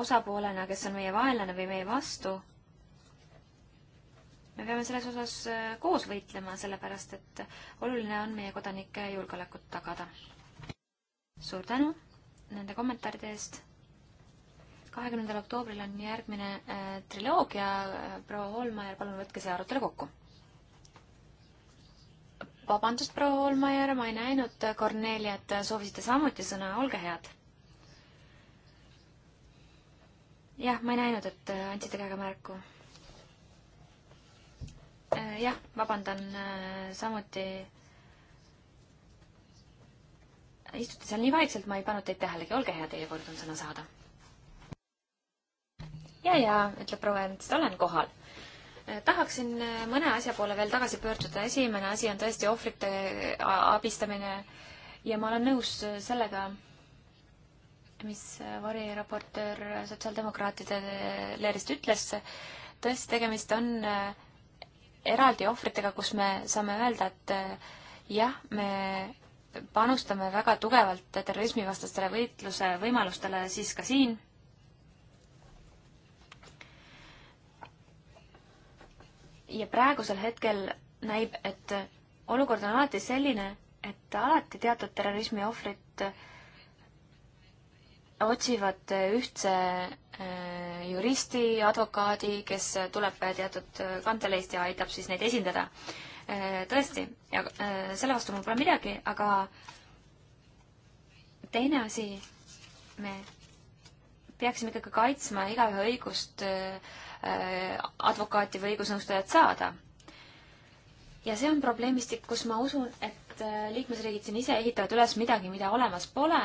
[SPEAKER 3] osapoolena, kes on meie vaenlane või meie vastu, me peame selles osas äh, koos võitlema, sellepärast et oluline on meie kodanike julgeolekut tagada. suur tänu nende kommentaaride eest. kahekümnendal oktoobril on järgmine äh, triloogia, äh, proua Holmajärv, palun võtke see arutelu kokku vabandust, proua Olmajärv, ma ei näinud Korneliat, soovisite samuti sõna, olge head. jah, ma ei näinud, et äh, andsite käega märku. Äh, jah, vabandan äh, samuti. istute seal nii vaikselt, ma ei pannud teid tähelegi, olge hea, teie kord on sõna saada. ja, ja ütleb proua Ernst, olen kohal tahaksin mõne asja poole veel tagasi pöörduda. esimene asi on tõesti ohvrite abistamine ja ma olen nõus sellega, mis variraportöör sotsiaaldemokraatide leerist ütles. tõesti, tegemist on äh, eraldi ohvritega, kus me saame öelda, et äh, jah, me panustame väga tugevalt terrorismivastastele võitluse võimalustele siis ka siin ja praegusel hetkel näib, et olukord on alati selline, et alati teatud terrorismi ohvrit äh, otsivad ühtse äh, juristi, advokaadi, kes tuleb teatud kanteleist ja aitab siis neid esindada. Äh, tõesti, ja äh, selle vastu mul pole midagi, aga teine asi, me peaksime ikkagi kaitsma igaühe õigust advokaati või õigusnõustajat saada. ja see on probleemistik, kus ma usun, et liikmesriigid siin ise ehitavad üles midagi, mida olemas pole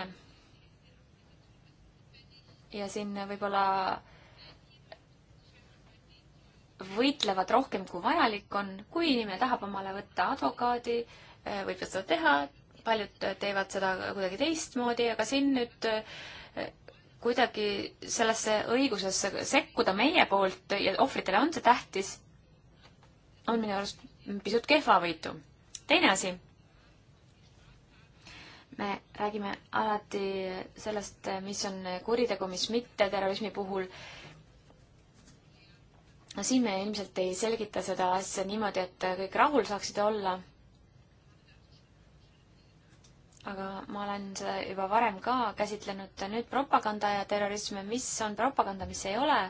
[SPEAKER 3] ja siin võib-olla võitlevad rohkem, kui vajalik on. kui inimene tahab omale võtta advokaadi, eh, võib ta seda teha, paljud teevad seda kuidagi teistmoodi, aga siin nüüd eh, kuidagi sellesse õigusesse sekkuda meie poolt ja ohvritele on see tähtis, on minu arust pisut kehvavõitu. teine asi me räägime alati sellest, mis on kuritegu, mis mitte terrorismi puhul. no siin me ilmselt ei selgita seda asja niimoodi, et kõik rahul saaksid olla. aga ma olen seda juba varem ka käsitlenud, nüüd propaganda ja terrorism, mis on propaganda, mis ei ole,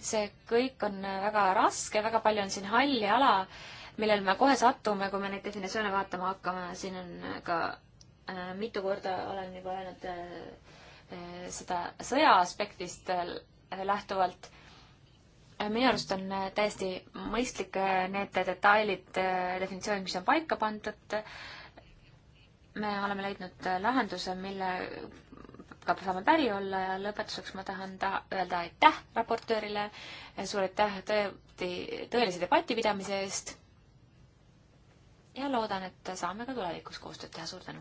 [SPEAKER 3] see kõik on väga raske, väga palju on siin halli ala millel me kohe satume, kui me neid definitsioone vaatama hakkame, siin on ka Äh, mitu korda olen juba öelnud äh, äh, seda sõja aspektist lähtuvalt. minu arust on täiesti mõistlik need detailid, definitsioonid, mis on paika pandud. me oleme leidnud lahenduse, mille ka saame päri olla ja lõpetuseks ma tahan ta öelda aitäh raportöörile, suur aitäh tõelise debati pidamise eest ja loodan, et saame ka tulevikus koostööd teha, suur tänu!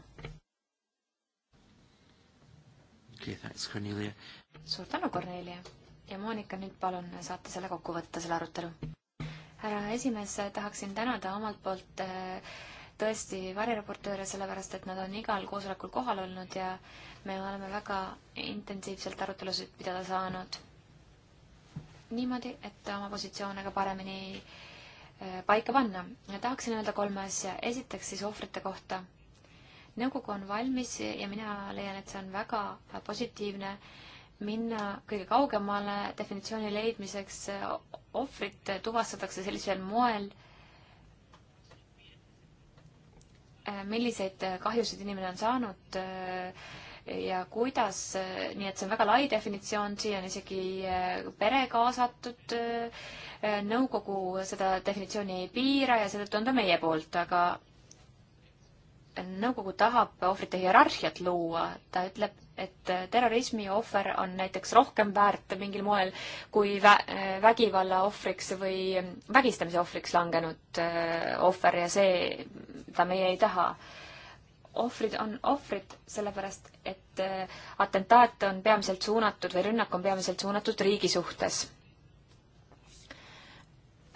[SPEAKER 1] Okay, thanks, Cornelia.
[SPEAKER 3] suur tänu, Kornelia! ja Monika, nüüd palun saate selle kokku võtta, selle arutelu. härra esimees, tahaksin tänada omalt poolt äh, tõesti varireportööre, sellepärast et nad on igal koosolekul kohal olnud ja me oleme väga intensiivselt arutelusid pidada saanud. niimoodi, et oma positsioone ka paremini äh, Äh, paika panna. tahaksin öelda kolme asja. esiteks siis ohvrite kohta. nõukogu on valmis ja mina leian, et see on väga äh, positiivne minna kõige kaugemale definitsiooni leidmiseks. ohvrit tuvastatakse sellisel moel, äh, milliseid kahjusid inimene on saanud ja kuidas, nii et see on väga lai definitsioon, siia on isegi eh, pere kaasatud, eh, nõukogu seda definitsiooni ei piira ja seetõttu on ta meie poolt, aga nõukogu tahab ohvrite hierarhiat luua, ta ütleb, et eh, terrorismi ohver on näiteks rohkem väärt mingil moel kui vä-, vägivalla ohvriks või vägistamise ohvriks langenud ohver ja see, seda meie ei taha ohvrid on ohvrid, sellepärast et äh, atentaat on peamiselt suunatud või rünnak on peamiselt suunatud riigi suhtes.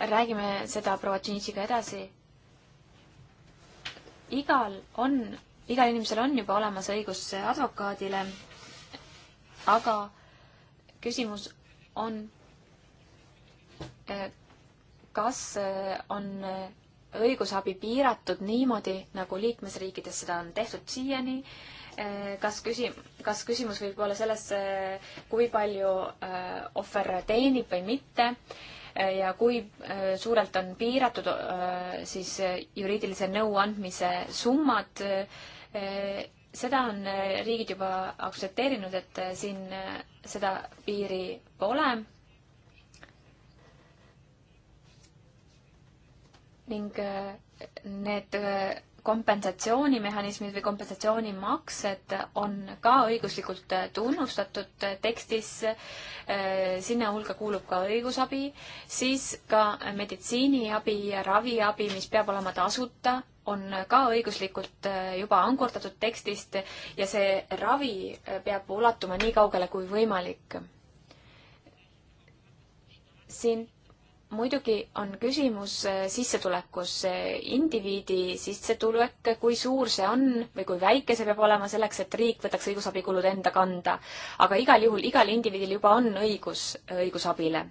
[SPEAKER 3] räägime seda proua Tšinitšiga edasi. igal on, igal inimesel on juba olemas õigus advokaadile, aga küsimus on, äh, kas äh, on õigusabi piiratud niimoodi, nagu liikmesriikides seda on tehtud siiani. Eh, kas küsi-, kas küsimus võib olla selles, eh, kui palju eh, ohver teenib või mitte ja kui suurelt on piiratud siis juriidilise nõu andmise summad, seda on riigid juba aktsepteerinud, et siin seda piiri pole ning äh, need äh, kompensatsioonimehhanismid või kompensatsioonimaksed on ka õiguslikult äh, tunnustatud tekstis, sinna hulka kuulub ka õigusabi, siis ka meditsiiniabi ja raviabi, mis peab olema tasuta, on ka õiguslikult juba ankurdatud tekstist ja see ravi peab ulatuma nii kaugele kui võimalik. siin muidugi on küsimus eh, sissetulekus, eh, indiviidi sissetulek, eh, kui suur see on või kui väike see peab olema selleks, et riik võtaks õigusabikulud enda kanda. aga igal juhul igal indiviidil juba on õigus õigusabile.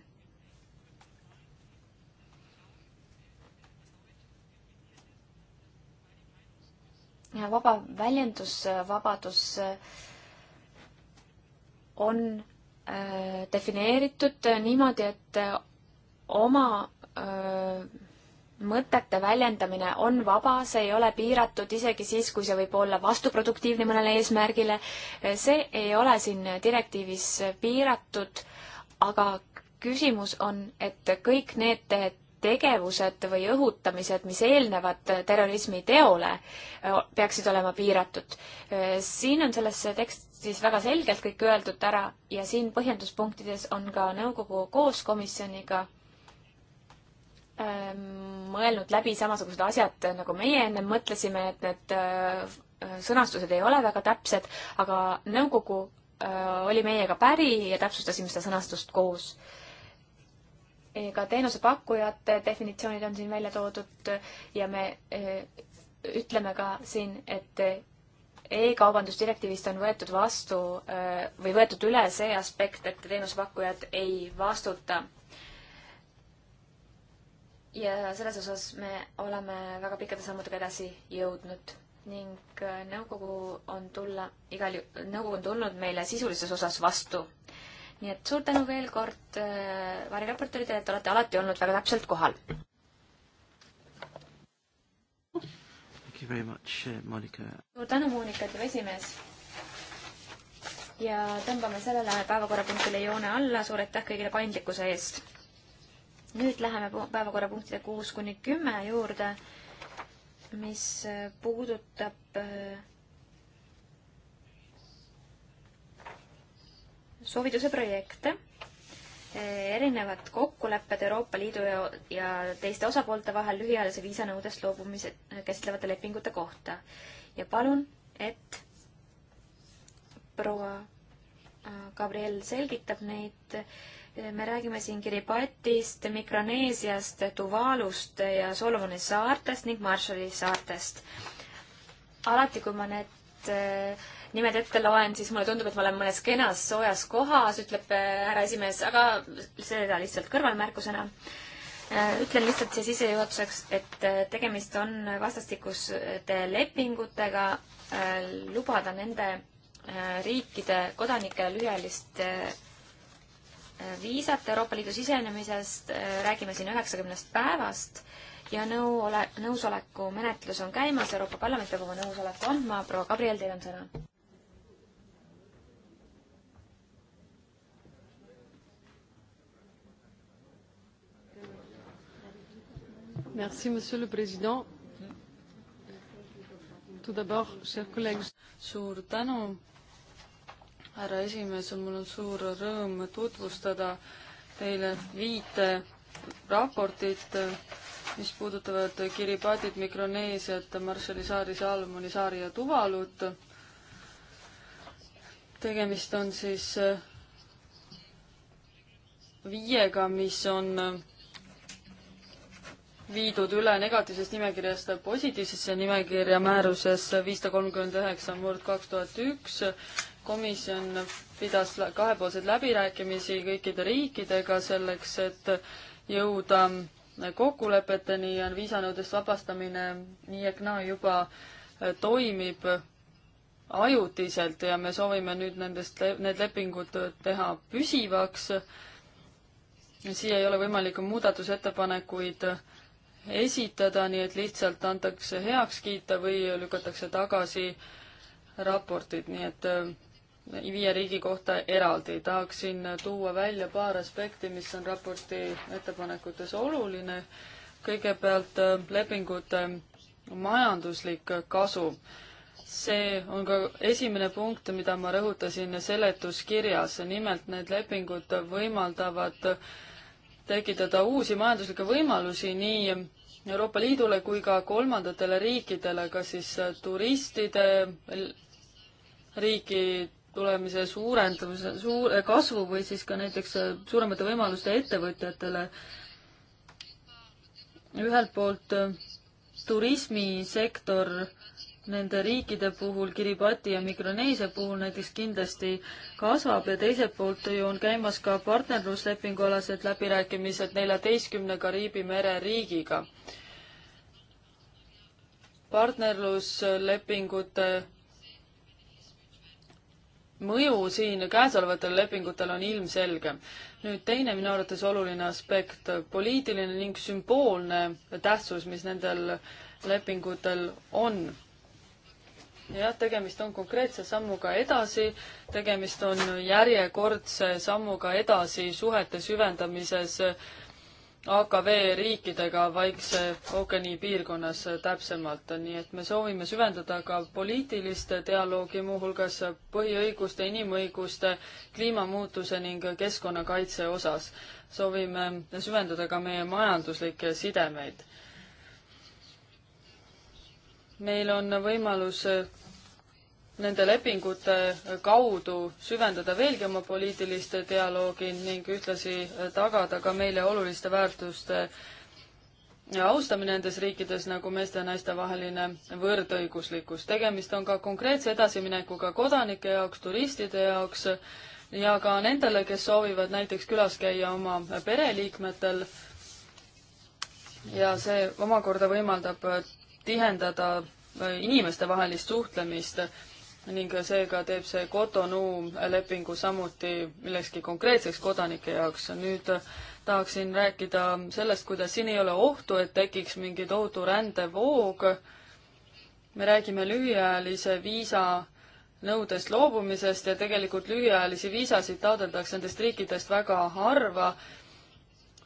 [SPEAKER 3] ja vaba väljendusvabadus on defineeritud niimoodi, et oma öö, mõtete väljendamine on vaba, see ei ole piiratud isegi siis, kui see võib olla vastuproduktiivne mõnele eesmärgile. see ei ole siin direktiivis piiratud, aga küsimus on, et kõik need tegevused või õhutamised, mis eelnevad terrorismi teole, peaksid olema piiratud. siin on selles tekstis väga selgelt kõik öeldud ära ja siin põhjenduspunktides on ka nõukogu koos komisjoniga Ähm, mõelnud läbi samasugused asjad, äh, nagu meie ennem mõtlesime, et need äh, sõnastused ei ole väga täpsed, aga nõukogu äh, oli meiega päri ja täpsustasime seda sõnastust koos. ka teenusepakkujate definitsioonid on siin välja toodud ja me ütleme ka siin, et e-kaubandusdirektiivist on võetud vastu või võetud üle see aspekt, et teenusepakkujad ei vastuta ja selles osas me oleme väga pikkade sammudega edasi jõudnud ning äh, nõukogu on tulla, igal juhul, nõukogu on tulnud meile sisulises osas vastu. nii et suur tänu veel kord äh, variraportööridele, et olete alati olnud väga täpselt kohal.
[SPEAKER 1] Uh, suur
[SPEAKER 3] tänu, Monika, ütleb esimees. ja tõmbame sellele päevakorrapunktile joone alla, suur aitäh kõigile paindlikkuse eest nüüd läheme päevakorrapunktide kuus kuni kümme juurde, mis äh, puudutab äh, soovituse projekte, äh, erinevad kokkulepped Euroopa Liidu ja, ja teiste osapoolte vahel lühiajalise viisanõudest loobumise käsitlevate lepingute kohta. ja palun, et proua Gabriel selgitab neid äh, me räägime siin Kiribatist, Mikroneesiast, Tuvalust ja Solomoni saartest ning Marshalli saartest. alati, kui ma need eh, nimed ette loen, siis mulle tundub, et ma olen mõnes kenas soojas kohas, ütleb eh, härra esimees, aga seda lihtsalt kõrvalmärkusena. Eh, ütlen lihtsalt siia sissejuhatuseks, et tegemist on vastastikuste lepingutega, lubada nende riikide kodanikele lühiajalist viisat Euroopa Liidu sisenemisest, äh, räägime siin üheksakümnest päevast ja nõu ole, nõusoleku menetlus on käimas, Euroopa Parlament peab oma nõusoleku andma, proua Gabriel, teil on sõna.
[SPEAKER 2] Merci, monsieur le president. Tout d'abord, chers collègues. suur tänu, härra esimees, mul on suur rõõm tutvustada teile viite raportit, mis puudutavad Kiribatit, Mikroneesiat, Marshalli saari, Saalomoni saari ja Tuvalut. tegemist on siis viiega, mis on viidud üle negatiivsest nimekirjast positiivsesse nimekirja määruses viissada kolmkümmend üheksa murd kaks tuhat üks komisjon pidas kahepoolseid läbirääkimisi kõikide riikidega selleks, et jõuda kokkulepeteni ja viisanõudest vabastamine nii ehk naa juba äh, toimib ajutiselt ja me soovime nüüd nendest, need lepingud äh, teha püsivaks. siia ei ole võimalik muudatusettepanekuid äh, esitada, nii et lihtsalt antakse heaks kiita või lükatakse tagasi raportid, nii et viie riigi kohta eraldi. tahaksin tuua välja paar aspekti, mis on raporti ettepanekutes oluline. kõigepealt äh, lepingute majanduslik kasu. see on ka esimene punkt, mida ma rõhutasin seletuskirjas, nimelt need lepingud võimaldavad tekitada uusi majanduslikke võimalusi nii Euroopa Liidule kui ka kolmandatele riikidele, kas siis turistide riiki, tulemise suurendamise, suure eh, kasvu või siis ka näiteks eh, suuremate võimaluste ettevõtjatele. ühelt poolt eh, turismisektor nende riikide puhul, Kiribati ja Mikroneesia puhul näiteks kindlasti kasvab ja teiselt poolt ju on käimas ka partnerluslepingualased läbirääkimised neljateistkümne Kariibi mere riigiga. partnerluslepingute mõju siin käesolevatel lepingutel on ilmselge. nüüd teine minu arvates oluline aspekt, poliitiline ning sümboolne tähtsus, mis nendel lepingutel on. jah, tegemist on konkreetse sammuga edasi, tegemist on järjekordse sammuga edasi suhete süvendamises äh, AKV riikidega Vaikse ookeani piirkonnas täpsemalt, nii et me soovime süvendada ka poliitilist dialoogi, muuhulgas põhiõiguste, inimõiguste, kliimamuutuse ning keskkonnakaitse osas. soovime süvendada ka meie majanduslikke sidemeid. meil on võimalus nende lepingute kaudu süvendada veelgi oma poliitilist dialoogi ning ühtlasi tagada ka meile oluliste väärtuste austamine nendes riikides nagu meeste ja naiste vaheline võrdõiguslikkus. tegemist on ka konkreetse edasiminekuga kodanike jaoks, turistide jaoks ja ka nendele, kes soovivad näiteks külas käia oma pereliikmetel. ja see omakorda võimaldab tihendada inimestevahelist suhtlemist ning seega teeb see Cotonou lepingu samuti millekski konkreetseks kodanike jaoks. nüüd tahaksin rääkida sellest, kuidas siin ei ole ohtu, et tekiks mingi tohutu rändevoog. me räägime lühiajalise viisa nõudest loobumisest ja tegelikult lühiajalisi viisasid taotletakse nendest riikidest väga harva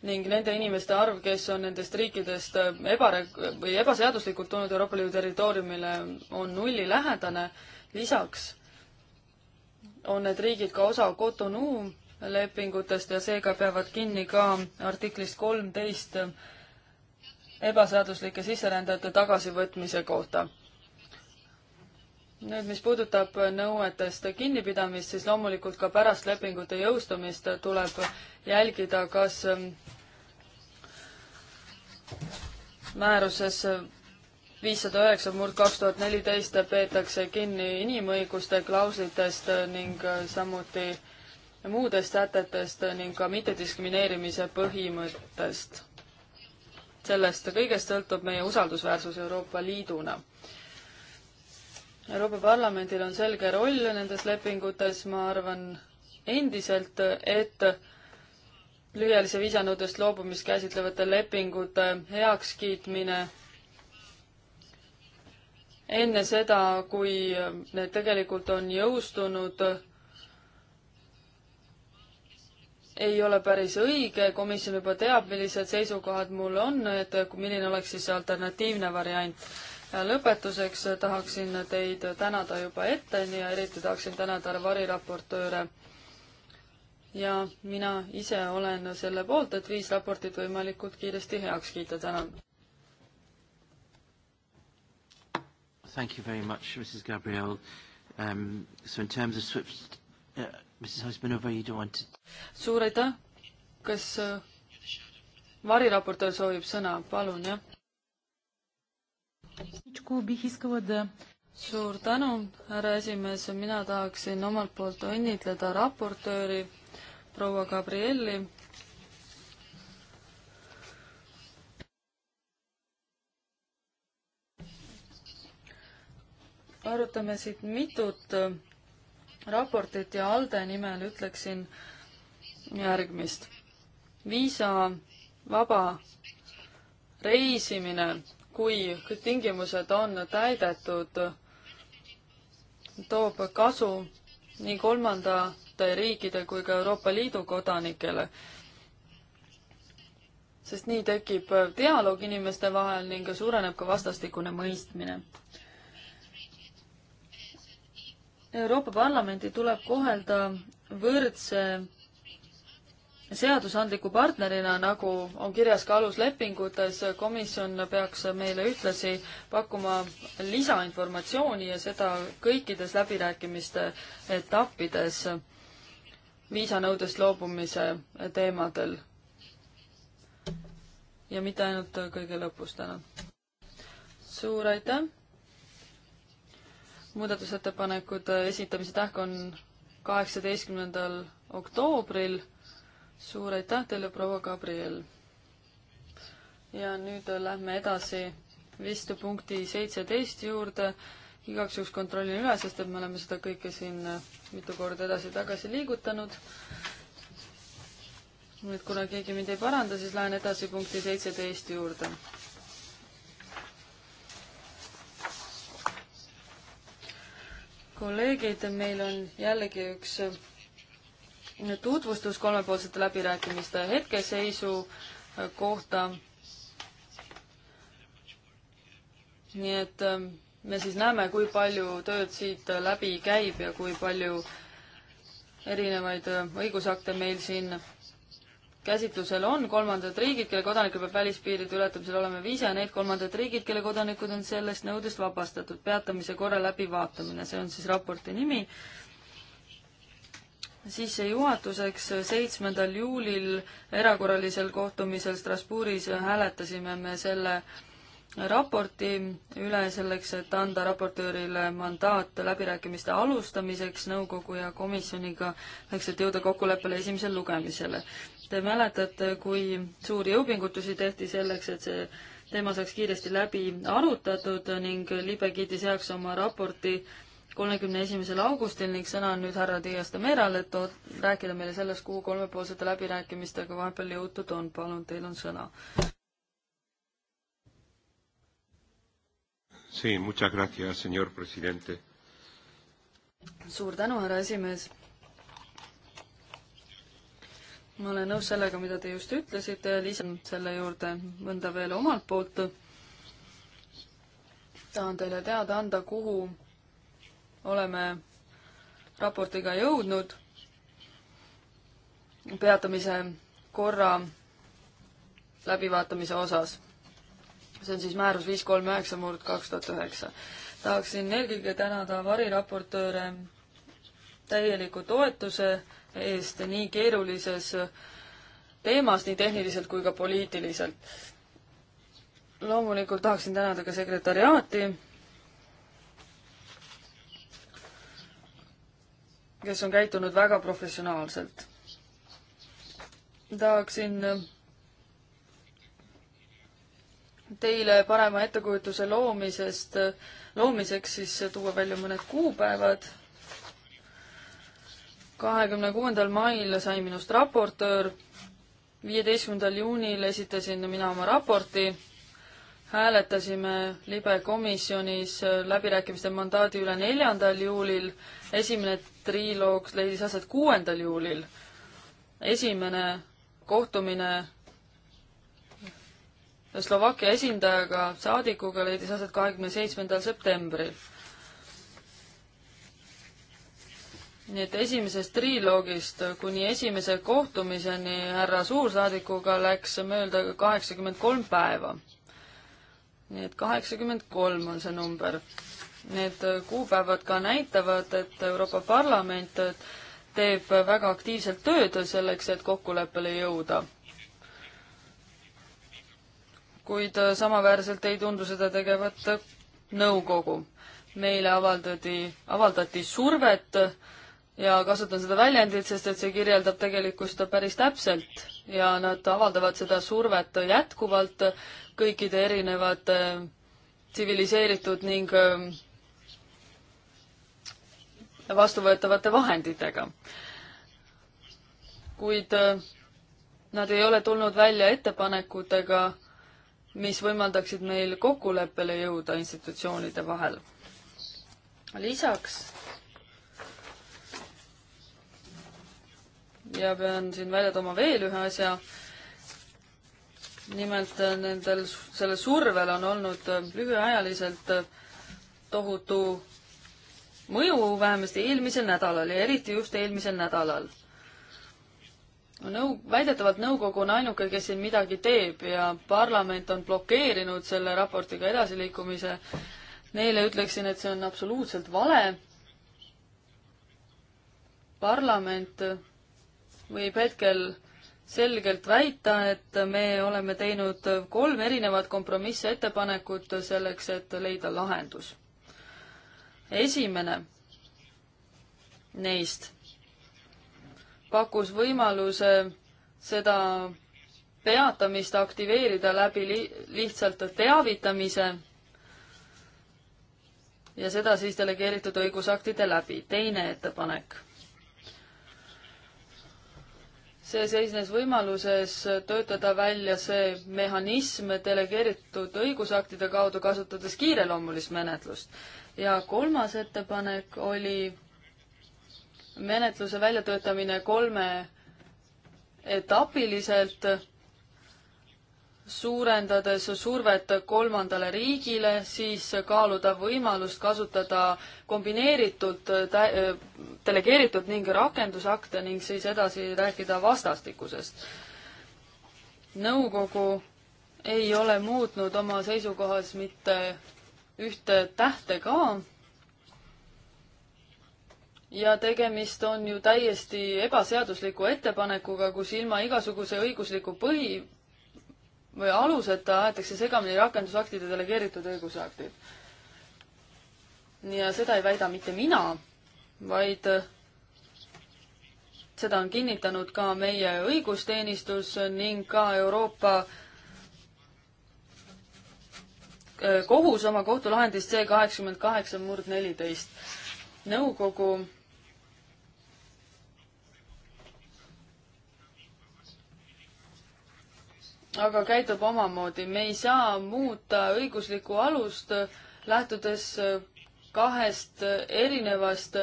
[SPEAKER 2] ning nende inimeste arv, kes on nendest riikidest ebare- või ebaseaduslikult tulnud Euroopa Liidu territooriumile, on nullilähedane lisaks on need riigid ka osa Cotonou lepingutest ja seega peavad kinni ka artiklist kolmteist ebaseaduslike sisserändajate tagasivõtmise kohta. nüüd, mis puudutab nõuetest kinnipidamist, siis loomulikult ka pärast lepingute jõustumist tuleb jälgida, kas määruses viissada üheksa murd kaks tuhat neliteist peetakse kinni inimõiguste klauslitest ning äh, samuti muudest sätetest ning ka mittediskrimineerimise põhimõttest. sellest kõigest sõltub meie usaldusväärsus Euroopa Liiduna. Euroopa Parlamendil on selge roll nendes lepingutes, ma arvan endiselt, et lühiajalise viisanõudest loobumist käsitlevate lepingute heakskiitmine enne seda, kui need tegelikult on jõustunud, ei ole päris õige, komisjon juba teab, millised seisukohad mul on, et milline oleks siis see alternatiivne variant. ja lõpetuseks tahaksin teid tänada juba ette ja eriti tahaksin tänada variraportööre. ja mina ise olen selle poolt, et viis raportit võimalikult kiiresti heaks kiita, tänan.
[SPEAKER 1] Thank you very much, Mrs. Gabriel. Um, so in terms of SWIFT, uh, Mrs. Hosmanova, you don't want to...
[SPEAKER 2] suur aitäh. kas uh, variraportöör soovib sõna, palun, jah? suur tänu, härra esimees, mina tahaksin omalt poolt õnnitleda raportööri proua Gabrielli arutame siit mitut äh, raportit ja ALDE nimel ütleksin järgmist. viisavaba reisimine, kui kõik tingimused on täidetud, toob kasu nii kolmandate riikide kui ka Euroopa Liidu kodanikele sest nii tekib dialoog inimeste vahel ning suureneb ka vastastikune mõistmine. Euroopa Parlamendi tuleb kohelda võrdse seadusandliku partnerina, nagu on kirjas ka aluslepingutes, komisjon peaks meile ühtlasi pakkuma lisainformatsiooni ja seda kõikides läbirääkimiste etappides viisanõudest loobumise teemadel. ja mitte ainult kõige lõpus täna. suur aitäh! muudatusettepanekute esitamise tähk on kaheksateistkümnendal oktoobril. suur aitäh teile, proua Gabriel. ja nüüd lähme edasi vist punkti seitseteist juurde. igaks juhuks kontrollin üle, sest et me oleme seda kõike siin mitu korda edasi-tagasi liigutanud. nüüd kuna keegi mind ei paranda, siis lähen edasi punkti seitseteist juurde kolleegid, meil on jällegi üks tutvustus kolmepoolsete läbirääkimiste hetkeseisu kohta. nii et ähm, me siis näeme, kui palju tööd siit läbi käib ja kui palju erinevaid äh, õigusakte meil siin käsitlusel on kolmandad riigid, kelle kodanikel peab välispiiride ületamisel olema viisa ja need kolmandad riigid, kelle kodanikud on sellest nõudest vabastatud. peatamise korra läbivaatamine, see on siis raporti nimi. sissejuhatuseks seitsmendal juulil erakorralisel kohtumisel Strasbourgis hääletasime me selle äh, raporti üle selleks, et anda raportöörile mandaat läbirääkimiste alustamiseks nõukogu ja komisjoniga, eks, et jõuda kokkuleppele esimesel lugemisel. Te mäletate, kui suuri jõupingutusi tehti selleks, et see teema saaks kiiresti läbi arutatud ning libe kiitis heaks oma raporti kolmekümne esimesel augustil ning sõna on nüüd härra Tiias Demeral, et rääkida meile sellest, kuhu kolmepoolsete läbirääkimistega vahepeal jõutud on. palun, teil on sõna
[SPEAKER 1] Sí, muchas gracias, señor presidente.
[SPEAKER 2] suur tänu, härra esimees. ma olen nõus sellega, mida te just ütlesite, lisan selle juurde mõnda veel omalt poolt. tahan teile teada anda, kuhu oleme raportiga jõudnud. peatamise korra läbivaatamise osas see on siis määrus viis kolm üheksa murd kaks tuhat üheksa. tahaksin eelkõige tänada variraportööre täieliku toetuse eest nii keerulises teemas, nii tehniliselt kui ka poliitiliselt. loomulikult tahaksin tänada ka sekretariaati, kes on käitunud väga professionaalselt. tahaksin teile parema ettekujutuse loomisest, loomiseks siis tuua välja mõned kuupäevad. kahekümne kuuendal mail sai minust raportöör, viieteistkümnendal juunil esitasin mina oma raporti, hääletasime libe komisjonis läbirääkimiste mandaadi üle neljandal juulil, esimene triloog leidis aset kuuendal juulil, esimene kohtumine Slovakkia esindajaga, saadikuga leidis aset kahekümne seitsmendal septembril. nii et esimesest triloogist kuni esimese kohtumiseni härra suursaadikuga läks mööda kaheksakümmend kolm päeva. nii et kaheksakümmend kolm on see number. Need kuupäevad ka näitavad, et Euroopa Parlament teeb väga aktiivselt tööd selleks, et kokkuleppele jõuda kuid äh, samaväärselt ei tundu seda tegevat nõukogu. meile avaldati, avaldati survet ja kasutan seda väljendit, sest et see kirjeldab tegelikkust päris täpselt ja nad avaldavad seda survet jätkuvalt kõikide erinevate äh, tsiviliseeritud ning äh, vastuvõetavate vahenditega. kuid nad ei ole tulnud välja ettepanekutega mis võimaldaksid meil kokkuleppele jõuda institutsioonide vahel. lisaks ja pean siin välja tooma veel ühe asja, nimelt äh, nendel, sellel survel on olnud äh, lühiajaliselt äh, tohutu mõju, vähemasti eelmisel nädalal ja eriti just eelmisel nädalal nõu-, väidetavalt nõukogu on ainuke, kes siin midagi teeb ja parlament on blokeerinud selle raportiga edasiliikumise. Neile ütleksin, et see on absoluutselt vale. parlament võib hetkel selgelt väita, et me oleme teinud kolm erinevat kompromissettepanekut selleks, et leida lahendus. esimene neist pakkus võimaluse seda peatamist aktiveerida läbi li lihtsalt teavitamise ja seda siis delegeeritud õigusaktide läbi. teine ettepanek. see seisnes võimaluses töötada välja see mehhanism delegeeritud õigusaktide kaudu, kasutades kiireloomulist menetlust. ja kolmas ettepanek oli menetluse väljatöötamine kolmeetapiliselt, suurendades survet kolmandale riigile, siis kaaluda võimalust kasutada kombineeritult delegeeritud ning rakendusakte ning siis edasi rääkida vastastikusest. nõukogu ei ole muutnud oma seisukohas mitte ühte tähte ka ja tegemist on ju täiesti ebaseadusliku ettepanekuga, kus ilma igasuguse õigusliku põhi või aluseta aetakse segamini rakendusaktid ja delegeeritud õigusaktid. ja seda ei väida mitte mina, vaid seda on kinnitanud ka meie õigusteenistus ning ka Euroopa eh, kohus oma kohtulahendist C kaheksakümmend kaheksa murd neliteist. nõukogu aga käitub omamoodi. me ei saa muuta õiguslikku alust, lähtudes kahest erinevast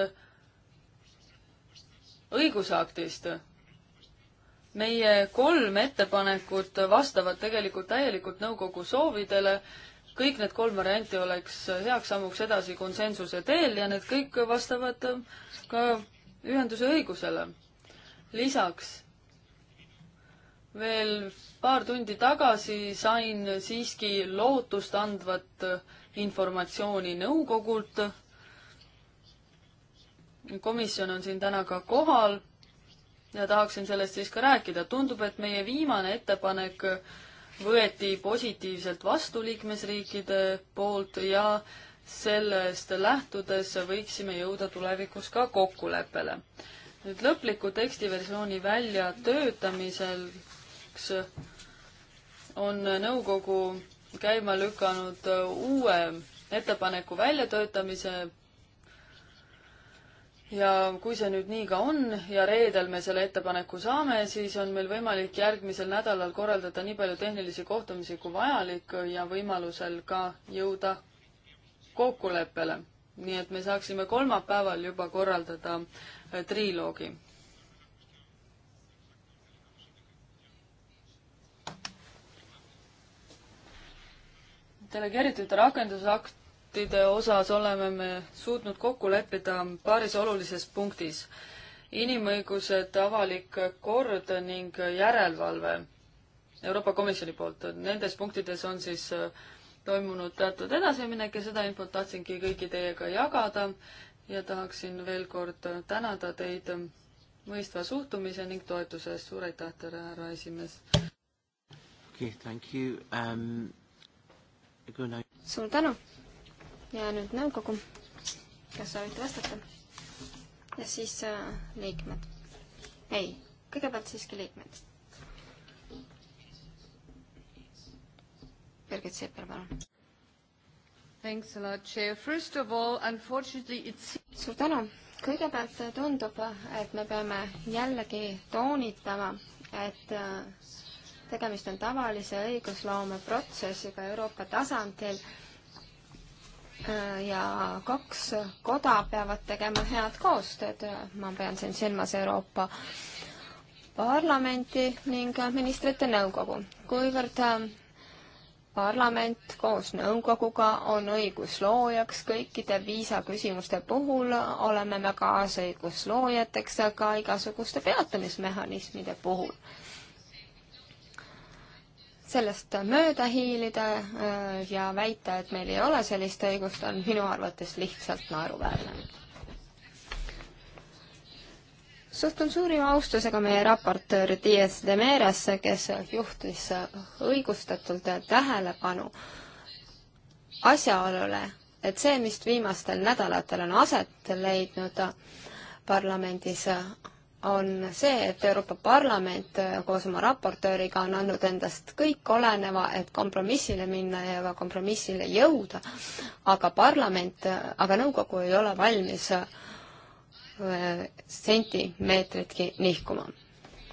[SPEAKER 2] õigusaktist. meie kolm ettepanekut vastavad tegelikult täielikult nõukogu soovidele. kõik need kolm varianti oleks heaks sammuks edasi konsensuse teel ja need kõik vastavad ka ühenduse õigusele. lisaks veel paar tundi tagasi sain siiski lootust andvat informatsiooni nõukogult. komisjon on siin täna ka kohal ja tahaksin sellest siis ka rääkida. tundub, et meie viimane ettepanek võeti positiivselt vastu liikmesriikide poolt ja sellest lähtudes võiksime jõuda tulevikus ka kokkuleppele. nüüd lõpliku tekstiversiooni väljatöötamisel lõpuks on nõukogu käima lükanud uue ettepaneku väljatöötamise ja kui see nüüd nii ka on ja reedel me selle ettepaneku saame, siis on meil võimalik järgmisel nädalal korraldada nii palju tehnilisi kohtumisi kui vajalik ja võimalusel ka jõuda kokkuleppele. nii et me saaksime kolmapäeval juba korraldada triloogi. delegeeritud rakendusaktide osas oleme me suutnud kokku leppida paaris olulises punktis. inimõigused, avalik kord ning järelevalve Euroopa Komisjoni poolt, nendes punktides on siis äh, toimunud teatud edasiminek ja seda infot tahtsingi kõigi teiega jagada ja tahaksin veel kord tänada teid mõistva suhtumise ning toetuse eest. suur aitäh teile, härra esimees!
[SPEAKER 1] Okay, thank you. Um,
[SPEAKER 2] suur tänu
[SPEAKER 4] ja nüüd nõukogu, kas soovite vastata? ja siis äh, liikmed. ei, kõigepealt siiski liikmed. Birgit Seeper, palun. Thanks a
[SPEAKER 2] lot, Chair. First of all, unfortunately it's
[SPEAKER 4] suur tänu. kõigepealt tundub, et me peame jällegi toonitama, et äh, tegemist on tavalise õigusloome protsessiga Euroopa tasandil ja kaks koda peavad tegema head koostööd, ma pean siin silmas Euroopa Parlamenti ning ministrite nõukogu. kuivõrd ähm, parlament koos nõukoguga on õigusloojaks kõikide viisaküsimuste puhul, oleme me kaasõigusloojateks ka igasuguste peatamismehhanismide puhul sellest mööda hiilida äh, ja väita, et meil ei ole sellist õigust, on minu arvates lihtsalt naeruväärne. suhtun suurima austusega meie raportöör Dias de Merasse, kes juhtis õigustatult tähelepanu asjaolule, et see, mis viimastel nädalatel on aset leidnud parlamendis, on see, et Euroopa Parlament koos oma raportööriga on andnud endast kõik oleneva, et kompromissile minna ja ka kompromissile jõuda, aga parlament, aga nõukogu ei ole valmis äh, sentimeetritki nihkuma.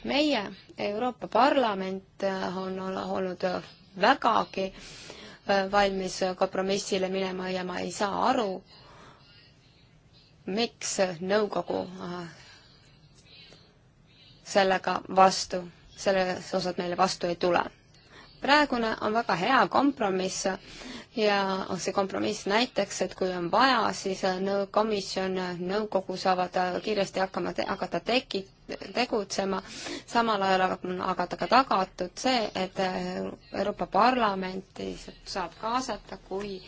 [SPEAKER 4] meie, Euroopa Parlament, on olnud vägagi äh, valmis kompromissile minema ja ma ei saa aru, miks nõukogu äh, sellega vastu, selles osas meile vastu ei tule. praegune on väga hea kompromiss ja see kompromiss näiteks, et kui on vaja, siis nõu-, komisjon, nõukogu saavad kiiresti hakkama te,, hakata teki-, tegutsema, samal ajal on aga ka tagatud see, et Euroopa Parlamenti saab kaasata, kui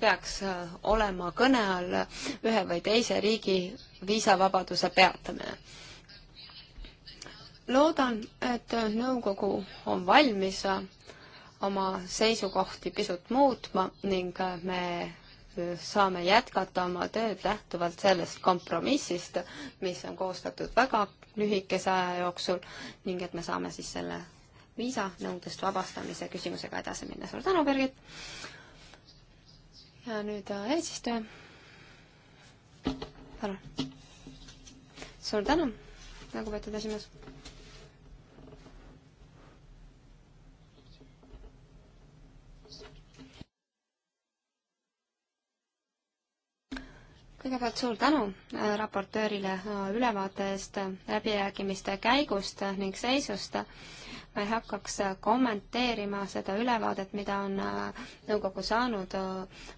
[SPEAKER 4] peaks olema kõne all ühe või teise riigi viisavabaduse peatamine loodan, et nõukogu on valmis oma seisukohti pisut muutma ning me saame jätkata oma tööd lähtuvalt sellest kompromissist, mis on koostatud väga lühikese aja jooksul ning et me saame siis selle viisanõudest vabastamise küsimusega edasi minna. suur tänu, Birgit! ja nüüd äh, eesistuja. palun. suur tänu, lugupeetud esimees nagu kõigepealt suur tänu äh, raportöörile äh, ülevaate eest äh, läbirääkimiste käigust ning seisust. ma ei hakkaks kommenteerima seda ülevaadet, mida on nõukogu saanud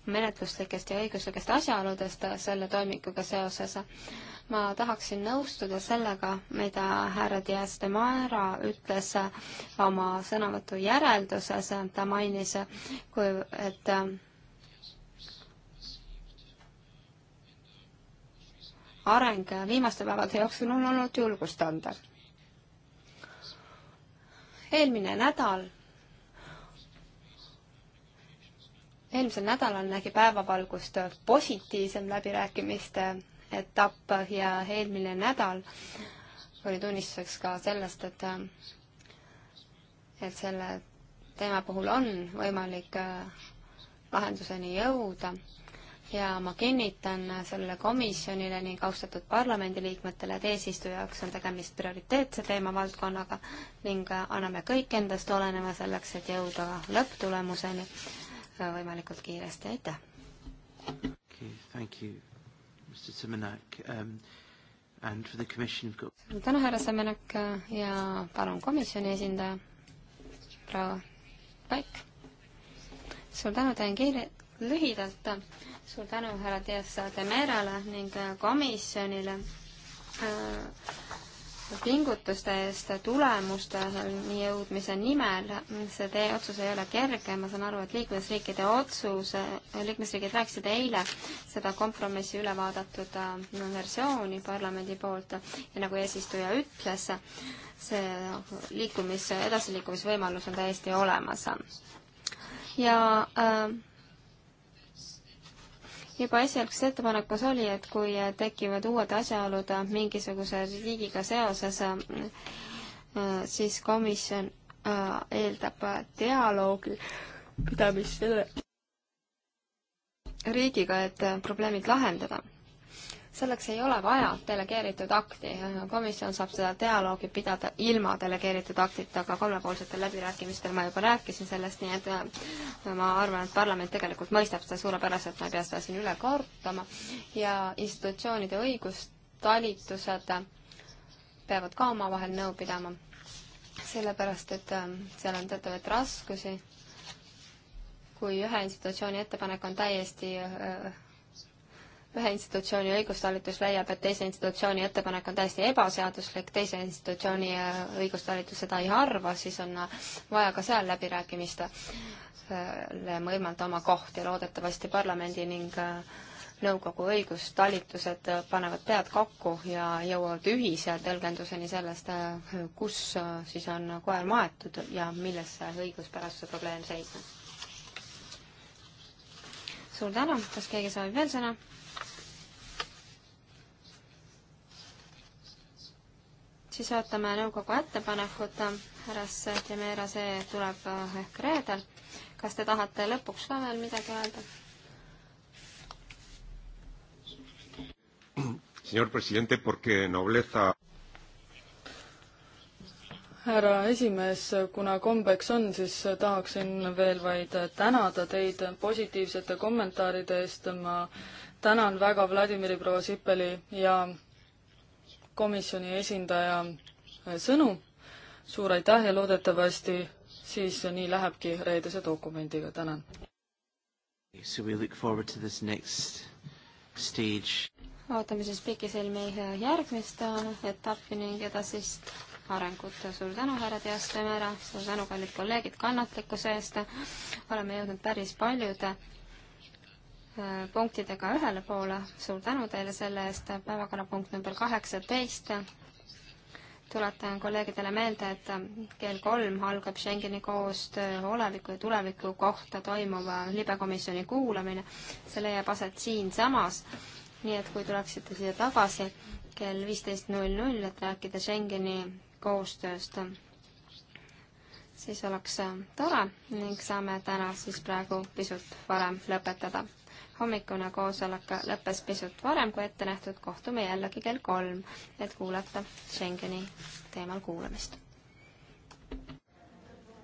[SPEAKER 4] menetluslikest ja õiguslikest asjaoludest selle toimikuga seoses. ma tahaksin nõustuda sellega, mida härra Dias de Mara ütles oma sõnavõtu järelduses, ta mainis, kui, et areng viimaste päevade jooksul on olnud julgustandev. eelmine nädal, eelmisel nädalal nägi päevavalgust positiivsem läbirääkimiste etapp ja eelmine nädal oli tunnistuseks ka sellest, et et selle teema puhul on võimalik lahenduseni jõuda ja ma kinnitan sellele komisjonile ning austatud parlamendiliikmetele, et eesistuja jaoks on tegemist prioriteetse teemavaldkonnaga ning anname kõik endast oleneva selleks, et jõuda lõpptulemuseni võimalikult kiiresti, aitäh!
[SPEAKER 1] Um,
[SPEAKER 4] suur tänu, härra Semenak ja palun komisjoni esindaja, proua Paik. suur tänu, teen kiire, lühidalt. suur tänu härra Dias Demerale ning komisjonile äh, pingutuste eest tulemusteni jõudmise nimel. see teie otsus ei ole kerge, ma saan aru, et liikmesriikide otsus, äh, liikmesriigid rääkisid eile seda kompromissi üle vaadatud äh, versiooni parlamendi poolt ja nagu eesistuja ütles, see liikumis, edasiliikumisvõimalus on täiesti olemas. ja äh, juba esialgses ettepanekus oli, et kui tekivad uued asjaolud mingisuguse riigiga seoses, äh, siis komisjon äh, eeldab dialoogi pidamist selle riigiga, et äh, probleemid lahendada selleks ei ole vaja delegeeritud akti, komisjon saab seda dialoogi pidada ilma delegeeritud aktita, aga kolmepoolsetel läbirääkimistel ma juba rääkisin sellest, nii et äh, ma arvan, et parlament tegelikult mõistab seda suurepäraselt, ma ei pea seda siin üle korrutama, ja institutsioonide õigustalitused peavad ka omavahel nõu pidama, sellepärast et äh, seal on teatavaid raskusi, kui ühe institutsiooni ettepanek on täiesti öö, äh, ühe institutsiooni õigustalitus leiab, et teise institutsiooni ettepanek on täiesti ebaseaduslik, teise institutsiooni äh, õigustalitus seda ei arva, siis on äh, vaja ka seal läbirääkimistele võimaldada oma koht ja loodetavasti parlamendi ning äh, nõukogu õigustalitused panevad pead kokku ja jõuavad ühise tõlgenduseni sellest, kus siis on koer maetud ja milles see õiguspärasuse probleem seisneb. suur tänu, kas keegi soovib veel sõna? siis ootame nõukogu ettepanekut, härra Stemera, see tuleb äh, ehk reedel. kas te tahate lõpuks ka veel midagi öelda?
[SPEAKER 1] Señor presidente, porque nobleza
[SPEAKER 2] härra esimees, kuna kombeks on, siis tahaksin veel vaid tänada teid positiivsete kommentaaride eest, ma tänan väga Vladimiri proua Sippeli ja komisjoni esindaja äh, sõnu. suur aitäh ja loodetavasti siis nii lähebki reedese dokumendiga, tänan. ootame siis pikisilmi äh, järgmist äh,
[SPEAKER 4] etappi ning edasist arengut. suur tänu, härra Teastemera, suur tänu, kallid kolleegid, kannatlikkuse eest. oleme jõudnud päris paljude punktidega ühele poole. suur tänu teile selle eest, päevakorrapunkt number kaheksateist. tuletan kolleegidele meelde, et kell kolm algab Schengeni koostöö oleviku ja tuleviku kohta toimuva libekomisjoni kuulamine. see leiab aset siinsamas. nii et kui tuleksite siia tagasi kell viisteist null null, et rääkida Schengeni koostööst, siis oleks tore ning saame täna siis praegu pisut varem lõpetada hommikune koosolek lõppes pisut varem kui ette nähtud, kohtume jällegi kell kolm, et kuulata Schengeni teemal kuulamist